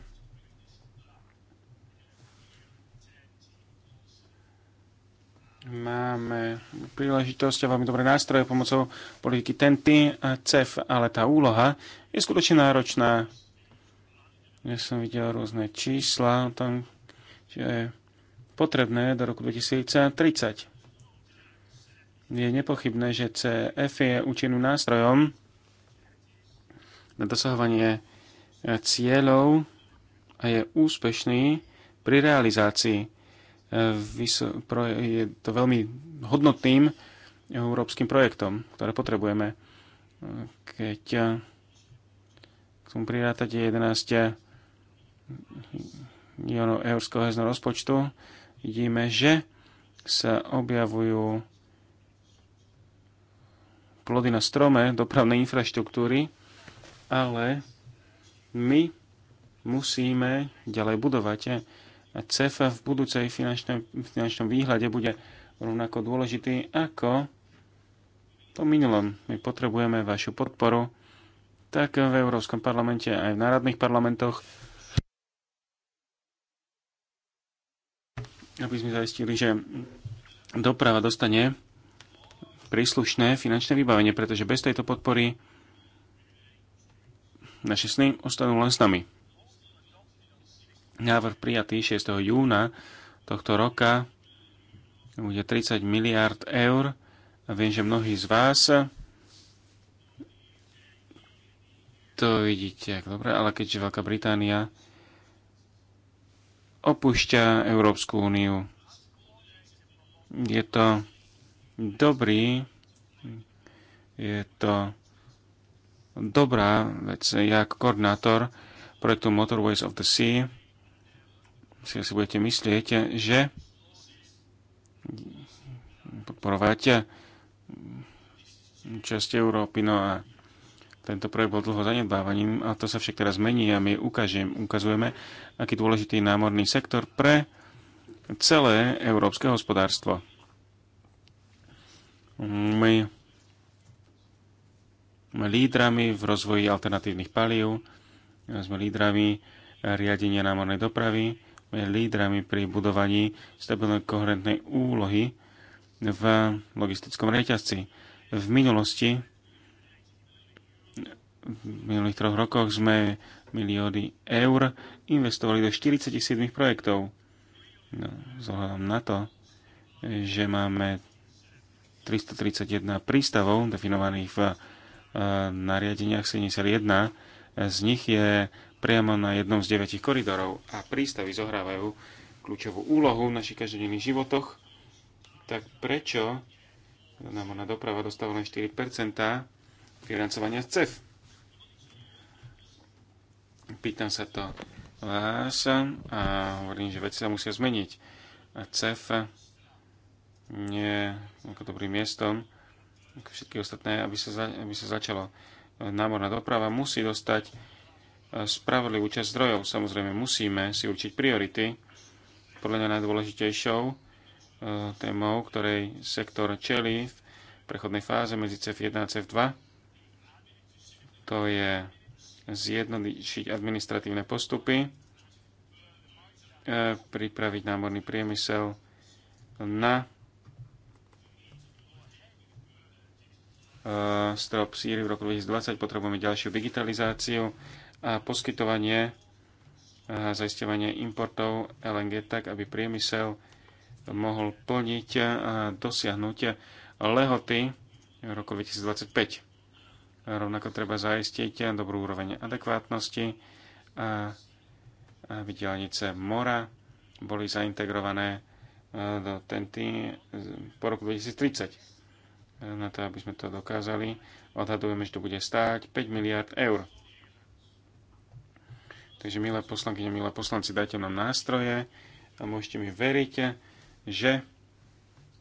máme príležitosť a veľmi dobré nástroje pomocou politiky TENTY a CEF, ale tá úloha je skutočne náročná. Ja som videl rôzne čísla o tom, že je potrebné do roku 2030. Je nepochybné, že CF e je účinným nástrojom, na dosahovanie e, cieľov a je úspešný pri realizácii. E, je to veľmi hodnotným európskym projektom, ktoré potrebujeme. E, keď k tomu prirátate 11 miliónov eur hezného rozpočtu, vidíme, že sa objavujú plody na strome dopravnej infraštruktúry, ale my musíme ďalej budovať. CEF v budúcej finančnom, finančnom výhľade bude rovnako dôležitý ako to minulom. My potrebujeme vašu podporu tak v Európskom parlamente aj v národných parlamentoch, aby sme zaistili, že doprava dostane príslušné finančné vybavenie, pretože bez tejto podpory naše sny ostanú len s nami. Návrh prijatý 6. júna tohto roka bude 30 miliard eur a viem, že mnohí z vás to vidíte, ak dobre, ale keďže Veľká Británia opúšťa Európsku úniu, je to dobrý, je to dobrá vec. Ja ako koordinátor projektu Motorways of the Sea si asi budete myslieť, že podporovať časť Európy. No a tento projekt bol dlho zanedbávaním a to sa však teraz mení a my ukážem, ukazujeme, aký dôležitý námorný sektor pre celé európske hospodárstvo. My sme lídrami v rozvoji alternatívnych palív, sme lídrami riadenia námornej dopravy, sme lídrami pri budovaní stabilnej koherentnej úlohy v logistickom reťazci. V minulosti, v minulých troch rokoch sme milióny eur investovali do 47 projektov. No, zohľadom na to, že máme 331 prístavov definovaných v E, nariadeniach 71. E, z nich je priamo na jednom z deviatich koridorov a prístavy zohrávajú kľúčovú úlohu v našich každodenných životoch. Tak prečo nám ona doprava dostáva len 4 financovania z CEF? Pýtam sa to vás a hovorím, že veci sa musia zmeniť. A CEF nie je ako dobrým miestom, ako všetky ostatné, aby sa, za, aby sa začalo námorná doprava, musí dostať e, spravodlivú časť zdrojov. Samozrejme, musíme si určiť priority. Podľa mňa najdôležitejšou e, témou, ktorej sektor čelí v prechodnej fáze medzi cef 1 a cef 2 to je zjednodušiť administratívne postupy, e, pripraviť námorný priemysel na E, strop síry v roku 2020, potrebujeme ďalšiu digitalizáciu a poskytovanie a e, zaisťovanie importov LNG tak, aby priemysel mohol plniť a dosiahnuť lehoty v roku 2025. Rovnako treba zaistiť dobrú úroveň adekvátnosti a aby dielnice mora boli zaintegrované e, do TNT po roku 2030 na to, aby sme to dokázali. Odhadujeme, že to bude stáť 5 miliard eur. Takže milé poslankyne, milé poslanci, dajte nám nástroje a môžete mi veriť, že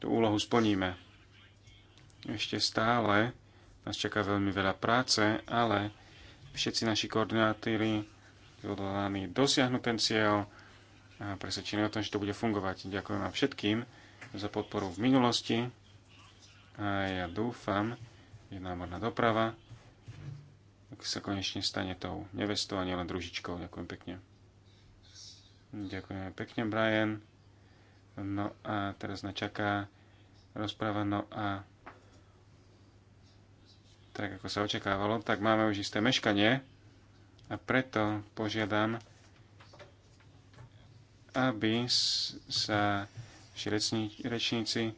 tú úlohu splníme. Ešte stále nás čaká veľmi veľa práce, ale všetci naši koordinátory odhodlaní dosiahnuť ten cieľ a presvedčení o tom, že to bude fungovať. Ďakujem vám všetkým za podporu v minulosti. A ja dúfam, je námorná doprava sa konečne stane tou nevestou a nielen družičkou. Ďakujem pekne. Ďakujem pekne, Brian. No a teraz na čaká rozpráva, no a tak ako sa očakávalo, tak máme už isté meškanie a preto požiadam, aby sa rečníci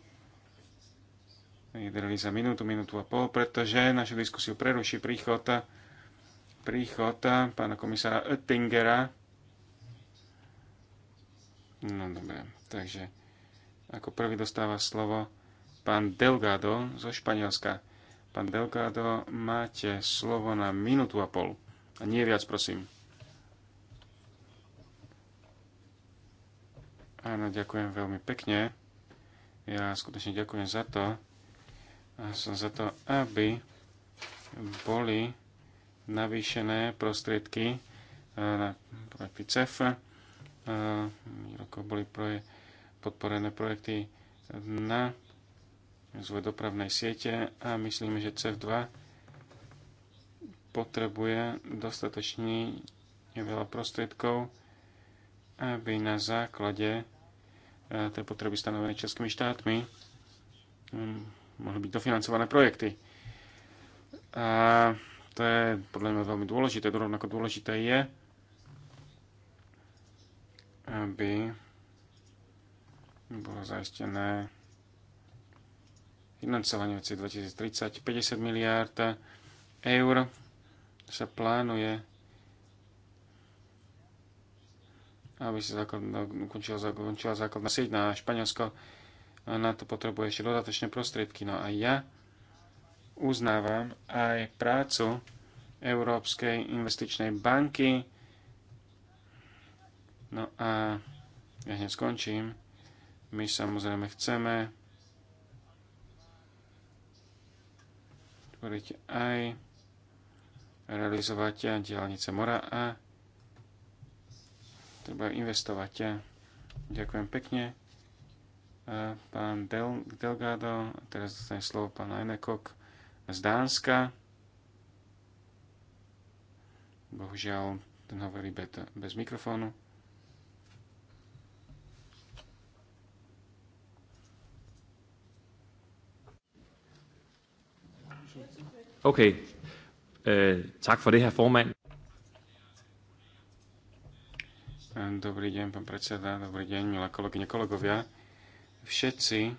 vydrli za minútu, minútu a pol, pretože našu diskusiu preruší príchod, príchod pána komisára Oettingera. No dobre, takže ako prvý dostáva slovo pán Delgado zo Španielska. Pán Delgado, máte slovo na minútu a pol. A nie viac, prosím. Áno, ďakujem veľmi pekne. Ja skutočne ďakujem za to, a som za to, aby boli navýšené prostriedky e, na projekty CEF. E, Rokov boli proje, podporené projekty na rozvoj dopravnej siete a myslíme, že CEF2 potrebuje dostatočne veľa prostriedkov, aby na základe e, tej potreby stanovené českými štátmi mohli byť dofinancované projekty. A to je podľa mňa veľmi dôležité. To rovnako dôležité je, aby bolo zaistené financovanie od 2030 50 miliárd eur sa plánuje, aby sa základná, ukončila základná sieť na Španielsko na to potrebuje ešte dodatočné prostriedky. No a ja uznávam aj prácu Európskej investičnej banky. No a ja hneď skončím. My samozrejme chceme tvoriť aj realizovať dielnice mora a treba investovať. Ďakujem pekne pán Del, Delgado, teraz dostane slovo pán Einekok z Dánska. Bohužiaľ, ten hovorí bez bez mikrofónu. Okay. Uh, tak for det her, formand. Dobrý deň, pán predseda, dobrý deň, milá kolegyne, kolegovia všetci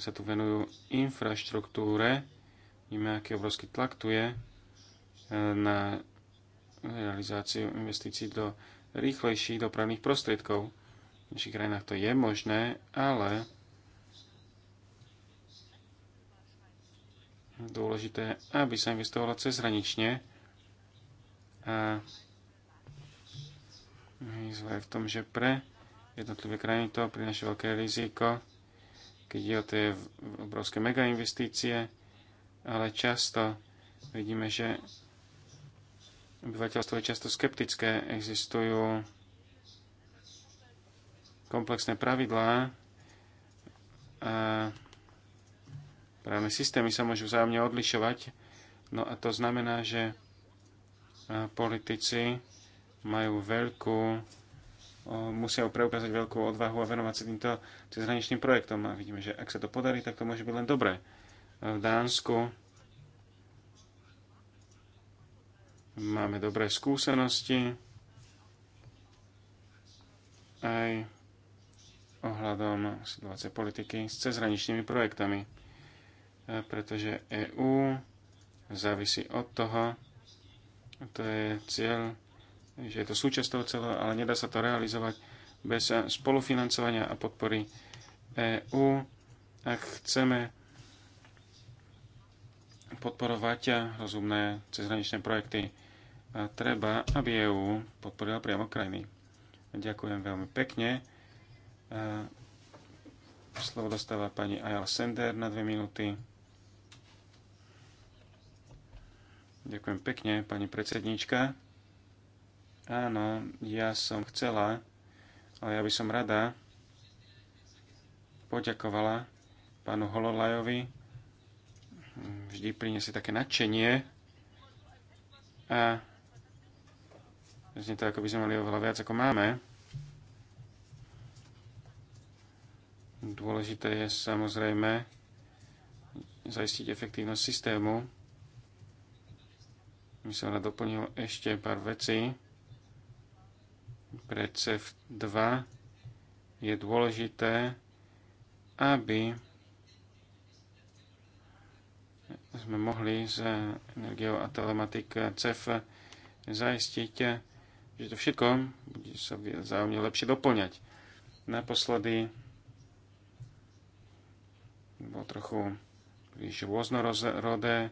sa tu venujú infraštruktúre, vidíme, aký obrovský tlak tu je e, na realizáciu investícií do rýchlejších dopravných prostriedkov. V našich krajinách to je možné, ale dôležité, aby sa investovalo cezhranične. A v tom, že pre jednotlivé krajiny, to prináša veľké riziko, keď je o tie obrovské megainvestície, ale často vidíme, že obyvateľstvo je často skeptické, existujú komplexné pravidlá a právne systémy sa môžu vzájomne odlišovať. No a to znamená, že politici majú veľkú musia preukázať veľkú odvahu a venovať sa týmto cezhraničným projektom. A vidíme, že ak sa to podarí, tak to môže byť len dobré. E, v Dánsku máme dobré skúsenosti aj ohľadom situácie politiky s cezhraničnými projektami, e, pretože EÚ závisí od toho, to je cieľ že je to súčasť toho celého, ale nedá sa to realizovať bez spolufinancovania a podpory EÚ. Ak chceme podporovať rozumné cezhraničné projekty, a treba, aby EÚ podporila priamo krajiny. Ďakujem veľmi pekne. E, slovo dostáva pani Ayal Sender na dve minúty. Ďakujem pekne, pani predsedníčka. Áno, ja som chcela, ale ja by som rada poďakovala pánu Hololajovi. Vždy priniesie také nadšenie a znie to, ako by sme mali oveľa viac, ako máme. Dôležité je samozrejme zaistiť efektívnosť systému. My som doplnil ešte pár vecí pre CEF2 je dôležité, aby sme mohli s energiou a telematik CEF zaistiť, že to všetko bude sa vzájomne lepšie doplňať. Naposledy bolo trochu príliš rôznorodé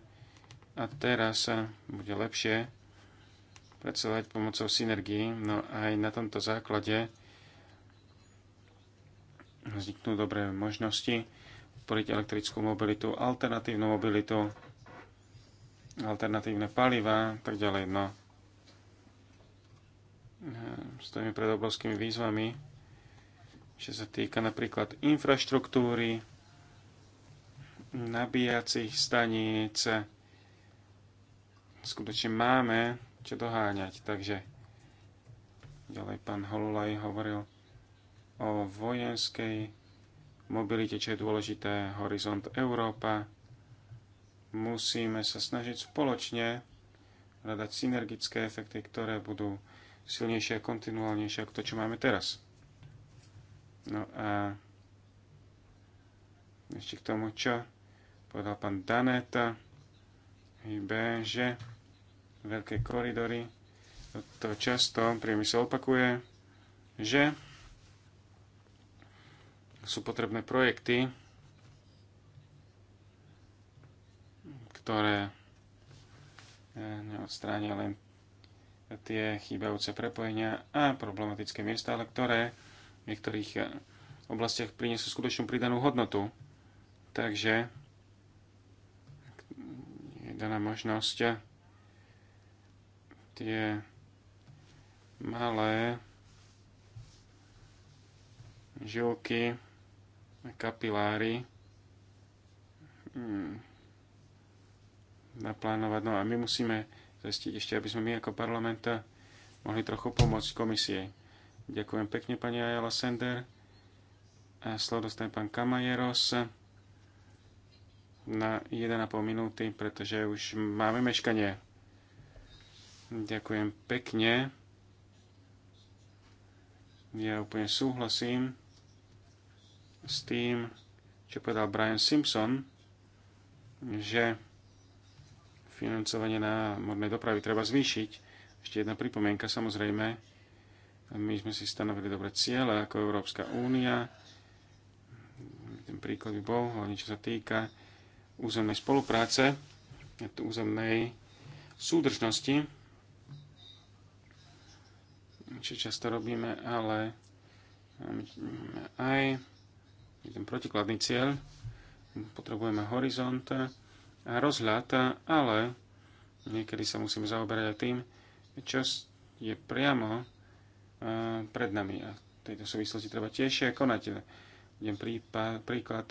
a teraz bude lepšie pracovať pomocou synergii. No aj na tomto základe vzniknú dobré možnosti podporiť elektrickú mobilitu, alternatívnu mobilitu, alternatívne paliva a tak ďalej. No, e, stojíme pred obrovskými výzvami, čo sa týka napríklad infraštruktúry, nabíjacích staníc. Skutočne máme ešte doháňať. Takže ďalej pán Holulaj hovoril o vojenskej mobilite, čo je dôležité, horizont Európa. Musíme sa snažiť spoločne hľadať synergické efekty, ktoré budú silnejšie a kontinuálnejšie ako to, čo máme teraz. No a ešte k tomu, čo povedal pán Daneta, že veľké koridory. To často priemysel opakuje, že sú potrebné projekty, ktoré e, neodstránia len tie chýbajúce prepojenia a problematické miesta, ale ktoré v niektorých e, oblastiach prinesú skutočnú pridanú hodnotu. Takže je daná možnosť tie malé žilky, kapiláry hmm, naplánovať. No a my musíme zistiť ešte, aby sme my ako parlament mohli trochu pomôcť komisie. Ďakujem pekne, pani Ayala Sender. A slovo dostane pán Kamajeros na 1,5 minúty, pretože už máme meškanie. Ďakujem pekne. Ja úplne súhlasím s tým, čo povedal Brian Simpson, že financovanie na modnej dopravy treba zvýšiť. Ešte jedna pripomienka, samozrejme, my sme si stanovili dobre ciele ako Európska únia. Ten príklad by bol, hlavne čo sa týka územnej spolupráce, územnej súdržnosti čo často robíme, ale um, aj ten protikladný cieľ. Potrebujeme horizont a rozhľad, ale niekedy sa musíme zaoberať aj tým, čo je priamo uh, pred nami. A v tejto súvislosti treba tiež konať. Idem príklad,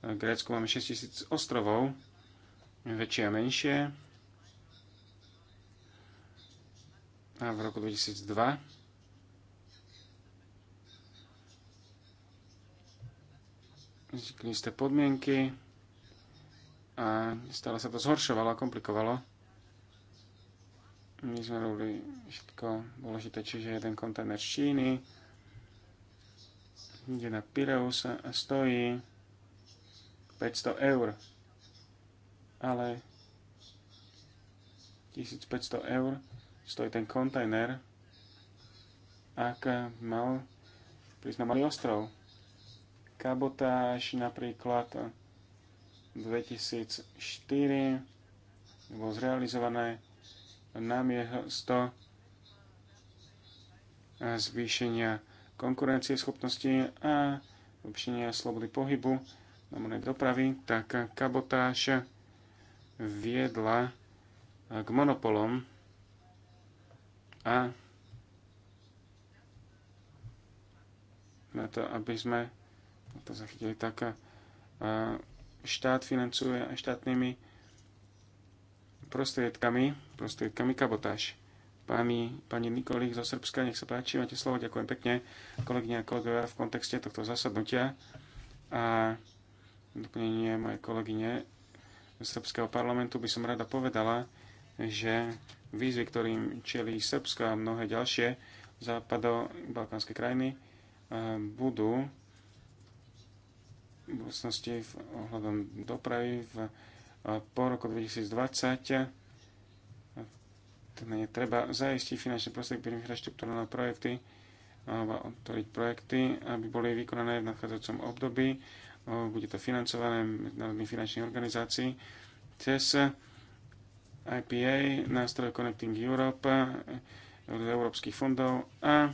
v Grécku máme 6000 ostrovov, väčšie a menšie, a v roku 2002 vznikli ste podmienky a stále sa to zhoršovalo a komplikovalo. My sme robili všetko dôležité, čiže jeden kontajner z Číny ide na Pireus a stojí 500 eur. Ale 1500 eur stojí ten kontajner, ak mal prísť na malý ostrov. Kabotáž napríklad 2004 bol zrealizované miesto zvýšenia konkurencie schopnosti a zlepšenia slobody pohybu monej dopravy, tak kabotáž viedla k monopolom a na to, aby sme to zachytili tak, e, štát financuje štátnymi prostriedkami, prostriedkami kabotáž. Páni, pani Nikolík zo Srbska, nech sa páči, máte slovo, ďakujem pekne, kolegyňa a kolegovia v kontexte tohto zasadnutia a doplnenie mojej kolegyne z Srbského parlamentu by som rada povedala, že výzvy, ktorým čelí Srbska a mnohé ďalšie západo-balkánske krajiny, eh, budú v budúcnosti v ohľadom dopravy v, eh, po roku 2020 teda treba zaistiť finančné prostriedky pre infraštruktúrne projekty alebo otvoriť projekty, aby boli vykonané v nadchádzajúcom období. Bude to financované medzinárodných finančných organizácií cez IPA, nástroj Connecting Europe, z európskych fondov a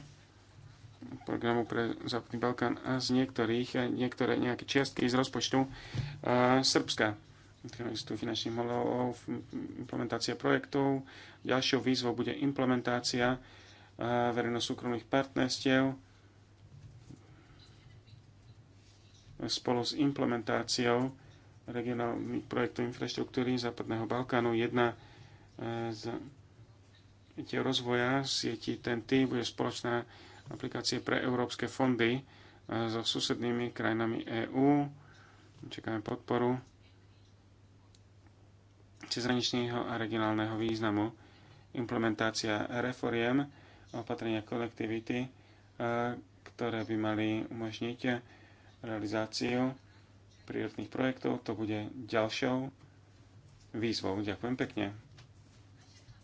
programu pre Západný Balkán a z niektorých, niektoré nejaké čiastky z rozpočtu e, Srbska. Tu finančných modelov, implementácia projektov. Ďalšou výzvou bude implementácia e, verejno-súkromných partnerstiev spolu s implementáciou regionálnych projektov infraštruktúry Západného Balkánu. Jedna z rozvoja sieti TNT bude spoločná aplikácie pre európske fondy e, so susednými krajinami EÚ. Čakáme podporu cezhraničného a regionálneho významu. Implementácia reforiem a opatrenia kolektivity, e, ktoré by mali umožniť realizáciu prírodných projektov, to bude ďalšou výzvou. Ďakujem pekne.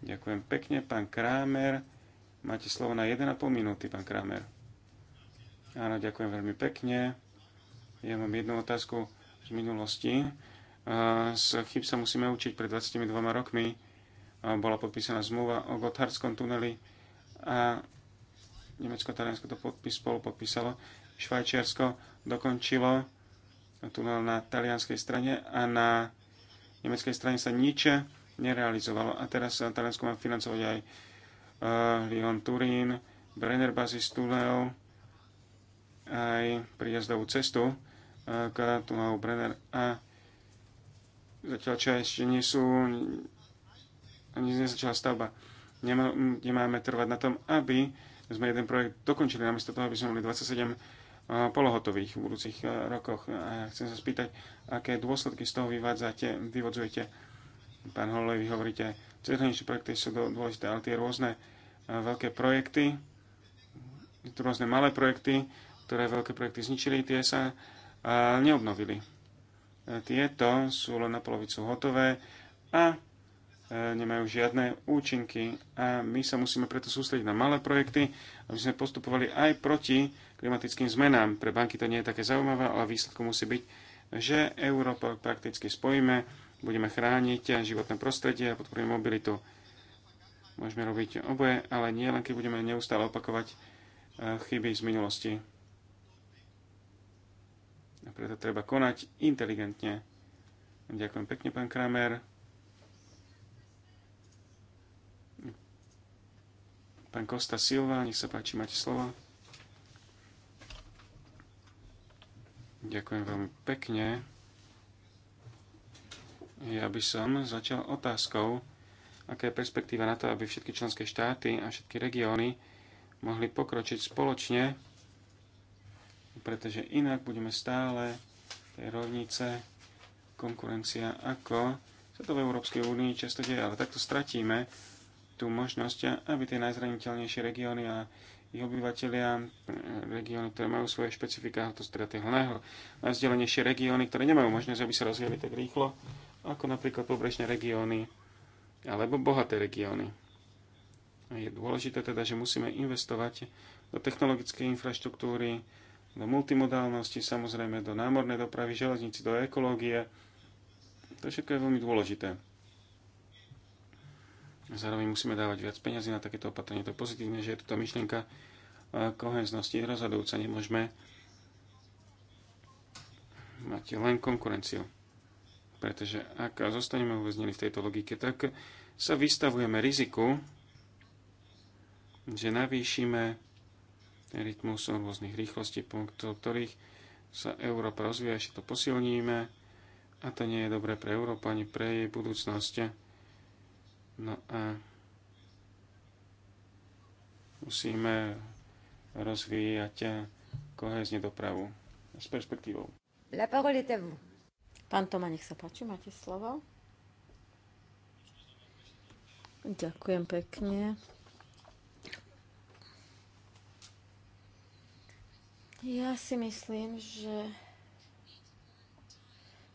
Ďakujem pekne, pán Krámer. Máte slovo na 1,5 minúty, pán Krámer. Áno, ďakujem veľmi pekne. Ja mám jednu otázku z minulosti. Z chyb sa musíme učiť pred 22 rokmi. Bola podpísaná zmluva o Gotthardskom tuneli a Nemecko-Taliansko to podpis, spolu podpísalo. Švajčiarsko dokončilo tunel na talianskej strane a na nemeckej strane sa nič nerealizovalo. A teraz sa Taliansko má financovať aj e, Lyon Turín, Brenner Basis Tuleo, aj príjazdovú cestu e, k Tulau Brenner a zatiaľ čo ešte nie sú ani nezačala stavba. Nemá, nemáme trvať na tom, aby sme jeden projekt dokončili, namiesto toho, aby sme mali 27 e, polohotových v budúcich rokoch. A chcem sa spýtať, aké dôsledky z toho vyvádzate, vyvodzujete Pán Holej, vy hovoríte, cezhraničné projekty sú dôležité, ale tie rôzne e, veľké projekty, rôzne malé projekty, ktoré veľké projekty zničili, tie sa e, neobnovili. E, tieto sú len na polovicu hotové a nemajú žiadne účinky. A my sa musíme preto sústrediť na malé projekty, aby sme postupovali aj proti klimatickým zmenám. Pre banky to nie je také zaujímavé, ale výsledkom musí byť, že Európa prakticky spojíme budeme chrániť životné prostredie a podporujeme mobilitu. Môžeme robiť oboje, ale nie len keď budeme neustále opakovať eh, chyby z minulosti. A preto treba konať inteligentne. Ďakujem pekne, pán Kramer. Pán Kosta Silva, nech sa páči, máte slovo. Ďakujem veľmi pekne. Ja by som začal otázkou, aká je perspektíva na to, aby všetky členské štáty a všetky regióny mohli pokročiť spoločne, pretože inak budeme stále tej rovnice konkurencia, ako sa to v Európskej únii často deje, ale takto stratíme tú možnosť, aby tie najzraniteľnejšie regióny a ich obyvateľia, regióny, ktoré majú svoje špecifika, to sú teda tie hlavného, regióny, ktoré nemajú možnosť, aby sa rozvíjali tak rýchlo, ako napríklad pobrežné regióny alebo bohaté regióny. A je dôležité teda, že musíme investovať do technologickej infraštruktúry, do multimodálnosti, samozrejme do námornej dopravy, železnici, do ekológie. To všetko je veľmi dôležité. Zároveň musíme dávať viac peniazy na takéto opatrenie. To je pozitívne, že je to tá myšlienka e, kohenznosti rozhodujúca. Nemôžeme mať len konkurenciu pretože ak zostaneme uväznení v tejto logike, tak sa vystavujeme riziku, že navýšime rytmus rôznych rýchlostí punktov, ktorých sa Európa rozvíja, ešte to posilníme a to nie je dobré pre Európu ani pre jej budúcnosť. No a musíme rozvíjať kohezne dopravu s perspektívou. La parole est à vous. Pán Toma, nech sa páči, máte slovo. Ďakujem pekne. Ja si myslím, že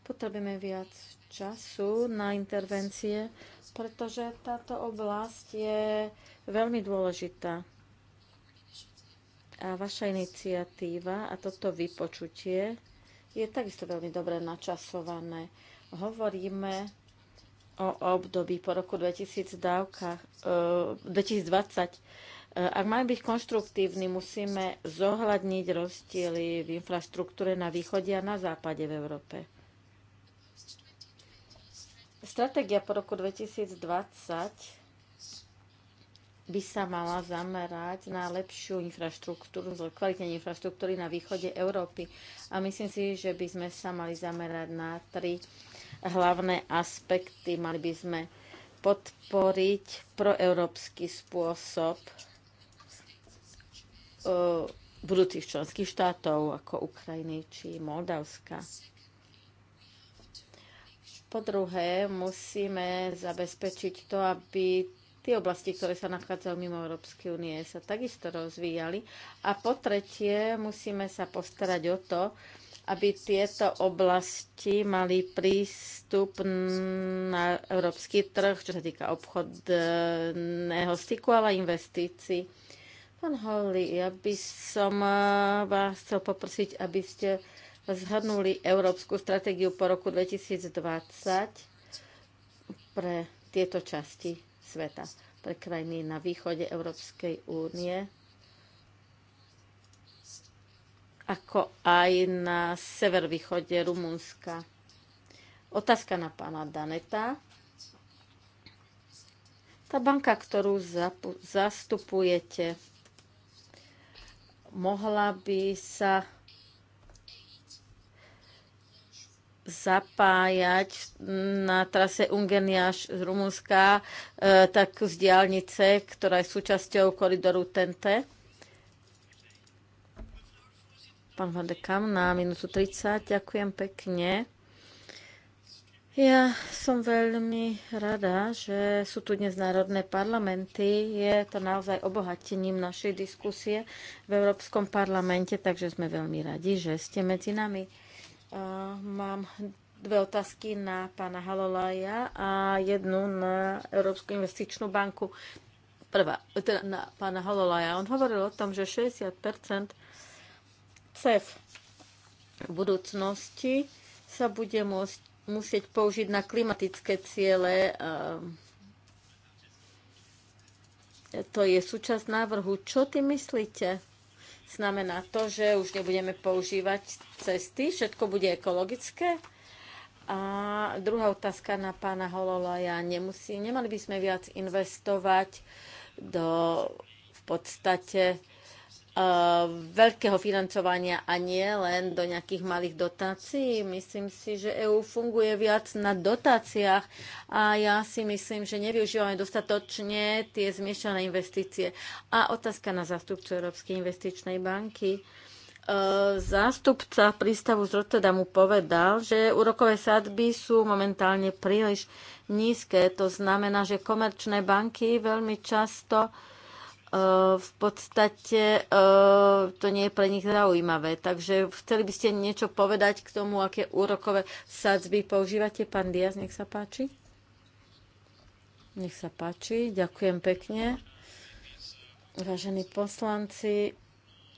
potrebujeme viac času na intervencie, pretože táto oblasť je veľmi dôležitá. A vaša iniciatíva a toto vypočutie je takisto veľmi dobre načasované. Hovoríme o období po roku 2000 dávkach, 2020 ak máme byť konštruktívni, musíme zohľadniť rozdiely v infraštruktúre na východe a na západe v Európe. Stratégia po roku 2020 by sa mala zamerať na lepšiu infraštruktúru, kvalitnenie infraštruktúry na východe Európy. A myslím si, že by sme sa mali zamerať na tri hlavné aspekty. Mali by sme podporiť proeurópsky spôsob e, budúcich členských štátov ako Ukrajiny či Moldavska. Po druhé, musíme zabezpečiť to, aby Tie oblasti, ktoré sa nachádzajú mimo Európskej únie, sa takisto rozvíjali. A po tretie, musíme sa postarať o to, aby tieto oblasti mali prístup na európsky trh, čo sa týka obchodného styku, ale investícií. Pán Holly, ja by som eh, vás chcel poprosiť, aby ste zhrnuli európsku stratégiu po roku 2020 pre tieto časti sveta. Pre krajiny na východe Európskej únie, ako aj na severvýchode Rumunska. Otázka na pána Daneta. Tá banka, ktorú zastupujete, mohla by sa zapájať na trase Ungeniaš z Rumunska e, takú z diálnice, ktorá je súčasťou koridoru TNT. Pán Vandekam na minútu 30. Ďakujem pekne. Ja som veľmi rada, že sú tu dnes národné parlamenty. Je to naozaj obohatením našej diskusie v Európskom parlamente, takže sme veľmi radi, že ste medzi nami. Mám dve otázky na pána Halolaja a jednu na Európsku investičnú banku. Prvá, teda na pána Halolaja. On hovoril o tom, že 60 CEF v budúcnosti sa bude môcť, musieť použiť na klimatické ciele. To je súčasť návrhu. Čo ty myslíte? Znamená to, že už nebudeme používať cesty, všetko bude ekologické. A druhá otázka na pána Hololaja. Nemusí, nemali by sme viac investovať do v podstate Eh, veľkého financovania a nie len do nejakých malých dotácií. Myslím si, že EÚ funguje viac na dotáciách a ja si myslím, že nevyužívame dostatočne tie zmiešané investície. A otázka na zástupcu Európskej investičnej banky. Eh, zástupca prístavu z Rotterdamu povedal, že úrokové sadby sú momentálne príliš nízke. To znamená, že komerčné banky veľmi často uh, v podstate e, to nie je pre nich zaujímavé. Takže chceli by ste niečo povedať k tomu, aké úrokové sadzby používate? Pán Diaz, nech sa páči. Nech sa páči, ďakujem pekne. Vážení poslanci,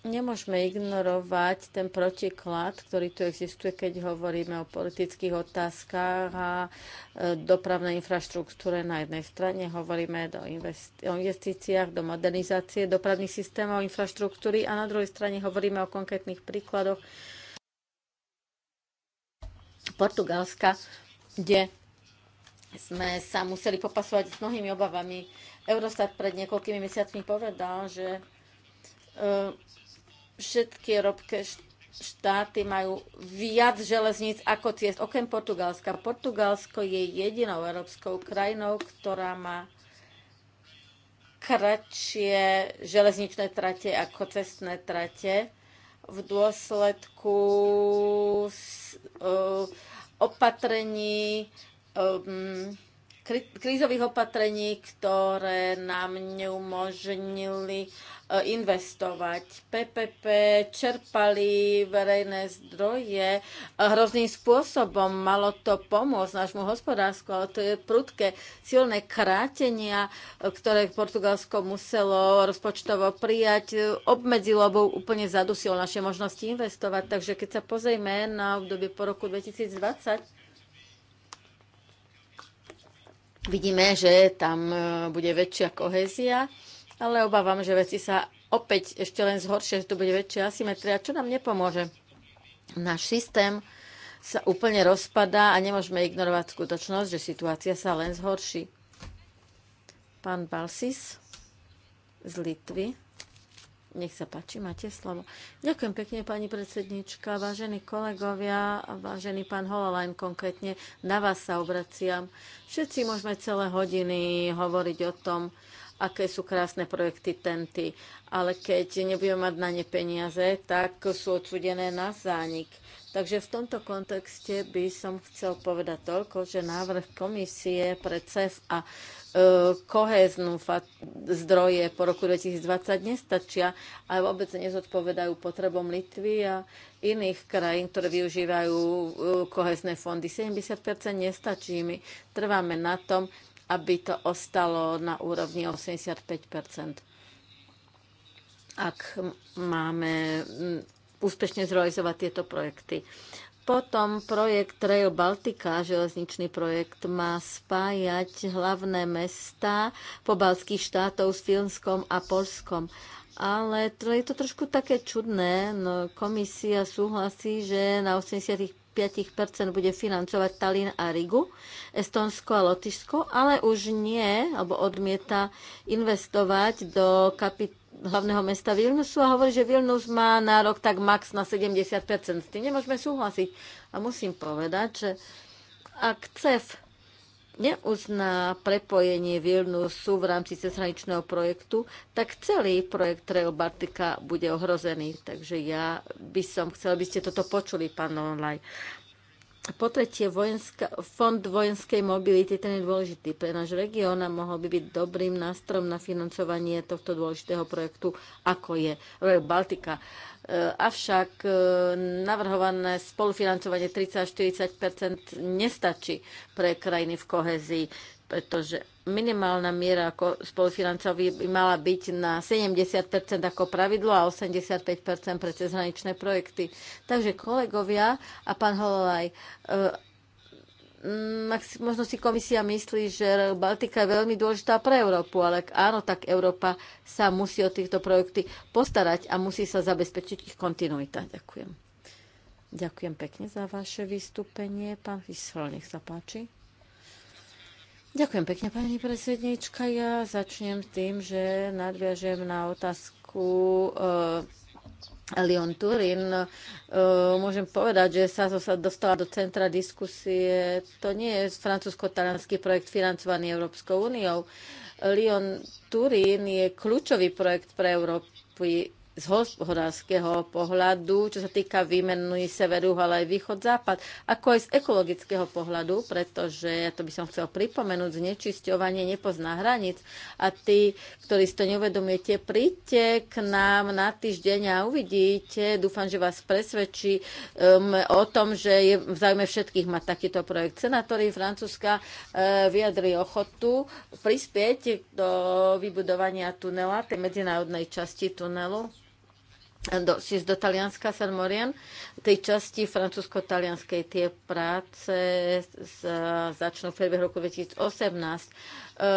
Nemôžeme ignorovať ten protiklad, ktorý tu existuje, keď hovoríme o politických otázkach a e, dopravnej infraštruktúre. Na jednej strane hovoríme o investíciách, do modernizácie dopravných systémov, infraštruktúry a na druhej strane hovoríme o konkrétnych príkladoch Portugalska, kde sme sa museli popasovať s mnohými obavami. Eurostat pred niekoľkými mesiacmi povedal, že e, všetky európske štáty majú viac železníc ako ciest, okrem Portugalska. Portugalsko je jedinou európskou krajinou, ktorá má kratšie železničné trate ako cestné trate v dôsledku e, opatrení um, krízových opatrení, ktoré nám neumožnili e, investovať. PPP čerpali verejné zdroje e, hrozným spôsobom. Malo to pomôcť nášmu hospodársku, ale to je prudké silné krátenia, e, ktoré Portugalsko muselo rozpočtovo prijať, obmedzilo, alebo úplne zadusilo naše možnosti investovať. Takže keď sa pozrieme na obdobie po roku 2020, Vidíme, že tam e, bude väčšia kohézia, ale obávam, že veci sa opäť ešte len zhoršia, že tu bude väčšia asymetria, čo nám nepomôže. Náš systém sa úplne rozpadá a nemôžeme ignorovať skutočnosť, že situácia sa len zhorší. Pán Balsis z Litvy. Nech sa páči, máte slovo. Ďakujem pekne, pani predsednička, vážení kolegovia, vážený pán Hololajn konkrétne, na vás sa obraciam. Všetci môžeme celé hodiny hovoriť o tom, aké sú krásne projekty TENTY, ale keď nebudeme mať na ne peniaze, tak sú odsudené na zánik. Takže v tomto kontexte by som chcel povedať toľko, že návrh komisie pre CEF a E, kohéznu zdroje po roku 2020 nestačia a vôbec nezodpovedajú potrebom Litvy a iných krajín, ktoré využívajú e, kohézne fondy. 70 nestačí. My trváme na tom, aby to ostalo na úrovni 85 ak máme úspešne zrealizovať tieto projekty. Potom projekt Rail Baltica, železničný projekt, má spájať hlavné mesta pobalských štátov s Fínskom a Polskom. Ale to je to trošku také čudné. No, komisia súhlasí, že na 85 bude financovať Tallinn a Rigu, Estonsko a Lotyšsko, ale už nie, alebo odmieta investovať do kapit- hlavného mesta Vilnusu a hovorí, že Vilnus má nárok tak max na 70%. S tým nemôžeme súhlasiť. A musím povedať, že ak CEF neuzná prepojenie Vilnusu v rámci cezhraničného projektu, tak celý projekt Trail Bartika bude ohrozený. Takže ja by som chcel, aby ste toto počuli, pán Lonlaj. A po tretie, vojenská, fond vojenskej mobility, ten je dôležitý pre náš región a mohol by byť dobrým nástrom na financovanie tohto dôležitého projektu, ako je Rail Baltica. E, avšak e, navrhované spolufinancovanie 30-40 nestačí pre krajiny v kohezii, pretože minimálna miera ako spolufinancovi by mala byť na 70 ako pravidlo a 85 pre cezhraničné projekty. Takže kolegovia a pán Hololaj, e, mm, možno si komisia myslí, že Baltika je veľmi dôležitá pre Európu, ale ak áno, tak Európa sa musí o týchto projekty postarať a musí sa zabezpečiť ich kontinuita. Ďakujem. Ďakujem pekne za vaše vystúpenie. Pán Vysel, nech sa páči. Ďakujem pekne, pani predsednička. Ja začnem tým, že nadviažem na otázku eh, Leon Turin. Eh, môžem povedať, že sa dostala do centra diskusie. To nie je francúzsko-talianský projekt financovaný Európskou úniou. Lyon Turín je kľúčový projekt pre Európu z hospodárskeho pohľadu, čo sa týka výmeny severu, ale aj východ-západ, ako aj z ekologického pohľadu, pretože, ja to by som chcel pripomenúť, znečisťovanie nepozná hranic a tí, ktorí si to neuvedomujete, príďte k nám na týždeň a uvidíte, dúfam, že vás presvedčí um, o tom, že je v záujme všetkých mať takýto projekt. Senátori Francúzska uh, eh, vyjadri ochotu prispieť do vybudovania tunela, tej medzinárodnej časti tunelu do, z do Talianska, San Morian, tej časti francúzsko-talianskej tie práce z, začnú v priebehu roku 2018.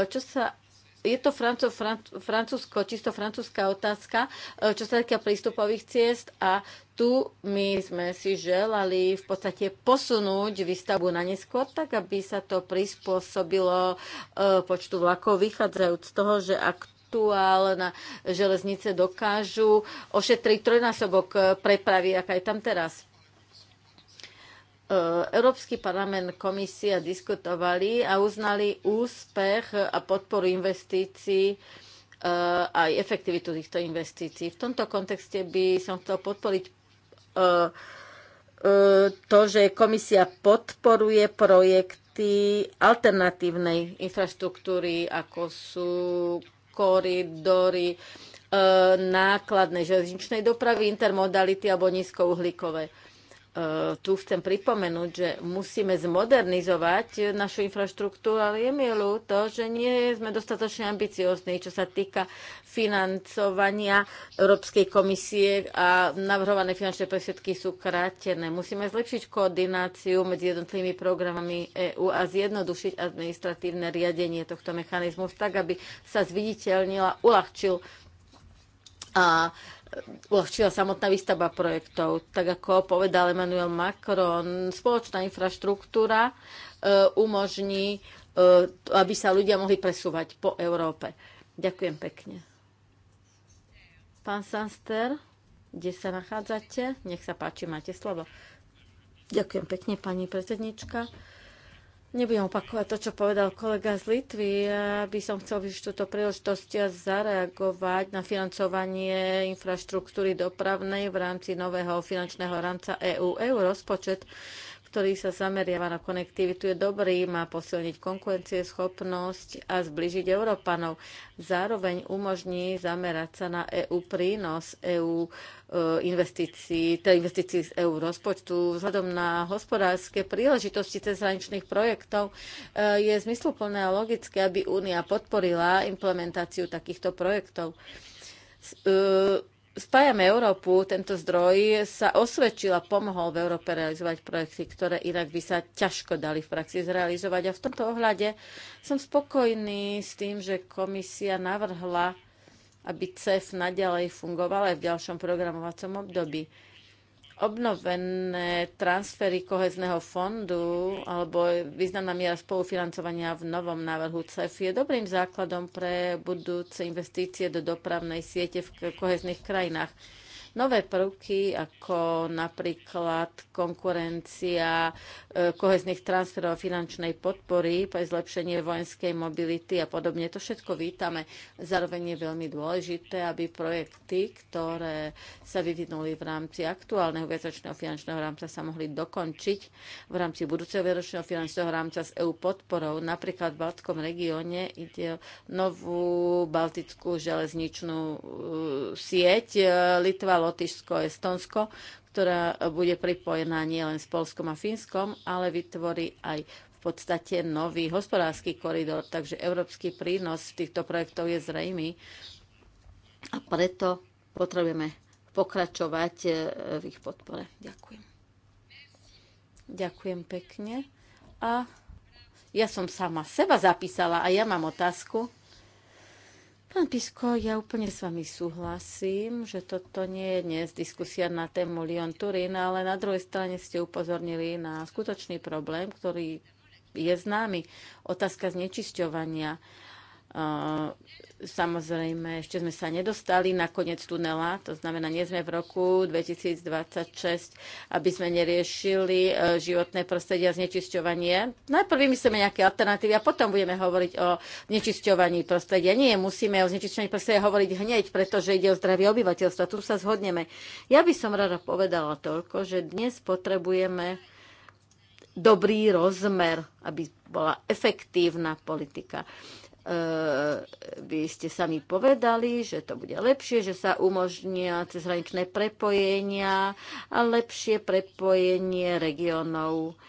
Čo sa je to Franco, Fran, francúzsko, čisto francúzska otázka, čo sa týka prístupových ciest a tu my sme si želali v podstate posunúť výstavbu na neskôr, tak aby sa to prispôsobilo eh, počtu vlakov, vychádzajúc z toho, že ak aktuálna železnice dokážu ošetriť trojnásobok prepravy, aká je tam teraz. E, Európsky parlament, komisia diskutovali a uznali úspech a podporu investícií e, aj efektivitu týchto investícií. V tomto kontexte by som chcel podporiť e, to, že komisia podporuje projekty alternatívnej infraštruktúry, ako sú koridory e, nákladnej železničnej dopravy, intermodality alebo nízkouhlíkové. E, tu chcem pripomenúť, že musíme zmodernizovať našu infraštruktúru, ale je mi ľúto, že nie sme dostatočne ambiciozní, čo sa týka financovania Európskej komisie a navrhované finančné prostriedky sú krátené. Musíme zlepšiť koordináciu medzi jednotlivými programami EÚ a zjednodušiť administratívne riadenie tohto mechanizmu tak, aby sa zviditeľnila, uľahčil a uľahčila samotná výstava projektov. Tak ako povedal Emmanuel Macron, spoločná infraštruktúra e, umožní, e, aby sa ľudia mohli presúvať po Európe. Ďakujem pekne. Pán Sanster, kde sa nachádzate? Nech sa páči, máte slovo. Ďakujem pekne, pani predsednička. Nebudem opakovať to, čo povedal kolega z Litvy. Ja by som chcel využiť túto príležitosť zareagovať na financovanie infraštruktúry dopravnej v rámci nového finančného rámca EU. EU rozpočet ktorý sa zameriava na konektivitu, je dobrý, má posilniť konkurencieschopnosť a zbližiť Európanov. Zároveň umožní zamerať sa na EU prínos EU e, investícií, teda investícií z EU rozpočtu. Vzhľadom na hospodárske príležitosti cezhraničných projektov e, je zmysluplné a logické, aby Únia podporila implementáciu takýchto projektov e, Spájame Európu, tento zdroj sa osvedčil a pomohol v Európe realizovať projekty, ktoré inak by sa ťažko dali v praxi zrealizovať. A v tomto ohľade som spokojný s tým, že komisia navrhla, aby CEF naďalej fungoval aj v ďalšom programovacom období obnovené transfery kohezného fondu alebo významná miera spolufinancovania v novom návrhu CEF je dobrým základom pre budúce investície do dopravnej siete v kohezných krajinách. Nové prvky, ako napríklad konkurencia e, kohezných transferov a finančnej podpory, pre zlepšenie vojenskej mobility a podobne, to všetko vítame. Zároveň je veľmi dôležité, aby projekty, ktoré sa vyvinuli v rámci aktuálneho viacročného finančného rámca, sa mohli dokončiť v rámci budúceho viacročného finančného rámca s EU podporou. Napríklad v Baltskom regióne ide o novú baltickú železničnú e, sieť e, Litva, Lotyšsko, Estonsko, ktorá bude pripojená nielen s Polskom a Fínskom, ale vytvorí aj v podstate nový hospodársky koridor, takže európsky prínos týchto projektov je zrejmý a preto potrebujeme pokračovať e, v ich podpore. Ďakujem. Ďakujem pekne. A ja som sama seba zapísala a ja mám otázku. Pán Pisko, ja úplne s vami súhlasím, že toto nie je dnes diskusia na tému Lyon Turín, ale na druhej strane ste upozornili na skutočný problém, ktorý je známy. Otázka znečisťovania Samozrejme, ešte sme sa nedostali na koniec tunela, to znamená, nie sme v roku 2026, aby sme neriešili e, životné prostredie a znečisťovanie. Najprv vymyslíme nejaké alternatívy a potom budeme hovoriť o znečisťovaní prostredia. Nie, musíme o znečisťovaní prostredia hovoriť hneď, pretože ide o zdravie obyvateľstva. Tu sa zhodneme. Ja by som rada povedala toľko, že dnes potrebujeme dobrý rozmer, aby bola efektívna politika. E, vy ste sami povedali, že to bude lepšie, že sa umožnia cezhraničné prepojenia a lepšie prepojenie regionov.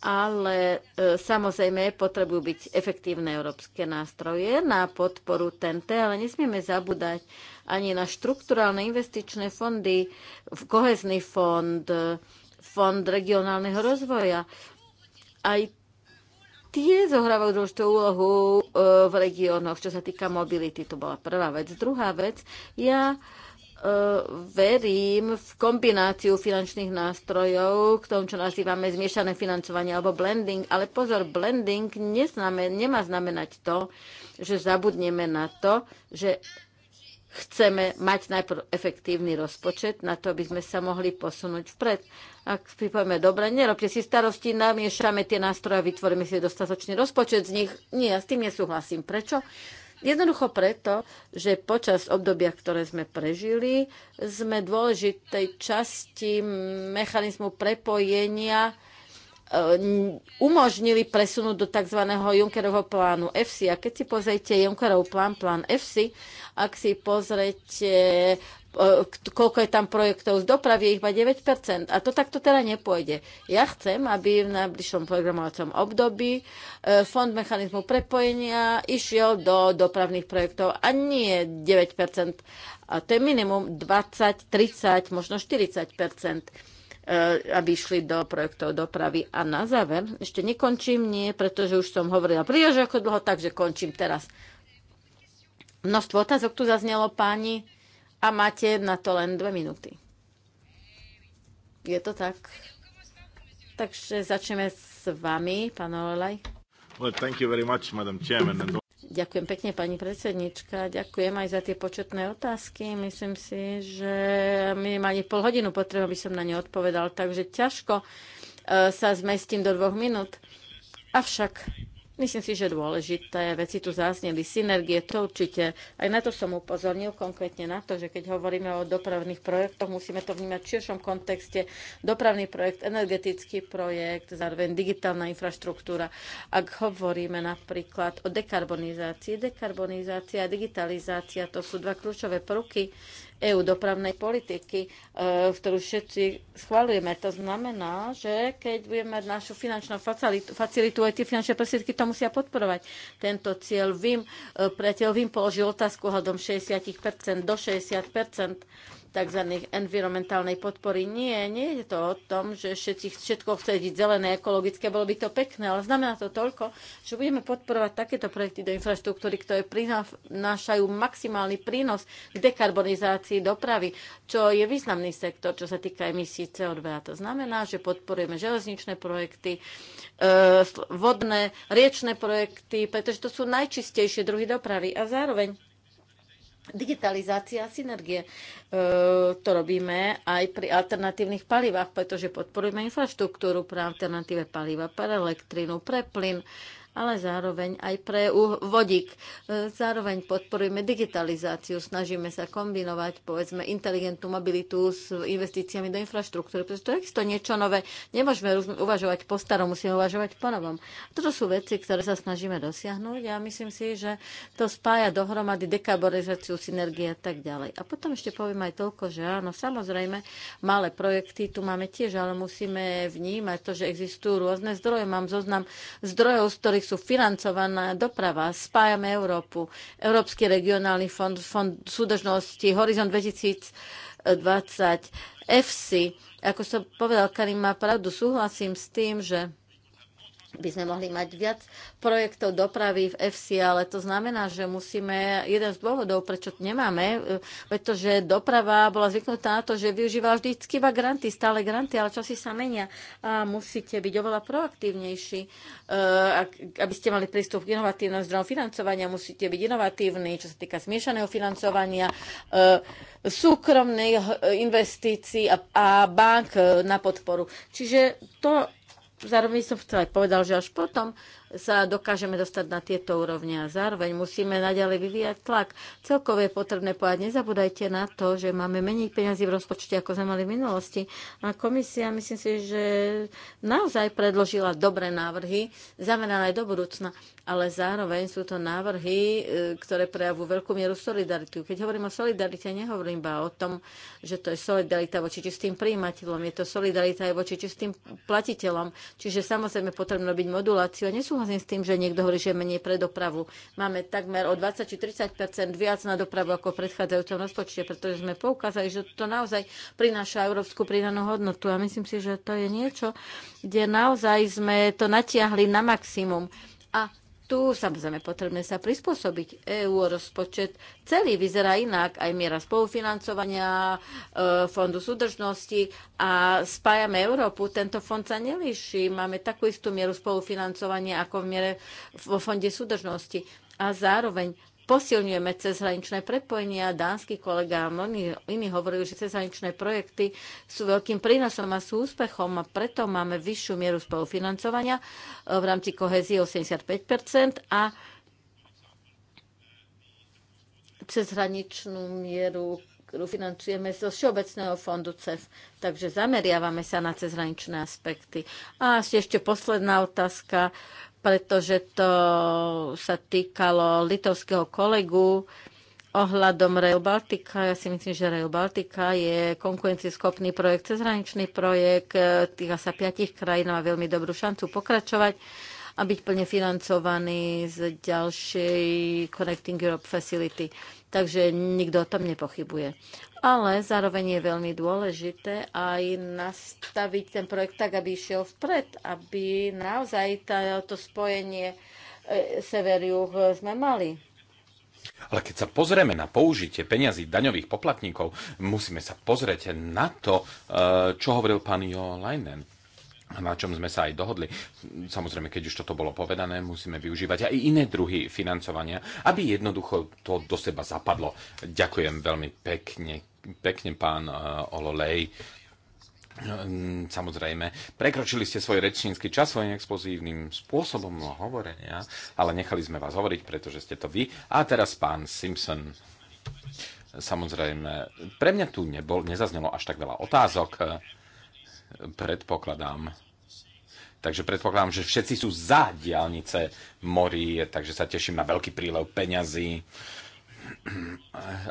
Ale e, samozrejme potrebujú byť efektívne európske nástroje na podporu TNT, ale nesmieme zabúdať ani na štruktúrálne investičné fondy, kohezný fond, fond regionálneho rozvoja. Aj tie zohrávajú dôležitú úlohu e, v regiónoch, čo sa týka mobility. To bola prvá vec. Druhá vec, ja e, verím v kombináciu finančných nástrojov k tomu, čo nazývame zmiešané financovanie alebo blending. Ale pozor, blending neznamen, nemá znamenať to, že zabudneme na to, že chceme mať najprv efektívny rozpočet na to, aby sme sa mohli posunúť vpred. Ak si povieme, dobre, nerobte si starosti, namiešame tie nástroje a vytvoríme si dostatočný rozpočet z nich. Nie, ja s tým nesúhlasím. Prečo? Jednoducho preto, že počas obdobia, ktoré sme prežili, sme dôležitej časti mechanizmu prepojenia E, umožnili presunúť do tzv. Junckerovho plánu FC. A keď si pozrite Junckerov plán, plán FC, ak si pozrete e, koľko je tam projektov z dopravy, je iba 9%. A to takto teda nepôjde. Ja chcem, aby v najbližšom programovacom období e, fond mechanizmu prepojenia išiel do dopravných projektov a nie 9%. A to je minimum 20, 30, možno 40%. Eh, aby išli do projektov dopravy. A na záver, ešte nekončím, nie, pretože už som hovorila príliš ako dlho, takže končím teraz. Množstvo otázok tu zaznelo, páni, a máte na to len dve minúty. Je to tak? Takže začneme s vami, pán Olaj. Well, thank you very much, Madam Chairman. And... Ďakujem pekne, pani predsednička. Ďakujem aj za tie početné otázky. Myslím si, že minimálne pol hodinu potrebujem, aby som na ne odpovedal, takže ťažko e, sa zmestím do dvoch minút. Avšak Myslím si, že dôležité veci tu zazneli. Synergie, to určite. Aj na to som upozornil, konkrétne na to, že keď hovoríme o dopravných projektoch, musíme to vnímať v širšom kontexte. Dopravný projekt, energetický projekt, zároveň digitálna infraštruktúra. Ak hovoríme napríklad o dekarbonizácii, dekarbonizácia a digitalizácia, to sú dva kľúčové prvky, EU dopravnej politiky, e, ktorú všetci schvalujeme. To znamená, že keď budeme mať našu finančnú facilitu, aj tie finančné prostriedky to musia podporovať. Tento cieľ Vím, e, priateľ Vím položil otázku hľadom 60% do 60% tzv. environmentálnej podpory. Nie, nie je to o tom, že všetci, všetko chce byť zelené, ekologické, bolo by to pekné, ale znamená to toľko, že budeme podporovať takéto projekty do infraštruktúry, ktoré prinášajú maximálny prínos k dekarbonizácii dopravy, čo je významný sektor, čo sa týka emisí CO2. A to znamená, že podporujeme železničné projekty, e, vodné, riečné projekty, pretože to sú najčistejšie druhy dopravy a zároveň Digitalizácia a synergie. E, to robíme aj pri alternatívnych palivách, pretože podporujeme infraštruktúru pre alternatíve paliva, pre elektrínu, pre plyn ale zároveň aj pre vodík. E, zároveň podporujeme digitalizáciu, snažíme sa kombinovať, povedzme, inteligentnú mobilitu s investíciami do infraštruktúry, pretože to je to niečo nové. Nemôžeme uvažovať po starom, musíme uvažovať po novom. Toto sú veci, ktoré sa snažíme dosiahnuť a ja myslím si, že to spája dohromady dekarbonizáciu, synergie a tak ďalej. A potom ešte poviem aj toľko, že áno, samozrejme, malé projekty tu máme tiež, ale musíme vnímať to, že existujú rôzne zdroje. Mám zoznam zdrojov, z ktorých sú financovaná doprava. Spájame Európu, Európsky regionálny fond, fond súdržnosti, Horizon 2020, EFSI. Ako som povedal, Karim má pravdu, súhlasím s tým, že by sme mohli mať viac projektov dopravy v FC, ale to znamená, že musíme, jeden z dôvodov, prečo nemáme, e, pretože doprava bola zvyknutá na to, že využíva vždy iba granty, stále granty, ale časy sa menia a musíte byť oveľa proaktívnejší. E, aby ste mali prístup k inovatívnom zdrojom financovania, musíte byť inovatívni, čo sa týka zmiešaného financovania, e, súkromných investícií a bank na podporu. Čiže to zároveň som chcela povedal, že až potom, sa dokážeme dostať na tieto úrovne a zároveň musíme naďalej vyvíjať tlak. Celkovo je potrebné povedať, nezabúdajte na to, že máme menej peniazy v rozpočte, ako sme mali v minulosti. A komisia, myslím si, že naozaj predložila dobré návrhy, zamerané do budúcna, ale zároveň sú to návrhy, e, ktoré prejavujú veľkú mieru solidaritu. Keď hovorím o solidarite, nehovorím iba o tom, že to je solidarita voči čistým príjimateľom, je to solidarita aj voči čistým platiteľom. Čiže samozrejme potrebno robiť moduláciu a Súhlasím s tým, že niekto hovorí, že menej pre dopravu. Máme takmer o 20 či 30 viac na dopravu ako v predchádzajúcom rozpočte, pretože sme poukázali, že to naozaj prináša európsku pridanú hodnotu. A myslím si, že to je niečo, kde naozaj sme to natiahli na maximum. A tu samozrejme potrebné sa prispôsobiť. EU rozpočet celý vyzerá inak, aj miera spolufinancovania, e, fondu súdržnosti a spájame Európu. Tento fond sa nelíši. Máme takú istú mieru spolufinancovania ako v miere vo fonde súdržnosti. A zároveň posilňujeme cezhraničné prepojenia. Dánsky kolega a mnohí iní hovorili, že cezhraničné projekty sú veľkým prínosom a sú úspechom a preto máme vyššiu mieru spolufinancovania e, v rámci kohezie 85 a cezhraničnú mieru ktorú financujeme zo Všeobecného fondu CEF. Takže zameriavame sa na cezhraničné aspekty. A ešte posledná otázka. Uh, pretože to sa týkalo litovského kolegu ohľadom Rail Baltica. Ja si myslím, že Rail Baltica je konkurencieschopný projekt, cezhraničný projekt, e, týka sa piatich krajín a veľmi dobrú šancu pokračovať a byť plne financovaný z ďalšej Connecting Europe Facility. Takže nikto o tom nepochybuje ale zároveň je veľmi dôležité aj nastaviť ten projekt tak, aby išiel vpred, aby naozaj to spojenie e, sever e, sme mali. Ale keď sa pozrieme na použitie peňazí daňových poplatníkov, musíme sa pozrieť na to, e, čo hovoril pán Jo Leinen na čom sme sa aj dohodli. Samozrejme, keď už toto bolo povedané, musíme využívať aj iné druhy financovania, aby jednoducho to do seba zapadlo. Ďakujem veľmi pekne pekne, pán eh, Ololej. Hm, samozrejme, prekročili ste svoj rečnícky čas svojim expozívnym spôsobom hovorenia, ale nechali sme vás hovoriť, pretože ste to vy. A teraz pán Simpson. Samozrejme, pre mňa tu nebol, nezaznelo až tak veľa otázok, eh, predpokladám. Takže predpokladám, že všetci sú za diálnice morí, takže sa teším na veľký prílev peňazí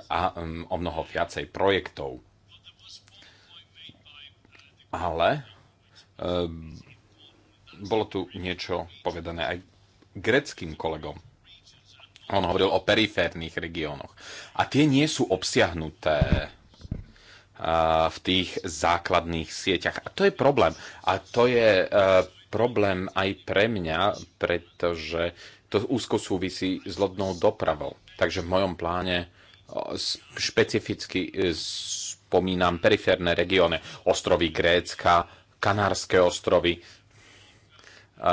a um, o mnoho viacej projektov. Ale um, bolo tu niečo povedané aj greckým kolegom. On hovoril o periférnych regiónoch. A tie nie sú obsiahnuté uh, v tých základných sieťach. A to je problém. A to je uh, problém aj pre mňa, pretože to úzko súvisí s lodnou dopravou. Takže v mojom pláne špecificky e, spomínam periférne regióny, ostrovy Grécka, Kanárske ostrovy, e,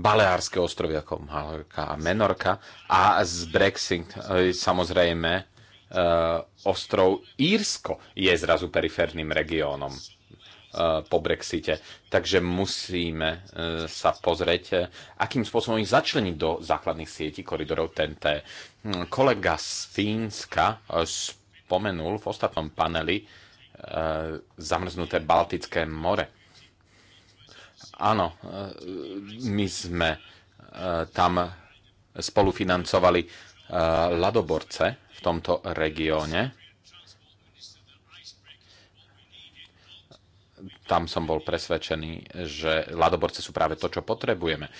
Baleárske ostrovy ako Malorka a Menorka a z Brexit e, samozrejme ostrov Írsko je zrazu periférnym regiónom E, po Brexite. Takže musíme e, sa pozrieť, e, akým spôsobom ich začleniť do základných sietí koridorov TNT. Hm, kolega z Fínska spomenul v ostatnom paneli zamrznuté Baltické more. Áno, my sme tam spolufinancovali ľadoborce v tomto regióne tam som bol presvedčený, že ladoborce sú práve to, čo potrebujeme. E,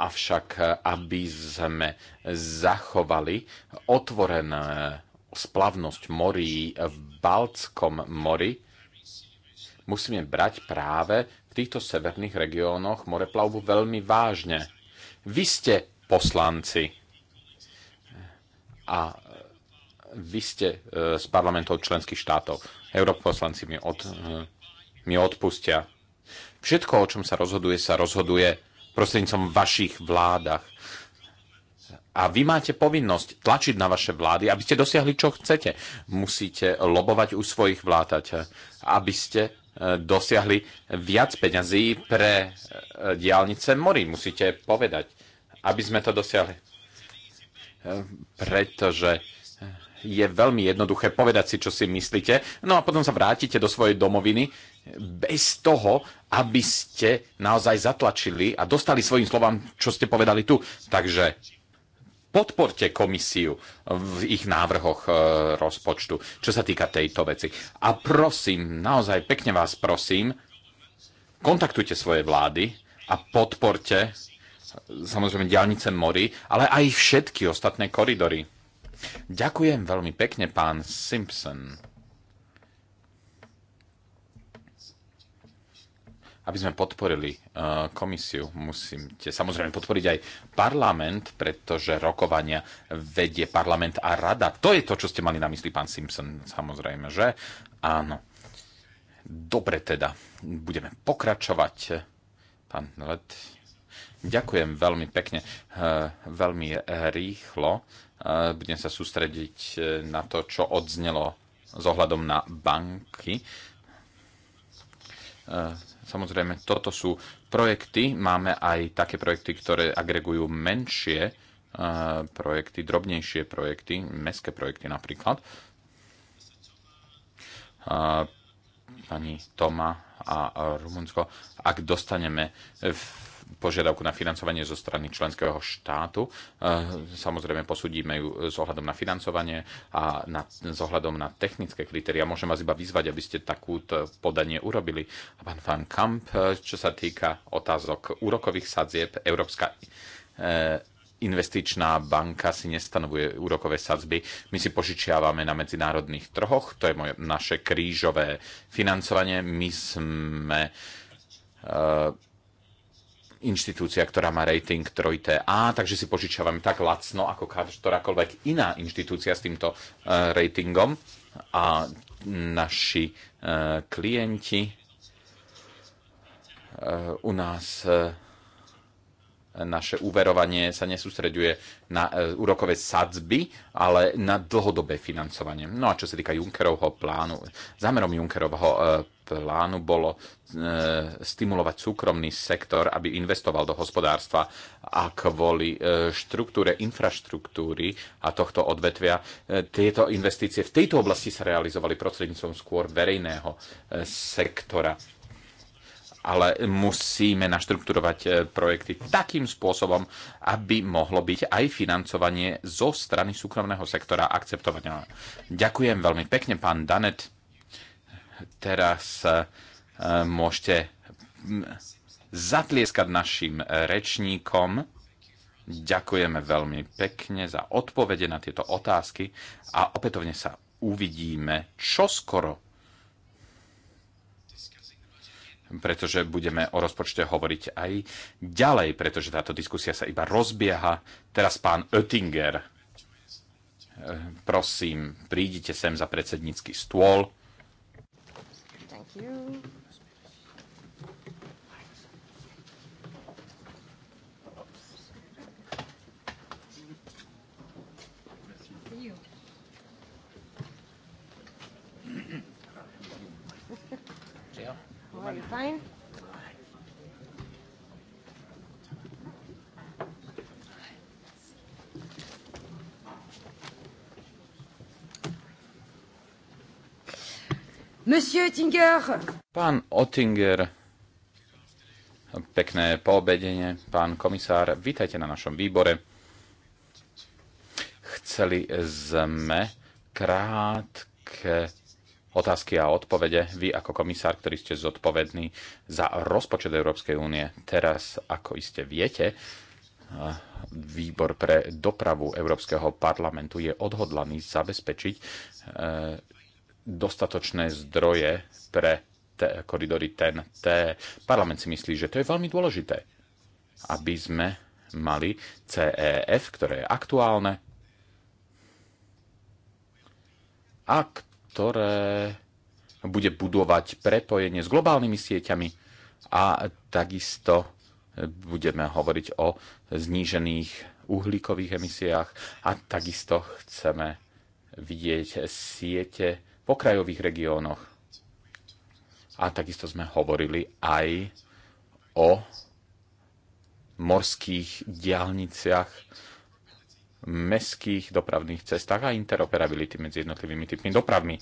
avšak, e, aby sme zachovali otvorené splavnosť morí v Baltskom mori, musíme brať práve v týchto severných regiónoch moreplavbu veľmi vážne. Vy ste poslanci a e, vy ste z parlamentov členských štátov. mi od mi odpustia. Všetko, o čom sa rozhoduje, sa rozhoduje prostrednícom vašich vládach. A vy máte povinnosť tlačiť na vaše vlády, aby ste dosiahli, čo chcete. Musíte lobovať u svojich vládať, aby ste e, dosiahli viac peňazí pre e, diálnice mori. Musíte povedať, aby sme to dosiahli. E, pretože je veľmi jednoduché povedať si, čo si myslíte, no a potom sa vrátite do svojej domoviny bez toho, aby ste naozaj zatlačili a dostali svojim slovám, čo ste povedali tu. Takže podporte komisiu v ich návrhoch e, rozpočtu, čo sa týka tejto veci. A prosím, naozaj pekne vás prosím, kontaktujte svoje vlády a podporte samozrejme diálnice mori, ale aj všetky ostatné koridory. Ďakujem veľmi pekne, pán Simpson. aby sme podporili eh, komisiu, musíte samozrejme podporiť aj parlament, pretože rokovania vedie parlament a rada. To je to, čo ste mali na mysli, pán Simpson, samozrejme, že? Áno. Dobre teda, budeme pokračovať. Pán Let, ďakujem veľmi pekne, eh, veľmi rýchlo budem sa sústrediť e, na to, čo odznelo z ohľadom na banky. E, samozrejme, toto sú projekty. Máme aj také projekty, ktoré agregujú menšie e, projekty, drobnejšie projekty, mestské projekty napríklad. Pani Toma a Rumunsko, ak dostaneme v požiadavku na financovanie zo strany členského štátu. Eh, samozrejme posúdime ju s ohľadom na financovanie a na, s ohľadom na technické kritéria. Môžem vás iba vyzvať, aby ste takúto podanie urobili. A pán Van Kamp, eh, čo sa týka otázok úrokových sadzieb, Európska eh, investičná banka si nestanovuje úrokové sadzby. My si požičiavame na medzinárodných trhoch, to je moje, naše krížové financovanie. My sme inštitúcia, ktorá má rating 3TA, takže si požičiavame tak lacno ako ktorákoľvek iná inštitúcia s týmto e, ratingom a naši e, klienti e, u nás naše úverovanie sa nesústreďuje na e, úrokové sadzby, ale na dlhodobé financovanie. No a čo sa týka Junckerovho plánu, zámerom Junckerovho e, plánu bolo e, stimulovať súkromný sektor, aby investoval do hospodárstva a kvôli štruktúre infraštruktúry a tohto odvetvia tieto investície v tejto oblasti sa realizovali prostredníctvom skôr verejného sektora ale musíme naštrukturovať e, projekty takým spôsobom, aby mohlo byť aj financovanie zo strany súkromného sektora akceptované. Ďakujem veľmi pekne, pán Danet. Teraz e, môžete zatlieskať našim rečníkom. Ďakujeme veľmi pekne za odpovede na tieto otázky a opätovne sa uvidíme čoskoro pretože budeme o rozpočte hovoriť aj ďalej, pretože táto diskusia sa iba rozbieha. Teraz pán Oettinger, eh, prosím, prídite sem za predsednícky stôl. Thank you. Fine? Monsieur Oettinger. Pán Oettinger, pekné poobedenie. Pán komisár, vítajte na našom výbore. Chceli sme krátke otázky a odpovede. Vy ako komisár, ktorý ste zodpovední za rozpočet Európskej únie, teraz, ako iste viete, výbor pre dopravu Európskeho parlamentu je odhodlaný zabezpečiť e, dostatočné zdroje pre koridory TNT. Parlament si myslí, že to je veľmi dôležité, aby sme mali CEF, ktoré je aktuálne a ktoré bude budovať prepojenie s globálnymi sieťami a takisto budeme hovoriť o znížených uhlíkových emisiách a takisto chceme vidieť siete v okrajových regiónoch. A takisto sme hovorili aj o morských diálniciach meských dopravných cestách a interoperability medzi jednotlivými typmi dopravmi.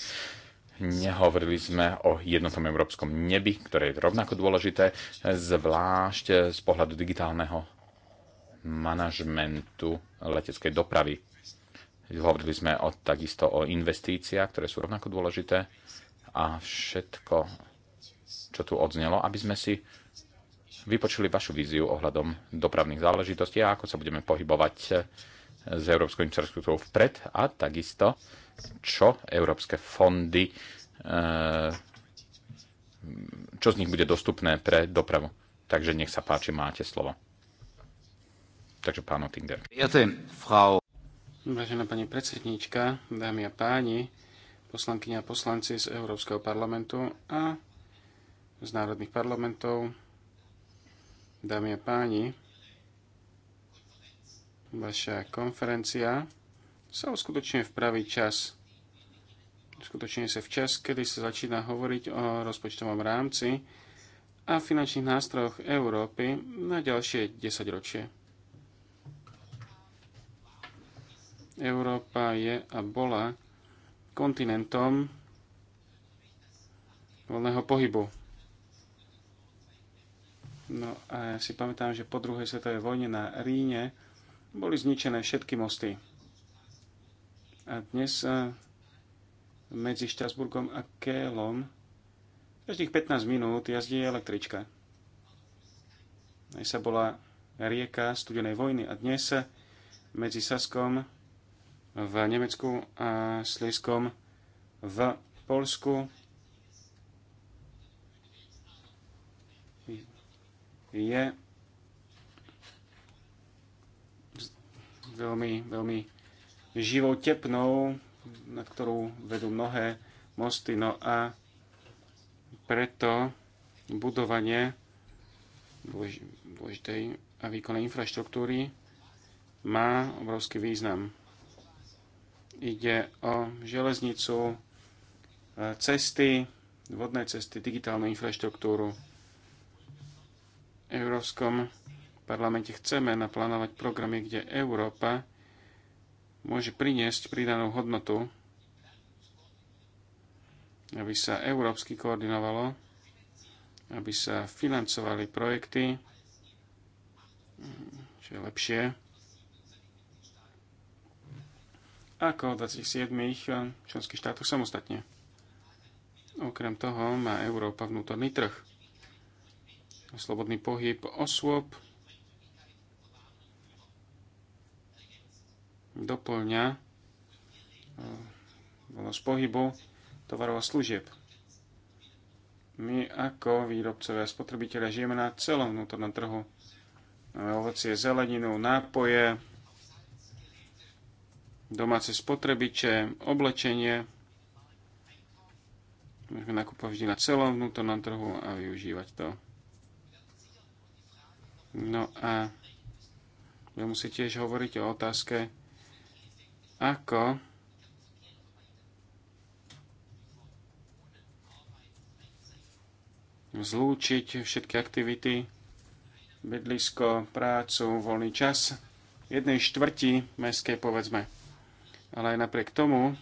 Nehovorili sme o jednotnom európskom nebi, ktoré je rovnako dôležité, zvlášť z pohľadu digitálneho manažmentu leteckej dopravy. Hovorili sme o, takisto o investíciách, ktoré sú rovnako dôležité a všetko, čo tu odznelo, aby sme si vypočuli vašu víziu ohľadom dopravných záležitostí a ako sa budeme pohybovať s európskou infraštruktúrou vpred a takisto, čo európske fondy, eh, čo z nich bude dostupné pre dopravu. Takže nech sa páči, máte slovo. Takže pán Otinger. Vážená pani predsedníčka, dámy a páni, poslankyňa a poslanci z Európskeho parlamentu a z národných parlamentov, dámy a páni, Vaša konferencia sa uskutočne v pravý čas. Skutočne sa v čas, kedy sa začína hovoriť o rozpočtovom rámci a finančných nástrojoch Európy na ďalšie 10 ročie. Európa je a bola kontinentom voľného pohybu. No a ja si pamätám, že po druhej svetovej vojne na Ríne boli zničené všetky mosty. A dnes e, medzi Štrasburgom a Kélom každých 15 minút jazdí električka. Aj sa bola rieka studenej vojny a dnes e, medzi Saskom v Nemecku a Slieskom v Polsku je veľmi, veľmi živou tepnou, na ktorú vedú mnohé mosty. No a preto budovanie dôležitej a výkonnej infraštruktúry má obrovský význam. Ide o železnicu, cesty, vodné cesty, digitálnu infraštruktúru. V Európskom parlamente chceme naplánovať programy, kde Európa môže priniesť pridanú hodnotu, aby sa európsky koordinovalo, aby sa financovali projekty, čo je lepšie, ako 27 členských štátoch samostatne. Okrem toho má Európa vnútorný trh, slobodný pohyb osôb, doplňa voľnosť e, pohybu tovarov a služieb. My ako výrobcovia a spotrebitelia žijeme na celom vnútornom trhu. Máme Ovocie, zeleninu, nápoje, domáce spotrebiče, oblečenie. Môžeme nakúpať vždy na celom vnútornom trhu a využívať to. No a budem musieť tiež hovoriť o otázke ako zlúčiť všetky aktivity, bydlisko, prácu, voľný čas, jednej štvrti mestskej povedzme. Ale aj napriek tomu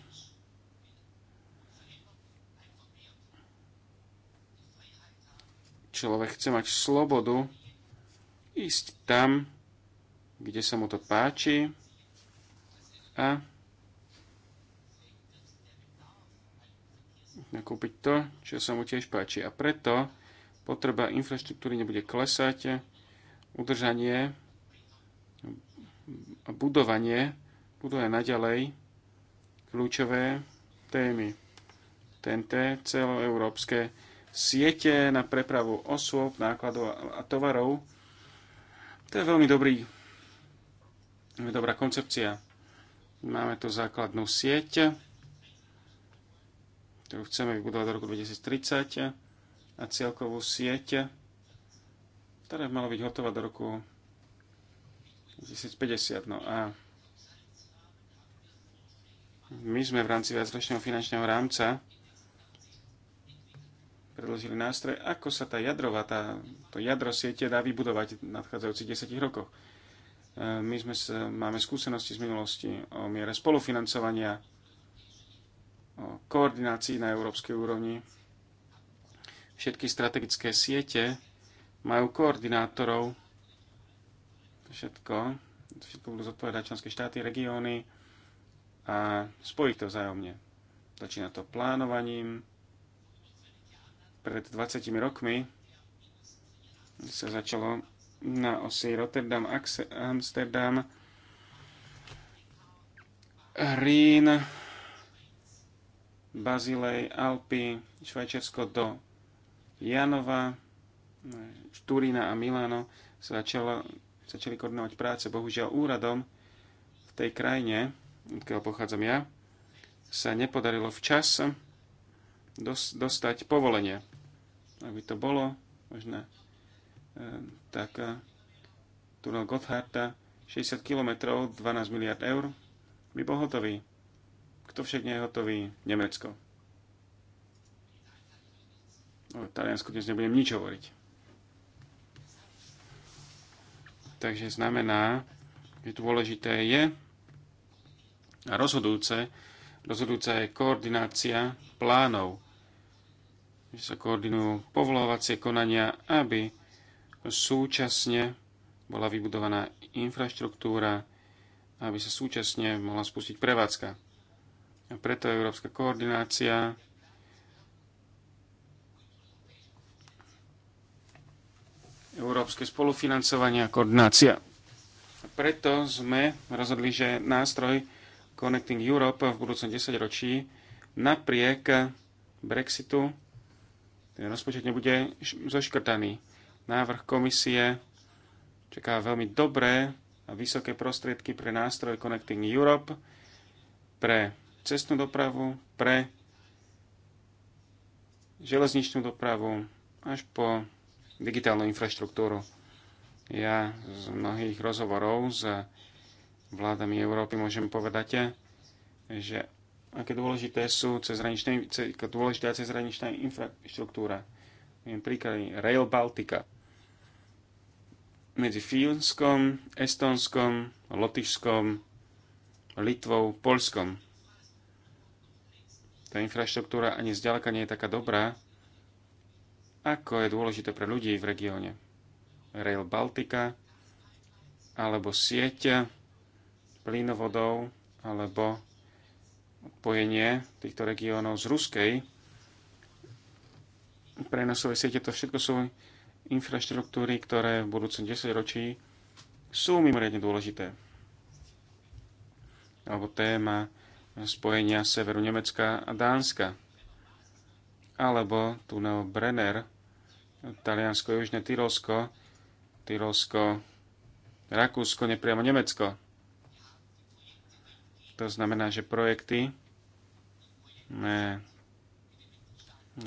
človek chce mať slobodu ísť tam, kde sa mu to páči, a nakúpiť to, čo sa mu tiež páči. A preto potreba infraštruktúry nebude klesať, udržanie a budovanie budú aj naďalej kľúčové témy. TNT, celoeurópske siete na prepravu osôb, nákladov a tovarov. To je veľmi dobrý, veľmi dobrá koncepcia. Máme tu základnú sieť, ktorú chceme vybudovať do roku 2030 a cieľkovú sieť, ktorá mala byť hotová do roku 2050. No a my sme v rámci viacročného finančného rámca predložili nástroj, ako sa tá jadrová, tá, to jadro siete dá vybudovať v nadchádzajúcich 10 rokoch. E, my sme, máme skúsenosti z minulosti o miere spolufinancovania, o koordinácii na európskej úrovni. Všetky strategické siete majú koordinátorov. Všetko, všetko budú zodpovedať členské štáty, regióny a spojiť to vzájomne. Začína to plánovaním. Pred 20 rokmi sa začalo na osi Rotterdam, Amsterdam, Rín, Bazilej, Alpy, Švajčiarsko do Janova, Turína a Milano sa začalo, začali koordinovať práce. Bohužiaľ úradom v tej krajine, odkiaľ pochádzam ja, sa nepodarilo včas dos, dostať povolenie. aby to bolo, možno Ehm, tak tunel Gotthardta 60 km, 12 miliard eur by bol hotový. Kto však nie je hotový? Nemecko. O Taliansku dnes nebudem nič hovoriť. Takže znamená, že dôležité je a rozhodujúce, rozhodujúca je koordinácia plánov. Že sa koordinujú povolovacie konania, aby súčasne bola vybudovaná infraštruktúra, aby sa súčasne mohla spustiť prevádzka. A preto európska koordinácia európske spolufinancovanie a koordinácia. A preto sme rozhodli, že nástroj Connecting Europe v budúcom 10 ročí napriek Brexitu ten rozpočet nebude zoškrtaný návrh komisie čaká veľmi dobré a vysoké prostriedky pre nástroj Connecting Europe, pre cestnú dopravu, pre železničnú dopravu až po digitálnu infraštruktúru. Ja z mnohých rozhovorov s vládami Európy môžem povedať, že aké dôležité sú cezhraničné, dôležitá cezhraničná infraštruktúra. Príklad Rail Baltica – medzi Fínskom, Estonskom, Lotyšskom, Litvou, Polskom. Tá infraštruktúra ani zďaleka nie je taká dobrá, ako je dôležité pre ľudí v regióne. Rail Baltica, alebo sieť plynovodov, alebo odpojenie týchto regiónov z ruskej prenosovej siete, to všetko sú infraštruktúry, ktoré v budúcom 10 ročí sú mimoriadne dôležité. Alebo téma spojenia severu Nemecka a Dánska. Alebo tunel Brenner, Taliansko, Južné Tyrolsko, Tyrolsko, Rakúsko, nepriamo Nemecko. To znamená, že projekty, ne,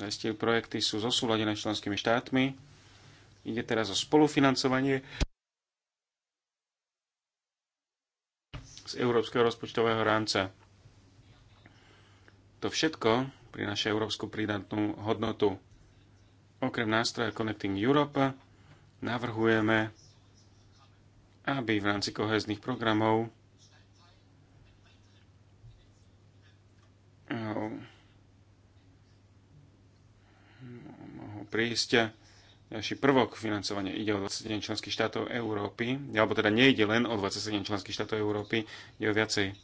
eh, projekty sú zosúladené členskými štátmi, Ide teraz o spolufinancovanie z Európskeho rozpočtového rámca. To všetko prináša európsku prídatnú hodnotu. Okrem nástroja Connecting Europe navrhujeme, aby v rámci kohezných programov eh, mohol prísť ďalší prvok financovania ide o 27 členských štátov Európy, alebo teda nejde len o 27 členských štátov Európy, ide o viacej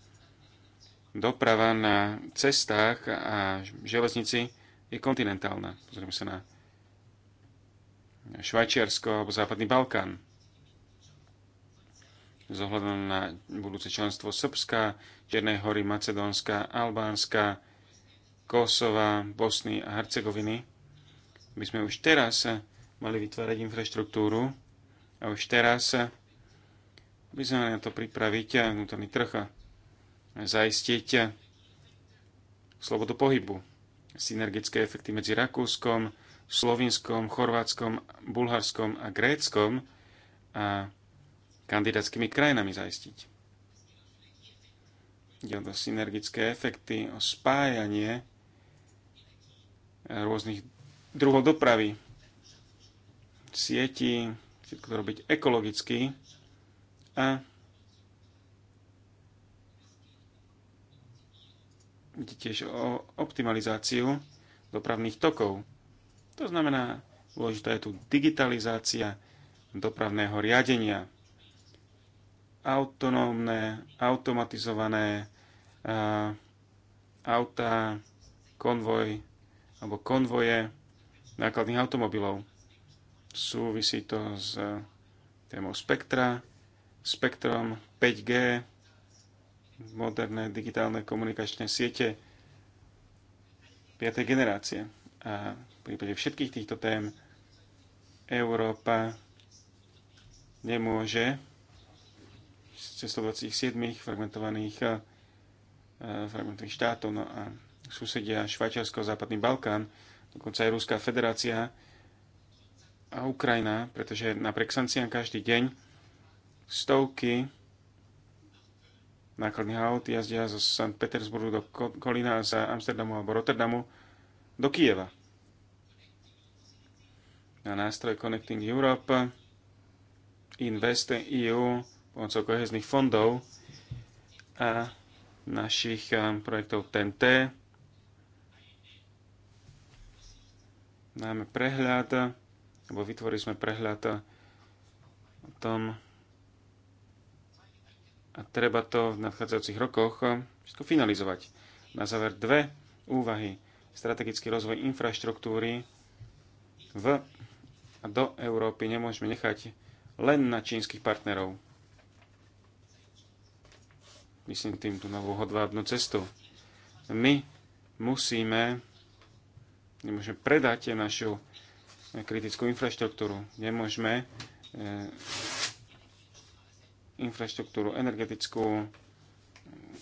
doprava na cestách a železnici je kontinentálna. Pozrieme sa na Švajčiarsko alebo Západný Balkán. Zohľadom na budúce členstvo Srbska, Černej hory, Macedónska, Albánska, Kosova, Bosny a Hercegoviny by sme už teraz mali vytvárať infraštruktúru a už teraz by sme na to pripraviť vnútorný trh a zaistiť slobodu pohybu. Synergické efekty medzi Rakúskom, Slovinskom, Chorvátskom, Bulharskom a Gréckom a kandidátskymi krajinami zaistiť. Ide o synergické efekty, o spájanie rôznych druhov dopravy, sieti, všetko to robiť ekologicky a ide tiež o optimalizáciu dopravných tokov. To znamená, dôležitá je tu digitalizácia dopravného riadenia. Autonómne, automatizované a, auta, konvoj alebo konvoje nákladných automobilov. Súvisí to s eh, témou spektra, spektrom 5G, moderné digitálne komunikačné siete 5. generácie. A v prípade všetkých týchto tém Európa nemôže z 127 fragmentovaných, eh, fragmentových štátov no a susedia Švajčiarsko, Západný Balkán, dokonca aj Ruská federácia a Ukrajina, pretože napriek sankciám každý deň stovky nákladných aut jazdia zo St. Petersburgu do Kolína, z Amsterdamu alebo Rotterdamu do Kieva. Na nástroj Connecting Europe Invest EU pomocou kohezných fondov a našich eh, projektov TNT. Máme prehľad alebo vytvorili sme prehľad o tom, a treba to v nadchádzajúcich rokoch eh, všetko finalizovať. Na záver dve úvahy. Strategický rozvoj infraštruktúry v a do Európy nemôžeme nechať len na čínskych partnerov. Myslím tým tú novú hodvábnu cestu. My musíme, nemôžeme predať našu kritickú infraštruktúru. Nemôžeme e, infraštruktúru energetickú, e,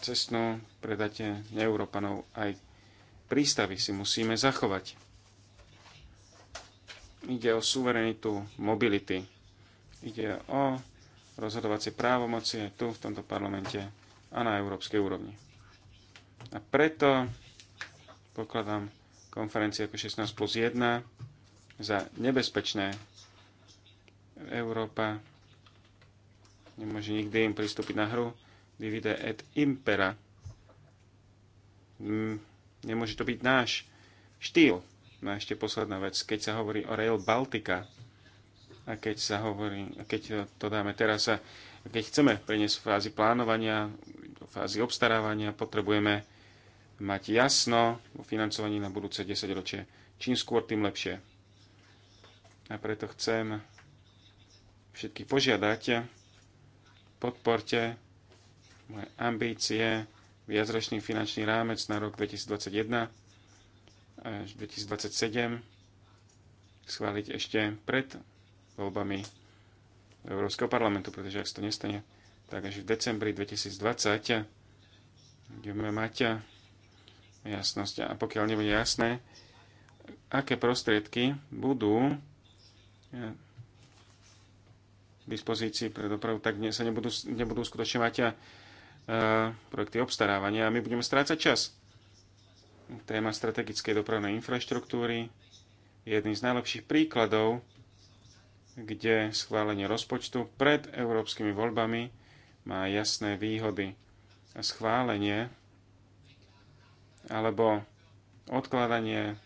cestnú predať Európanov. Aj prístavy si musíme zachovať. Ide o suverenitu mobility. Ide o rozhodovacie právomoci aj tu v tomto parlamente a na európskej úrovni. A preto pokladám konferencie ako 16 plus 1 za nebezpečné. Európa nemôže nikdy im pristúpiť na hru divide et impera. Mm, nemôže to byť náš štýl. No a ešte posledná vec, keď sa hovorí o Rail Baltica a keď sa hovorí, keď to dáme teraz a keď chceme preniesť fázi plánovania, fázi obstarávania, potrebujeme mať jasno o financovaní na budúce 10 ročie. Čím skôr, tým lepšie. A preto chcem všetkých požiadať, podporte moje ambície, viacročný finančný rámec na rok 2021 až 2027 schváliť ešte pred voľbami Európskeho parlamentu, pretože ak to nestane, tak až v decembri 2020 budeme mať jasnosť. A pokiaľ nebude jasné, aké prostriedky budú k dispozícii pre dopravu, tak dnes sa nebudú, nebudú skutočne mať a, eh, projekty obstarávania a my budeme strácať čas. Téma strategickej dopravnej infraštruktúry je jedným z najlepších príkladov, kde schválenie rozpočtu pred európskymi voľbami má jasné výhody. A schválenie alebo odkladanie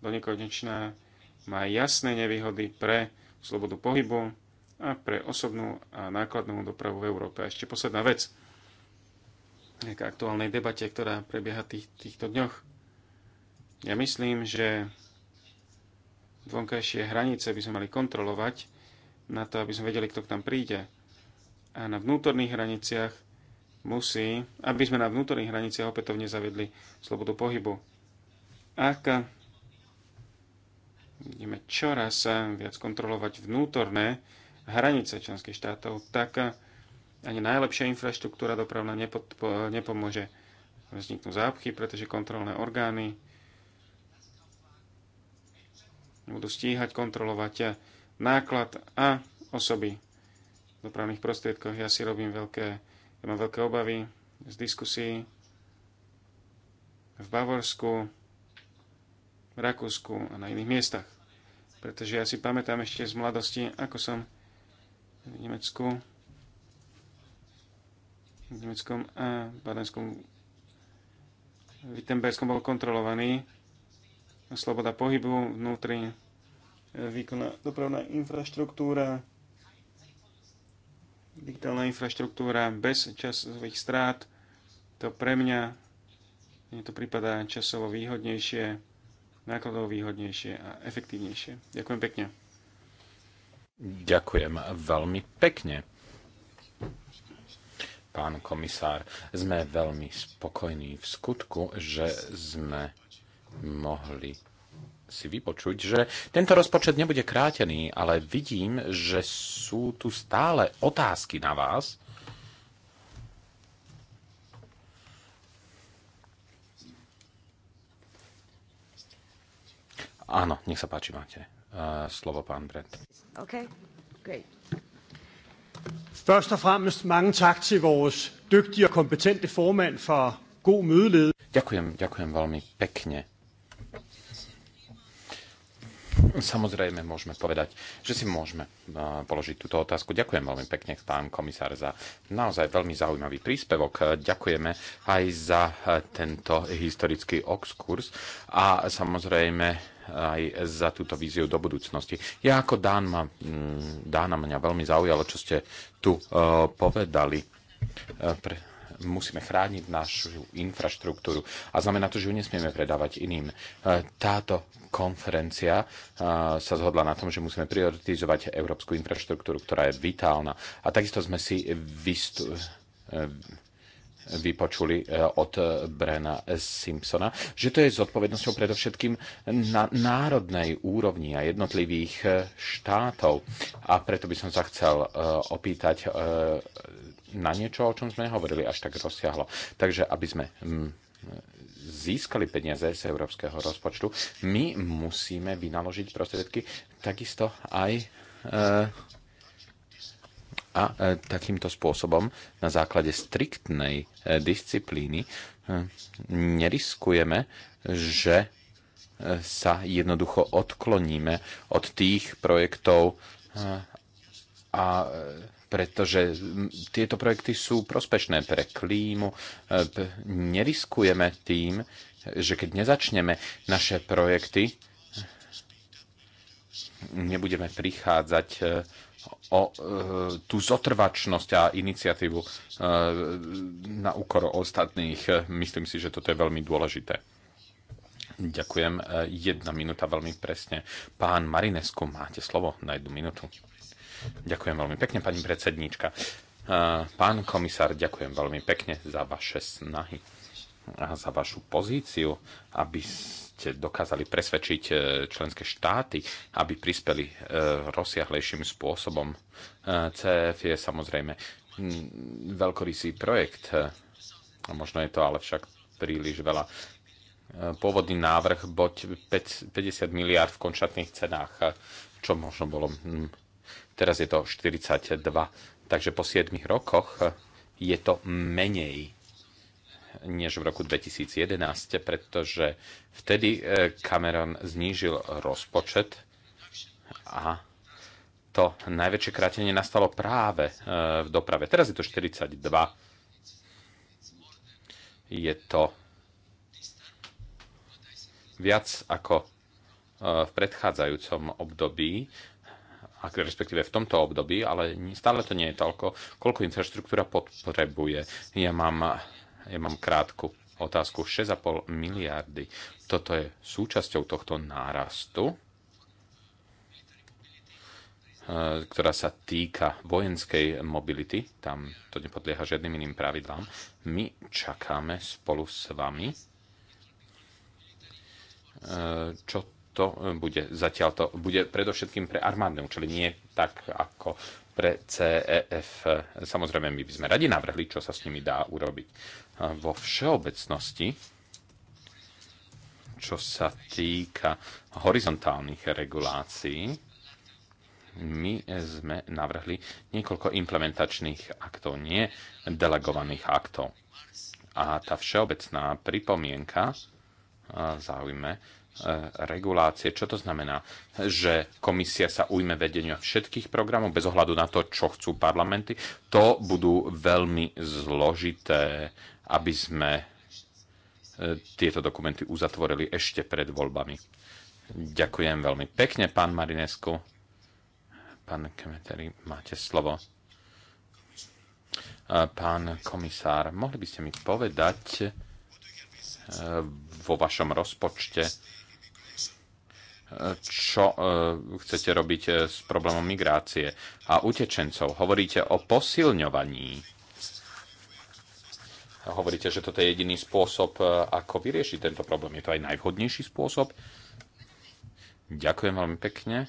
do nekonečná má jasné nevýhody pre slobodu pohybu a pre osobnú a nákladnú dopravu v Európe. A ešte posledná vec k aktuálnej debate, ktorá prebieha tých, týchto dňoch. Ja myslím, že vonkajšie hranice by sme mali kontrolovať na to, aby sme vedeli, kto k nám príde. A na vnútorných hraniciach musí, aby sme na vnútorných hraniciach opätovne zavedli slobodu pohybu. Ak budeme čoraz eh, viac kontrolovať vnútorné hranice členských štátov, tak eh, ani najlepšia infraštruktúra dopravná nepodpo- nepomôže. Vzniknú zápchy, pretože kontrolné orgány budú stíhať kontrolovať eh, náklad a osoby v dopravných prostriedkoch. Ja si robím veľké, ja mám veľké obavy z diskusí v Bavorsku, v Rakúsku a na iných miestach pretože ja si pamätám ešte z mladosti, ako som v Nemecku, v Nemeckom a Badenskom Wittenbergskom bol kontrolovaný sloboda pohybu vnútri e, výkonná dopravná infraštruktúra, digitálna infraštruktúra bez časových strát. To pre mňa mne to prípada časovo výhodnejšie nákladov výhodnejšie a efektívnejšie. Ďakujem pekne. Ďakujem veľmi pekne. Pán komisár, sme veľmi spokojní v skutku, že sme mohli si vypočuť, že tento rozpočet nebude krátený, ale vidím, že sú tu stále otázky na vás Áno, nech sa páči, máte uh, slovo, pán Brent. OK, great. Først og fremmest mange tak til vores dygtige og kompetente formand for god mødeled. Ďakujem, ďakujem veľmi pekne. Samozrejme, môžeme povedať, že si môžeme eh, položiť túto otázku. Ďakujem veľmi pekne, pán komisár, za naozaj veľmi zaujímavý príspevok. Ďakujeme aj za eh, tento historický exkurs a samozrejme aj za túto víziu do budúcnosti. Ja ako Dán ma, mm, Dána mňa veľmi zaujalo, čo ste tu uh, povedali. Uh, pre, musíme chrániť našu infraštruktúru a znamená to, že ju nesmieme predávať iným. E, táto konferencia sa zhodla na tom, že musíme prioritizovať európsku infraštruktúru, ktorá je vitálna. A takisto sme si vystu- vypočuli e, od e, Brena Simpsona, že to je zodpovednosťou predovšetkým na národnej úrovni a jednotlivých e, štátov. A preto by som sa chcel opýtať na niečo, o čom sme hovorili až tak rozsiahlo. Takže aby sme mm, získali peniaze z európskeho rozpočtu, my musíme vynaložiť prostriedky takisto aj a e, takýmto spôsobom na základe striktnej e, disciplíny e, neriskujeme, že sa jednoducho odkloníme od tých projektov a pretože tieto projekty sú prospešné pre klímu. Neriskujeme tým, že keď nezačneme naše projekty, nebudeme prichádzať o e, tú zotrvačnosť a iniciatívu e, na úkor ostatných. Myslím si, že toto je veľmi dôležité. Ďakujem. E, jedna minúta veľmi presne. Pán Marinesku, máte slovo na jednu minútu. Ďakujem veľmi pekne, pani predsedníčka. Pán komisár, ďakujem veľmi pekne za vaše snahy a za vašu pozíciu, aby ste dokázali presvedčiť e, členské štáty, aby prispeli e, rozsiahlejším spôsobom. E, CF je samozrejme veľkorysý projekt, možno je to ale však príliš veľa. Pôvodný návrh boť 50 miliard v končatných cenách, čo možno bolo... Teraz je to 42. Takže po 7 rokoch je to menej než v roku 2011, pretože vtedy e, Cameron znížil rozpočet a to najväčšie krátenie nastalo práve e, v doprave. Teraz je to 42. Je to viac ako e, v predchádzajúcom období, respektíve v tomto období, ale stále to nie je toľko, koľko infraštruktúra potrebuje. Ja mám ja mám krátku otázku. 6,5 miliardy. Toto je súčasťou tohto nárastu, eh, ktorá sa týka vojenskej mobility. Tam to nepodlieha žiadnym iným pravidlám. My čakáme spolu s vami, eh, čo to bude zatiaľ to bude predovšetkým pre armádne účely, nie tak ako pre CEF. Samozrejme, my by sme radi navrhli, čo sa s nimi dá urobiť. Vo všeobecnosti, čo sa týka horizontálnych regulácií, my sme navrhli niekoľko implementačných aktov, nie delegovaných aktov. A tá všeobecná pripomienka v záujme E, regulácie. Čo to znamená? Že komisia sa ujme vedenia všetkých programov bez ohľadu na to, čo chcú parlamenty. To budú veľmi zložité, aby sme e, tieto dokumenty uzatvorili ešte pred voľbami. Ďakujem veľmi pekne, pán Marinesku. Pán Kemeteri, máte slovo. E, pán komisár, mohli by ste mi povedať vo vašom rozpočte, čo e, chcete robiť e, s problémom migrácie a utečencov. Hovoríte o posilňovaní. Hovoríte, že toto je jediný spôsob, e, ako vyriešiť tento problém. Je to aj najvhodnejší spôsob? Ďakujem veľmi pekne.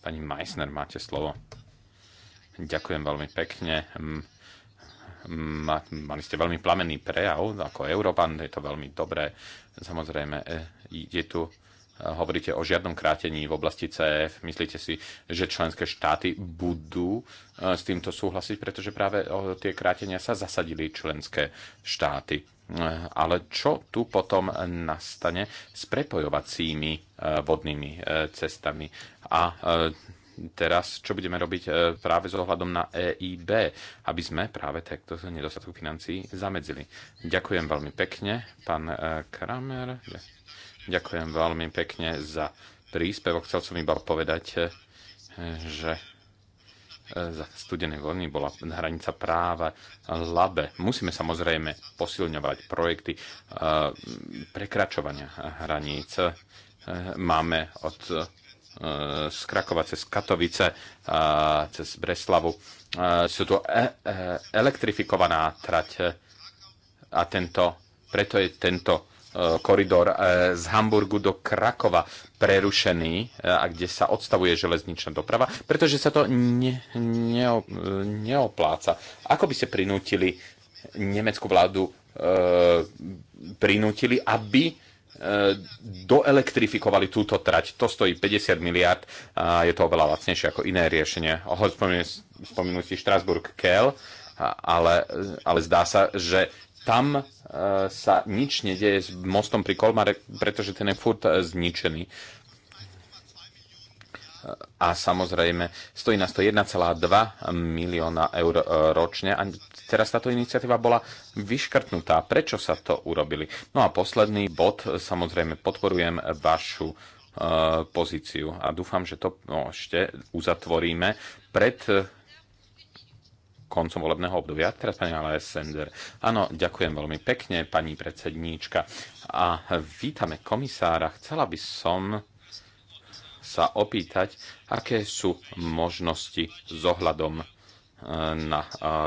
Pani Meissner, máte slovo. Ďakujem veľmi pekne. Mali ste veľmi plamený prejav ako Európan, je to veľmi dobré. Samozrejme, je tu hovoríte o žiadnom krátení v oblasti CF. Myslíte si, že členské štáty budú e, s týmto súhlasiť, pretože práve o tie krátenia sa zasadili členské štáty. E, ale čo tu potom nastane s prepojovacími e, vodnými cestami? A teraz, čo budeme robiť práve s ohľadom na EIB, aby sme práve takto nedostatku financií zamedzili. Ďakujem veľmi pekne, pán Kramer. Ďakujem veľmi pekne za príspevok. Chcel som iba povedať, eh, že eh, za studenej vojny bola hranica práva labe. Musíme samozrejme posilňovať projekty eh, prekračovania hraníc. Máme od z Krakova cez Katovice, cez Breslavu. Sú tu elektrifikovaná trať a tento, preto je tento E, koridor e, z Hamburgu do Krakova prerušený e, a kde sa odstavuje železničná doprava, pretože sa to ne, ne, neopláca. Ako by ste prinútili nemeckú vládu, e, prinútili, aby e, doelektrifikovali túto trať. To stojí 50 miliard a je to oveľa lacnejšie ako iné riešenie. Ohoď spomenul si Štrasburg-Kel, ale, ale zdá sa, že tam e, sa nič nedieje s mostom pri Kolmare, pretože ten je furt e, zničený. A samozrejme, stojí nás to 1,2 milióna eur e, ročne a teraz táto iniciatíva bola vyškrtnutá. Prečo sa to urobili? No a posledný bod, samozrejme, podporujem vašu pozíciu a dúfam, že to no, ešte uzatvoríme pred koncom volebného obdobia. Teraz pani Alea Sender. Áno, ďakujem veľmi pekne, pani predsedníčka. A vítame komisára. Chcela by som sa opýtať, aké sú možnosti zohľadom na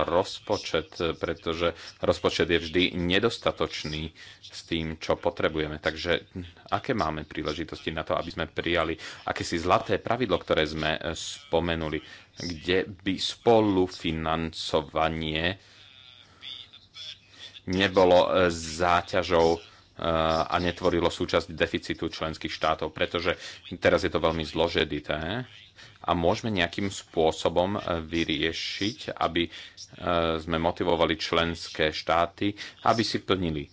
rozpočet, pretože rozpočet je vždy nedostatočný s tým, čo potrebujeme. Takže aké máme príležitosti na to, aby sme prijali akési zlaté pravidlo, ktoré sme spomenuli, kde by spolufinancovanie nebolo záťažou a netvorilo súčasť deficitu členských štátov, pretože teraz je to veľmi zložedité a môžeme nejakým spôsobom e, vyriešiť, aby e, sme motivovali členské štáty, aby si plnili e,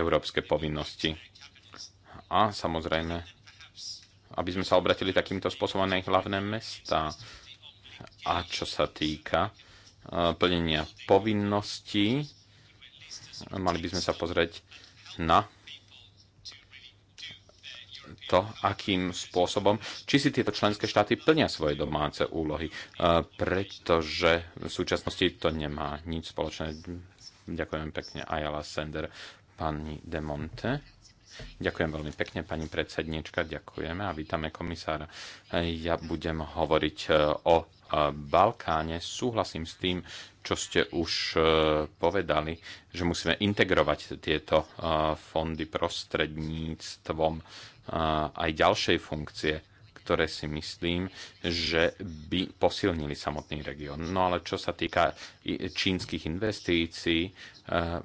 európske povinnosti. A samozrejme, aby sme sa obratili takýmto spôsobom na ich hlavné mesta. A čo sa týka plnenia povinností, mali by sme sa pozrieť na to, akým spôsobom, či si tieto členské štáty plnia svoje domáce úlohy, e, pretože v súčasnosti to nemá nič spoločné. Ďakujem pekne Ayala Sender, pani De Monte. Ďakujem veľmi pekne, pani predsednička, ďakujeme a vítame komisára. Ja budem hovoriť e, o e, Balkáne. Súhlasím s tým, čo ste už povedali, že musíme integrovať tieto fondy prostredníctvom aj ďalšej funkcie, ktoré si myslím, že by posilnili samotný región. No ale čo sa týka čínskych investícií, e,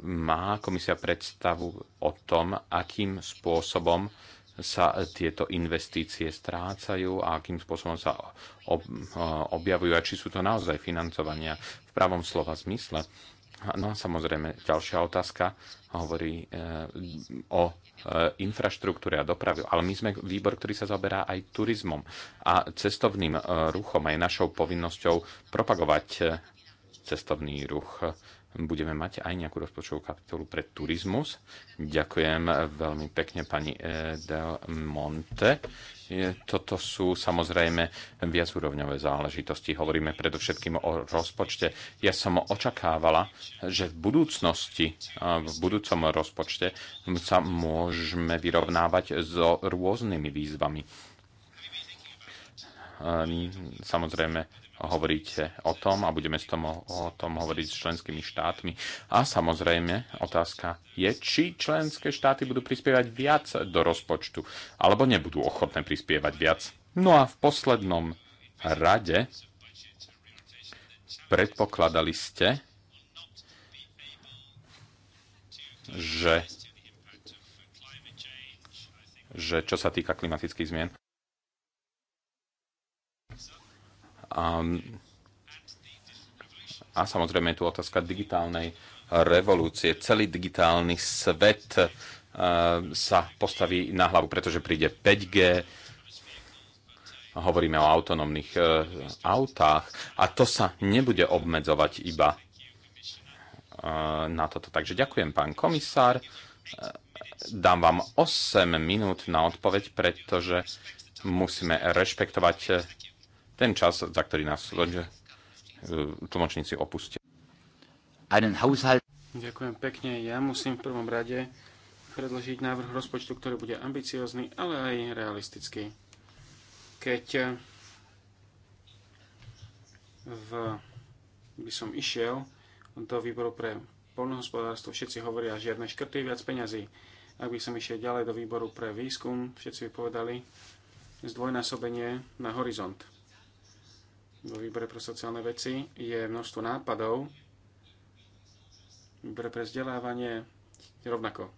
má komisia predstavu o tom, akým spôsobom sa tieto investície strácajú a akým spôsobom sa e, objavujú a či sú to naozaj financovania v pravom slova zmysle. No a samozrejme, ďalšia otázka hovorí e, o E, infraštruktúre a dopravy, ale my sme výbor, ktorý sa zaoberá aj turizmom a cestovným e, ruchom. Aj našou povinnosťou propagovať e, cestovný ruch. Budeme mať aj nejakú rozpočtovú kapitolu pre turizmus. Ďakujem veľmi pekne pani Del Monte toto sú samozrejme viacúrovňové záležitosti. Hovoríme predovšetkým o rozpočte. Ja som očakávala, že v budúcnosti, v budúcom rozpočte sa môžeme vyrovnávať so rôznymi výzvami. Ehm, samozrejme, hovoriť o tom a budeme s tom, o tom hovoriť s členskými štátmi. A samozrejme, otázka je, či členské štáty budú prispievať viac do rozpočtu, alebo nebudú ochotné prispievať viac. No a v poslednom rade predpokladali ste, že, že čo sa týka klimatických zmien, A, a samozrejme je tu otázka digitálnej revolúcie. Celý digitálny svet uh, sa postaví na hlavu, pretože príde 5G, hovoríme o autonómnych uh, autách a to sa nebude obmedzovať iba e, na toto. Takže ďakujem, pán komisár. Dám vám 8 minút na odpoveď, pretože musíme rešpektovať ten čas, za ktorý nás lenže e, tlmočníci opustia. Ďakujem pekne. Ja musím v prvom rade predložiť návrh rozpočtu, ktorý bude ambiciózny, ale aj realistický. Keď e, v, by som išiel do výboru pre polnohospodárstvo, všetci hovoria žiadne škrty, viac peňazí. Ak by som išiel ďalej do výboru pre výskum, všetci by povedali zdvojnásobenie na horizont vo výbore pre sociálne veci je množstvo nápadov, výbore pre vzdelávanie rovnako.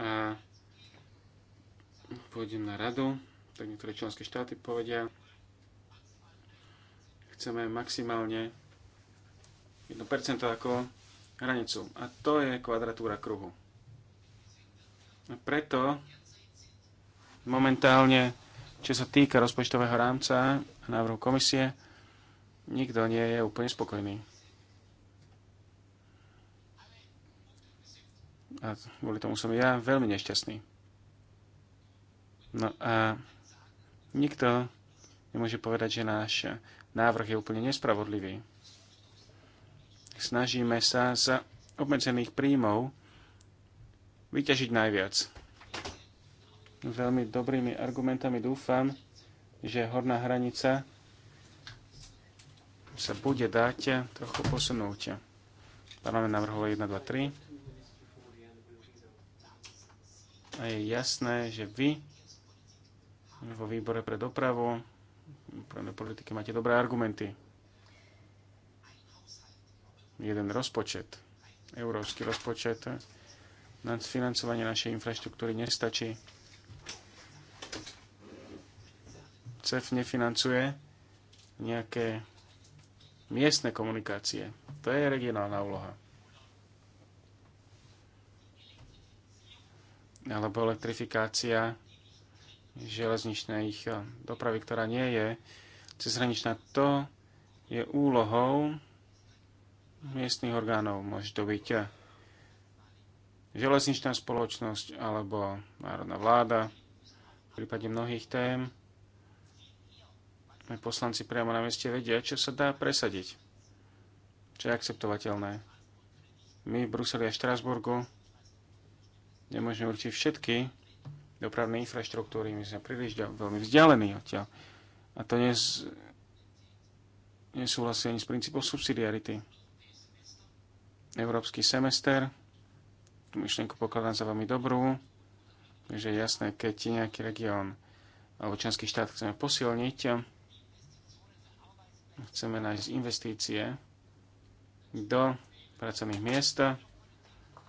A pôjdem na radu, tak niektoré členské štáty povedia, chceme maximálne 1% ako hranicu. A to je kvadratúra kruhu. A preto momentálne čo sa týka rozpočtového rámca a návrhu komisie, nikto nie je úplne spokojný. A kvôli tomu som ja veľmi nešťastný. No a nikto nemôže povedať, že náš návrh je úplne nespravodlivý. Snažíme sa z obmedzených príjmov vyťažiť najviac veľmi dobrými argumentami. Dúfam, že horná hranica sa bude dať trochu posunúť. Parlament navrhol 1, 2, 3. A je jasné, že vy vo výbore pre dopravu, pre politiky máte dobré argumenty. Jeden rozpočet, európsky rozpočet na financovanie našej infraštruktúry nestačí CEF nefinancuje nejaké miestne komunikácie. To je regionálna úloha. Alebo elektrifikácia železničnej eh, dopravy, ktorá nie je cezhraničná, to je úlohou miestnych orgánov. Môže to byť eh, železničná spoločnosť alebo národná vláda, v prípade mnohých tém my poslanci priamo na meste vedia, čo sa dá presadiť, čo je akceptovateľné. My v Bruseli a Štrásburgu nemôžeme určiť všetky dopravné infraštruktúry, my sme príliš veľmi vzdialení odtiaľ. A to nes, nesúhlasí ani s princípom subsidiarity. Európsky semester, tú myšlienku pokladám za veľmi dobrú, že je jasné, keď nejaký región alebo členský štát chceme posilniť, Chceme nájsť investície do pracovných miest,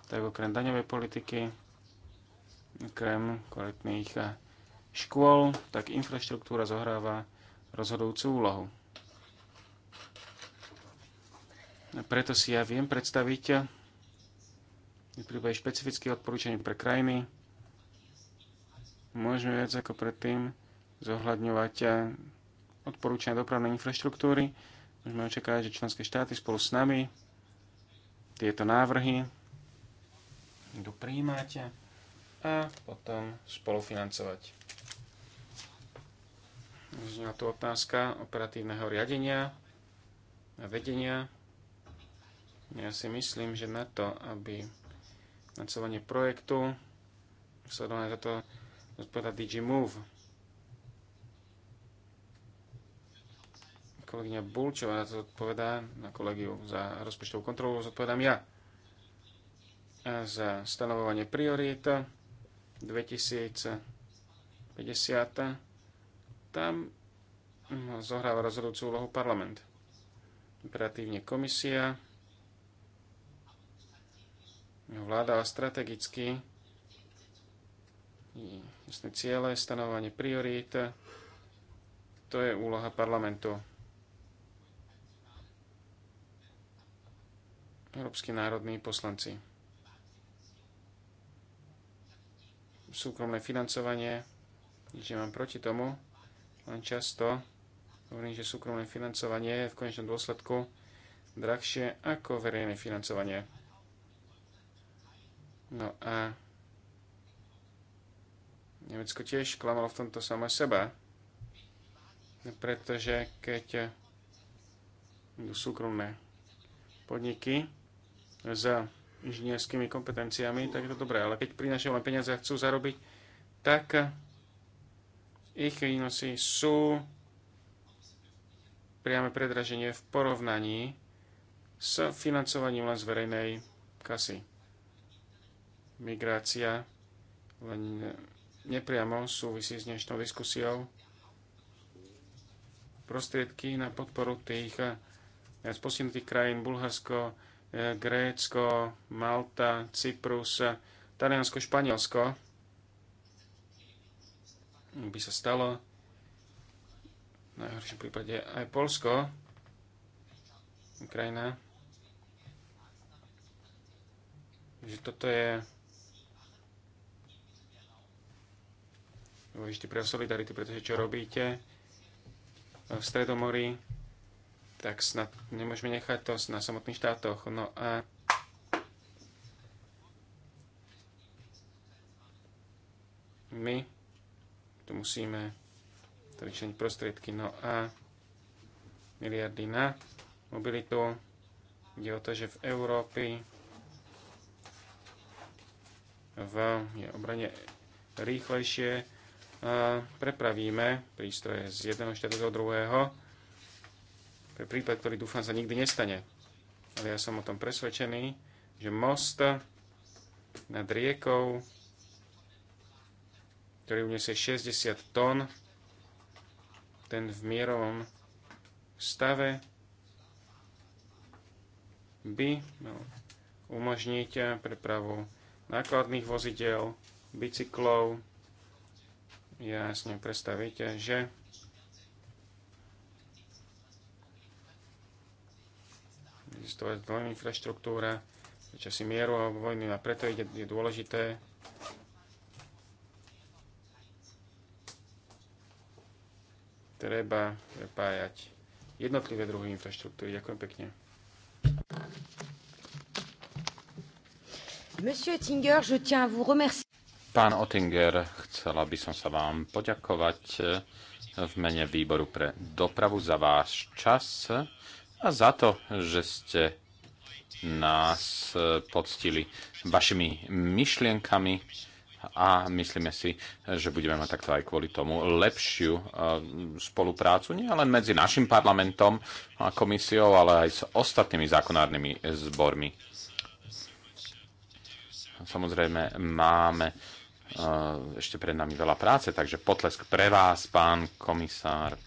tak okrem daňovej politiky, okrem kvalitných eh, škôl, tak infraštruktúra zohráva rozhodujúcu úlohu. A preto si ja viem predstaviť eh, v prípade špecifických odporúčaní pre krajiny, môžeme viac ako predtým zohľadňovať eh, odporúčania dopravnej infraštruktúry. Môžeme očakávať, že členské štáty spolu s nami tieto návrhy budú prijímať a potom spolufinancovať. Zňa tu otázka operatívneho riadenia a vedenia. Ja si myslím, že na to, aby nacovanie projektu sledované za zodpovedá DG Move, kolegyňa Bulčová zodpovedá na kolegiu za rozpočtovú kontrolu, zodpovedám ja. A za stanovovanie priorít 2050 tam zohráva rozhodujúcu úlohu parlament. Operatívne komisia, vláda a strategicky jasné ciele, stanovanie priorít, to je úloha parlamentu. európsky národní poslanci. Súkromné financovanie, že mám proti tomu, len často hovorím, že súkromné financovanie je v konečnom dôsledku drahšie ako verejné financovanie. No a Nemecko tiež klamalo v tomto sama seba, pretože keď idú súkromné podniky s inžinierskými kompetenciami, tak je to dobré. Ale keď prinašajú len peniaze a chcú zarobiť, tak ich výnosy sú priame predraženie v porovnaní s financovaním len z verejnej kasy. Migrácia len nepriamo súvisí s dnešnou diskusiou. Prostriedky na podporu tých eh, z postihnutých krajín Bulharsko, E, Grécko, Malta, Cyprus, Taliansko, Španielsko by sa stalo v najhoršom prípade aj Polsko, Ukrajina, Takže toto je dôležitý pre solidarity, pretože čo robíte v Stredomorí, tak snad nemôžeme nechať to na samotných štátoch. No a my tu musíme vyčleniť prostriedky. No a miliardy na mobilitu. Ide o to, že v Európe v je obrane rýchlejšie prepravíme prístroje z jedného štátu do druhého to je prípad, ktorý dúfam sa nikdy nestane. Ale ja som o tom presvedčený, že most nad riekou, ktorý uniesie 60 tón, ten v mierovom stave by mal umožniť prepravu nákladných vozidel, bicyklov, jasne predstavíte, že existovať len infraštruktúra, časy mieru a vojny a preto je, je dôležité treba prepájať jednotlivé druhy infraštruktúry. Ďakujem pekne. Monsieur Tinger, je tiens vous remercier. Pán Otinger, chcela by som sa vám poďakovať v mene výboru pre dopravu za váš čas a za to, že ste nás e, poctili vašimi myšlienkami a myslíme si, že budeme mať takto aj kvôli tomu lepšiu e, spoluprácu nie len medzi našim parlamentom a komisiou, ale aj s ostatnými zákonárnymi zbormi. Samozrejme, máme e, ešte pred nami veľa práce, takže potlesk pre vás, pán komisár.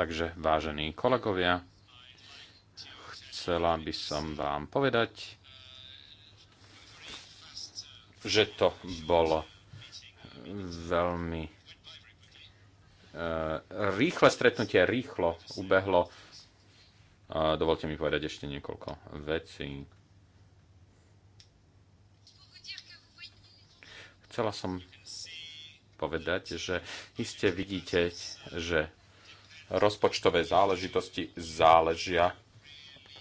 Takže, vážení kolegovia, chcela by som vám povedať, že to bolo veľmi e, rýchle stretnutie, rýchlo ubehlo. Dovolte mi povedať ešte niekoľko vecí. Chcela som povedať, že iste vidíte, že rozpočtové záležitosti záležia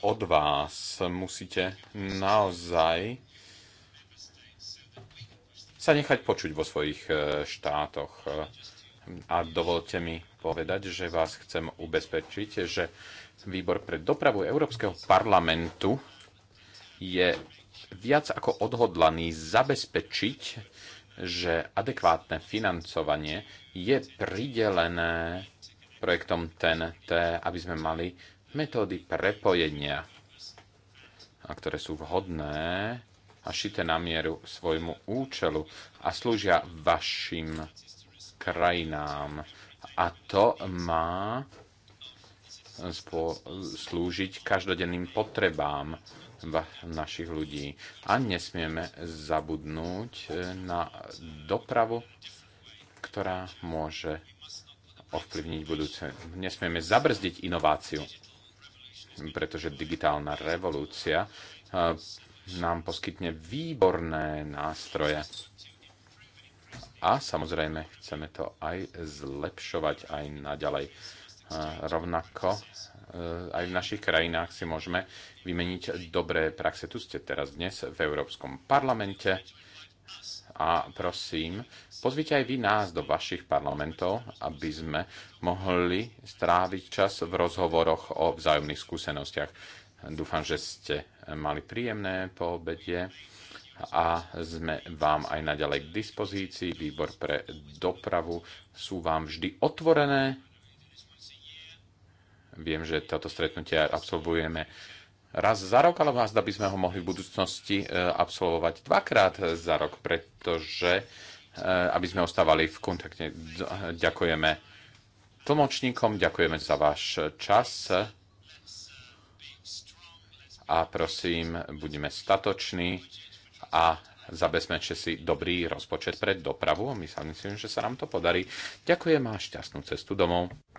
od vás. Musíte naozaj sa nechať počuť vo svojich e, štátoch. A dovolte mi povedať, že vás chcem ubezpečiť, že výbor pre dopravu Európskeho parlamentu je viac ako odhodlaný zabezpečiť, že adekvátne financovanie je pridelené projektom TNT, aby sme mali metódy prepojenia, ktoré sú vhodné a šité na mieru svojmu účelu a slúžia vašim krajinám. A to má slúžiť každodenným potrebám našich ľudí. A nesmieme zabudnúť na dopravu, ktorá môže ovplyvniť budúce. Nesmieme zabrzdiť inováciu, pretože digitálna revolúcia eh, nám poskytne výborné nástroje. A samozrejme chceme to aj zlepšovať aj naďalej. Eh, rovnako eh, aj v našich krajinách si môžeme vymeniť dobré praxe. Tu ste teraz dnes v Európskom parlamente a prosím, pozvite aj vy nás do vašich parlamentov, aby sme mohli stráviť čas v rozhovoroch o vzájomných skúsenostiach. Dúfam, že ste mali príjemné po obede a sme vám aj naďalej k dispozícii. Výbor pre dopravu sú vám vždy otvorené. Viem, že toto stretnutie absolvujeme raz za rok, ale vás, by sme ho mohli v budúcnosti e, absolvovať dvakrát e, za rok, pretože e, aby sme ostávali v kontakte. Ďakujeme tlmočníkom, ďakujeme za váš čas a prosím, budeme statoční a zabezpečte si dobrý rozpočet pre dopravu. My sa Myslím že sa nám to podarí. Ďakujem a šťastnú cestu domov.